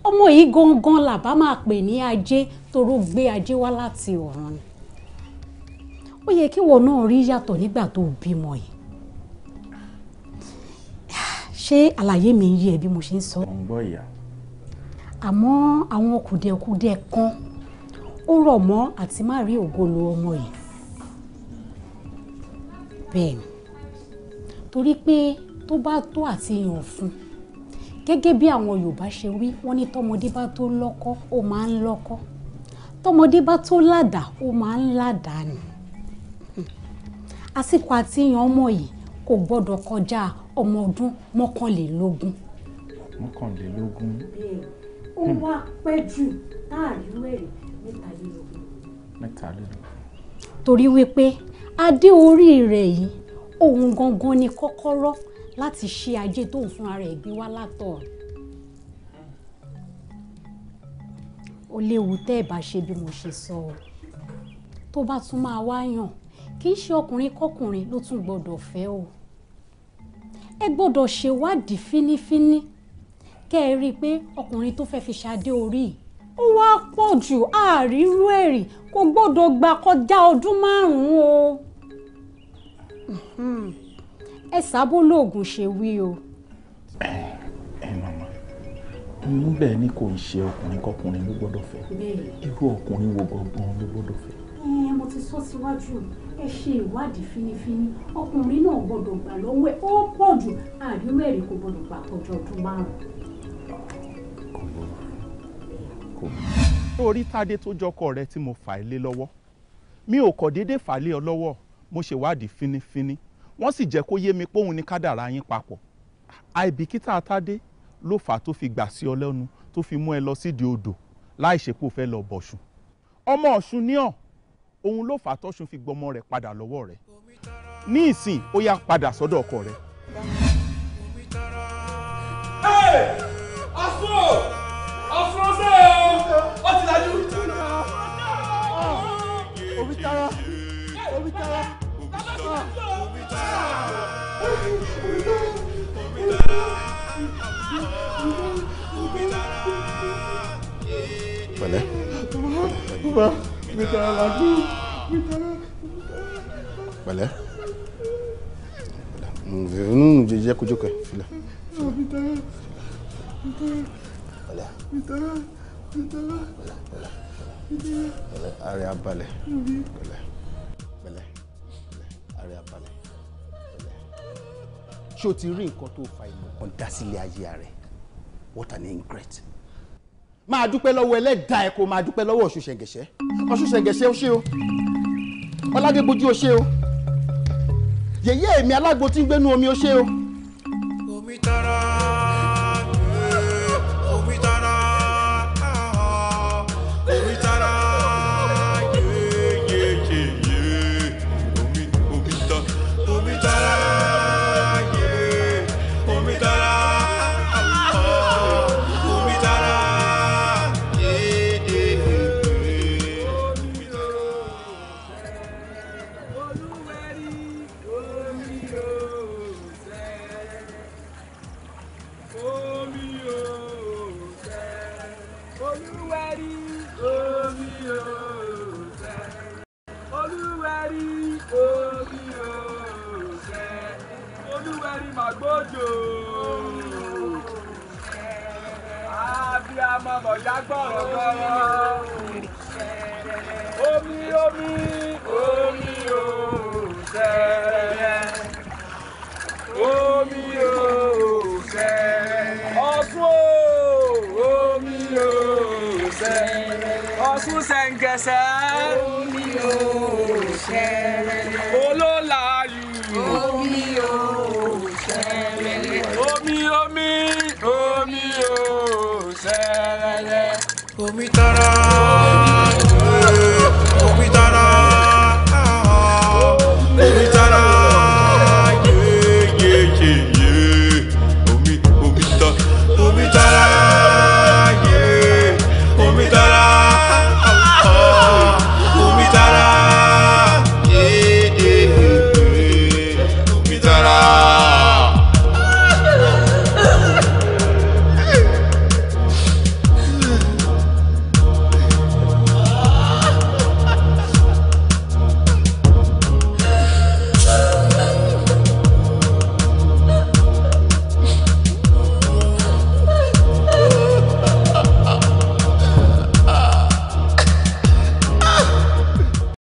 ọmọ yìí gangan làbá máa pè ní ajé toró gbé ajé wá láti ọ̀run ni ó yẹ kí wọn náà rí yàtọ̀ nígbà tó bímọ yìí ṣé àlàyé mi ń yé ẹ bí mo ṣe ń sọ. ọ̀n gbọ́ ìyá. àmọ́ àwọn kùdẹ̀kùdẹ̀ kan ó rọ̀ mọ́ àti má rí ògolo ọmọ yìí bẹ́ẹ̀ ni torí pé tó bá tó àti yàn fún gẹ́gẹ́ bí àwọn Yorùbá ṣe wí wọ́n ní tọmọdé bá tó lọ́kọ ó máa ń lọ́kọ tọmọdé bá tó ládàá ó máa ń ládàá ni àsìkò àti yan ọmọ yìí kò gbọ́dọ̀ kọjá ọmọ ọdún mọ́kànlélógún. mọ́kànlélógún. ó hmm. wá pẹ́ jù láàrin mẹ́rin mẹ́tàlélógún. mẹ́tàlélógún. torí wípé adé orí rẹ̀ yìí òun gangan ni kọ́kọ́rọ́ láti ṣe ajé tó ń fúnra rẹ̀ gbé wá látọ̀ ó léwu tẹ́ ẹ̀ bá ṣe bí mo ṣe sọ ọ́ tó bá tún máa wá yàn kì í ṣe ọkùnrin kọkùnrin ló tún gbọ́dọ̀ fẹ́ o ẹ gbọ́dọ̀ ṣèwádìí fínífíní kẹ́ ẹ rí i pé ọkùnrin tó fẹ́ fi ṣadé orí yìí ó wá pọ̀ jù àárírú ẹ̀rì kò gbọ́dọ̀ gbà kọjá ọdún márùn-ún o ẹ sábó lóògùn ṣe wí o. ẹ màmá níbẹ̀ ni kò ń ṣe ọkùnrin kọkùnrin ló gbọ́dọ̀ fẹ́ irú ọkùnrin wo gbọ̀ngàn ló gbọ́dọ̀ fẹ́. ẹ mo ti sọ síwájú mi ẹ ṣe ìwádìí fínífíní ọkùnrin náà gbọ́dọ̀ gbà lọ́wọ́ ẹ̀ ó pọ̀ jù àdúrà èrè kò gbọ́dọ̀ gbà pọ̀jù ọdún márùn-ún. orí tádé tó jọkọ rẹ tí mo fà lé lọ́wọ́ mi ò kọ̀ déédéé fà lé ọ lọ́wọ́ mo ṣèwádìí fínífíní wọ́n sì jẹ́ kó yé mi pé òun ni kádàrá yín papọ̀ àìbìkítà tádé ló fà tó fi gbà sí ọ lẹ́nu tó fi mú ẹ lọ sídìí odò láì ṣe pé o lọ bọ̀ṣùn ọmọ ọ̀ṣun ní ọ̀ òun ló fà á tọ́sùn fi gbọmọ rẹ̀ padà lọ́wọ́ rẹ̀ ní ìsìn ó yá padà sọ́dọ̀ ọkọ rẹ̀. afro afro ṣe o ó ti lajú. Omítárá Omítárá pẹ̀lẹ́ wìtara làdú wìtara. pẹ̀lẹ́ nínú jẹjẹ kojú kẹ filẹ. wìtara wìtara wìtara wìtara pẹ̀lẹ́ ààrẹ abalẹ̀ pẹ̀lẹ́ pẹ̀lẹ́ ààrẹ abalẹ̀ pẹ̀lẹ́. ṣé o ti rí nǹkan tó fa ìmọ̀ kan dá sílé ayé rẹ̀ what an ingrate máa dúpẹ́ lọ́wọ́ ẹlẹ́dàá ẹ̀ kó máa dúpẹ́ lọ́wọ́ ọ̀ṣun ṣẹ̀ǹgẹ̀ṣẹ́ ọ̀ṣun ṣẹ̀ǹgẹ̀ṣẹ́ ó ṣe o ọládébójú ó ṣe o yèyé èmi alágbo tí ń gbénu omi ó ṣe o. omi tọrọ Omi omi omi o sẹ́rẹ̀. Omi o sẹ́rẹ̀. Ọ̀ṣun o omi o sẹ́rẹ̀. Ọ̀ṣun sẹ̀ǹgẹ̀sẹ̀. Omi o sẹ́rẹ̀. Omi tara.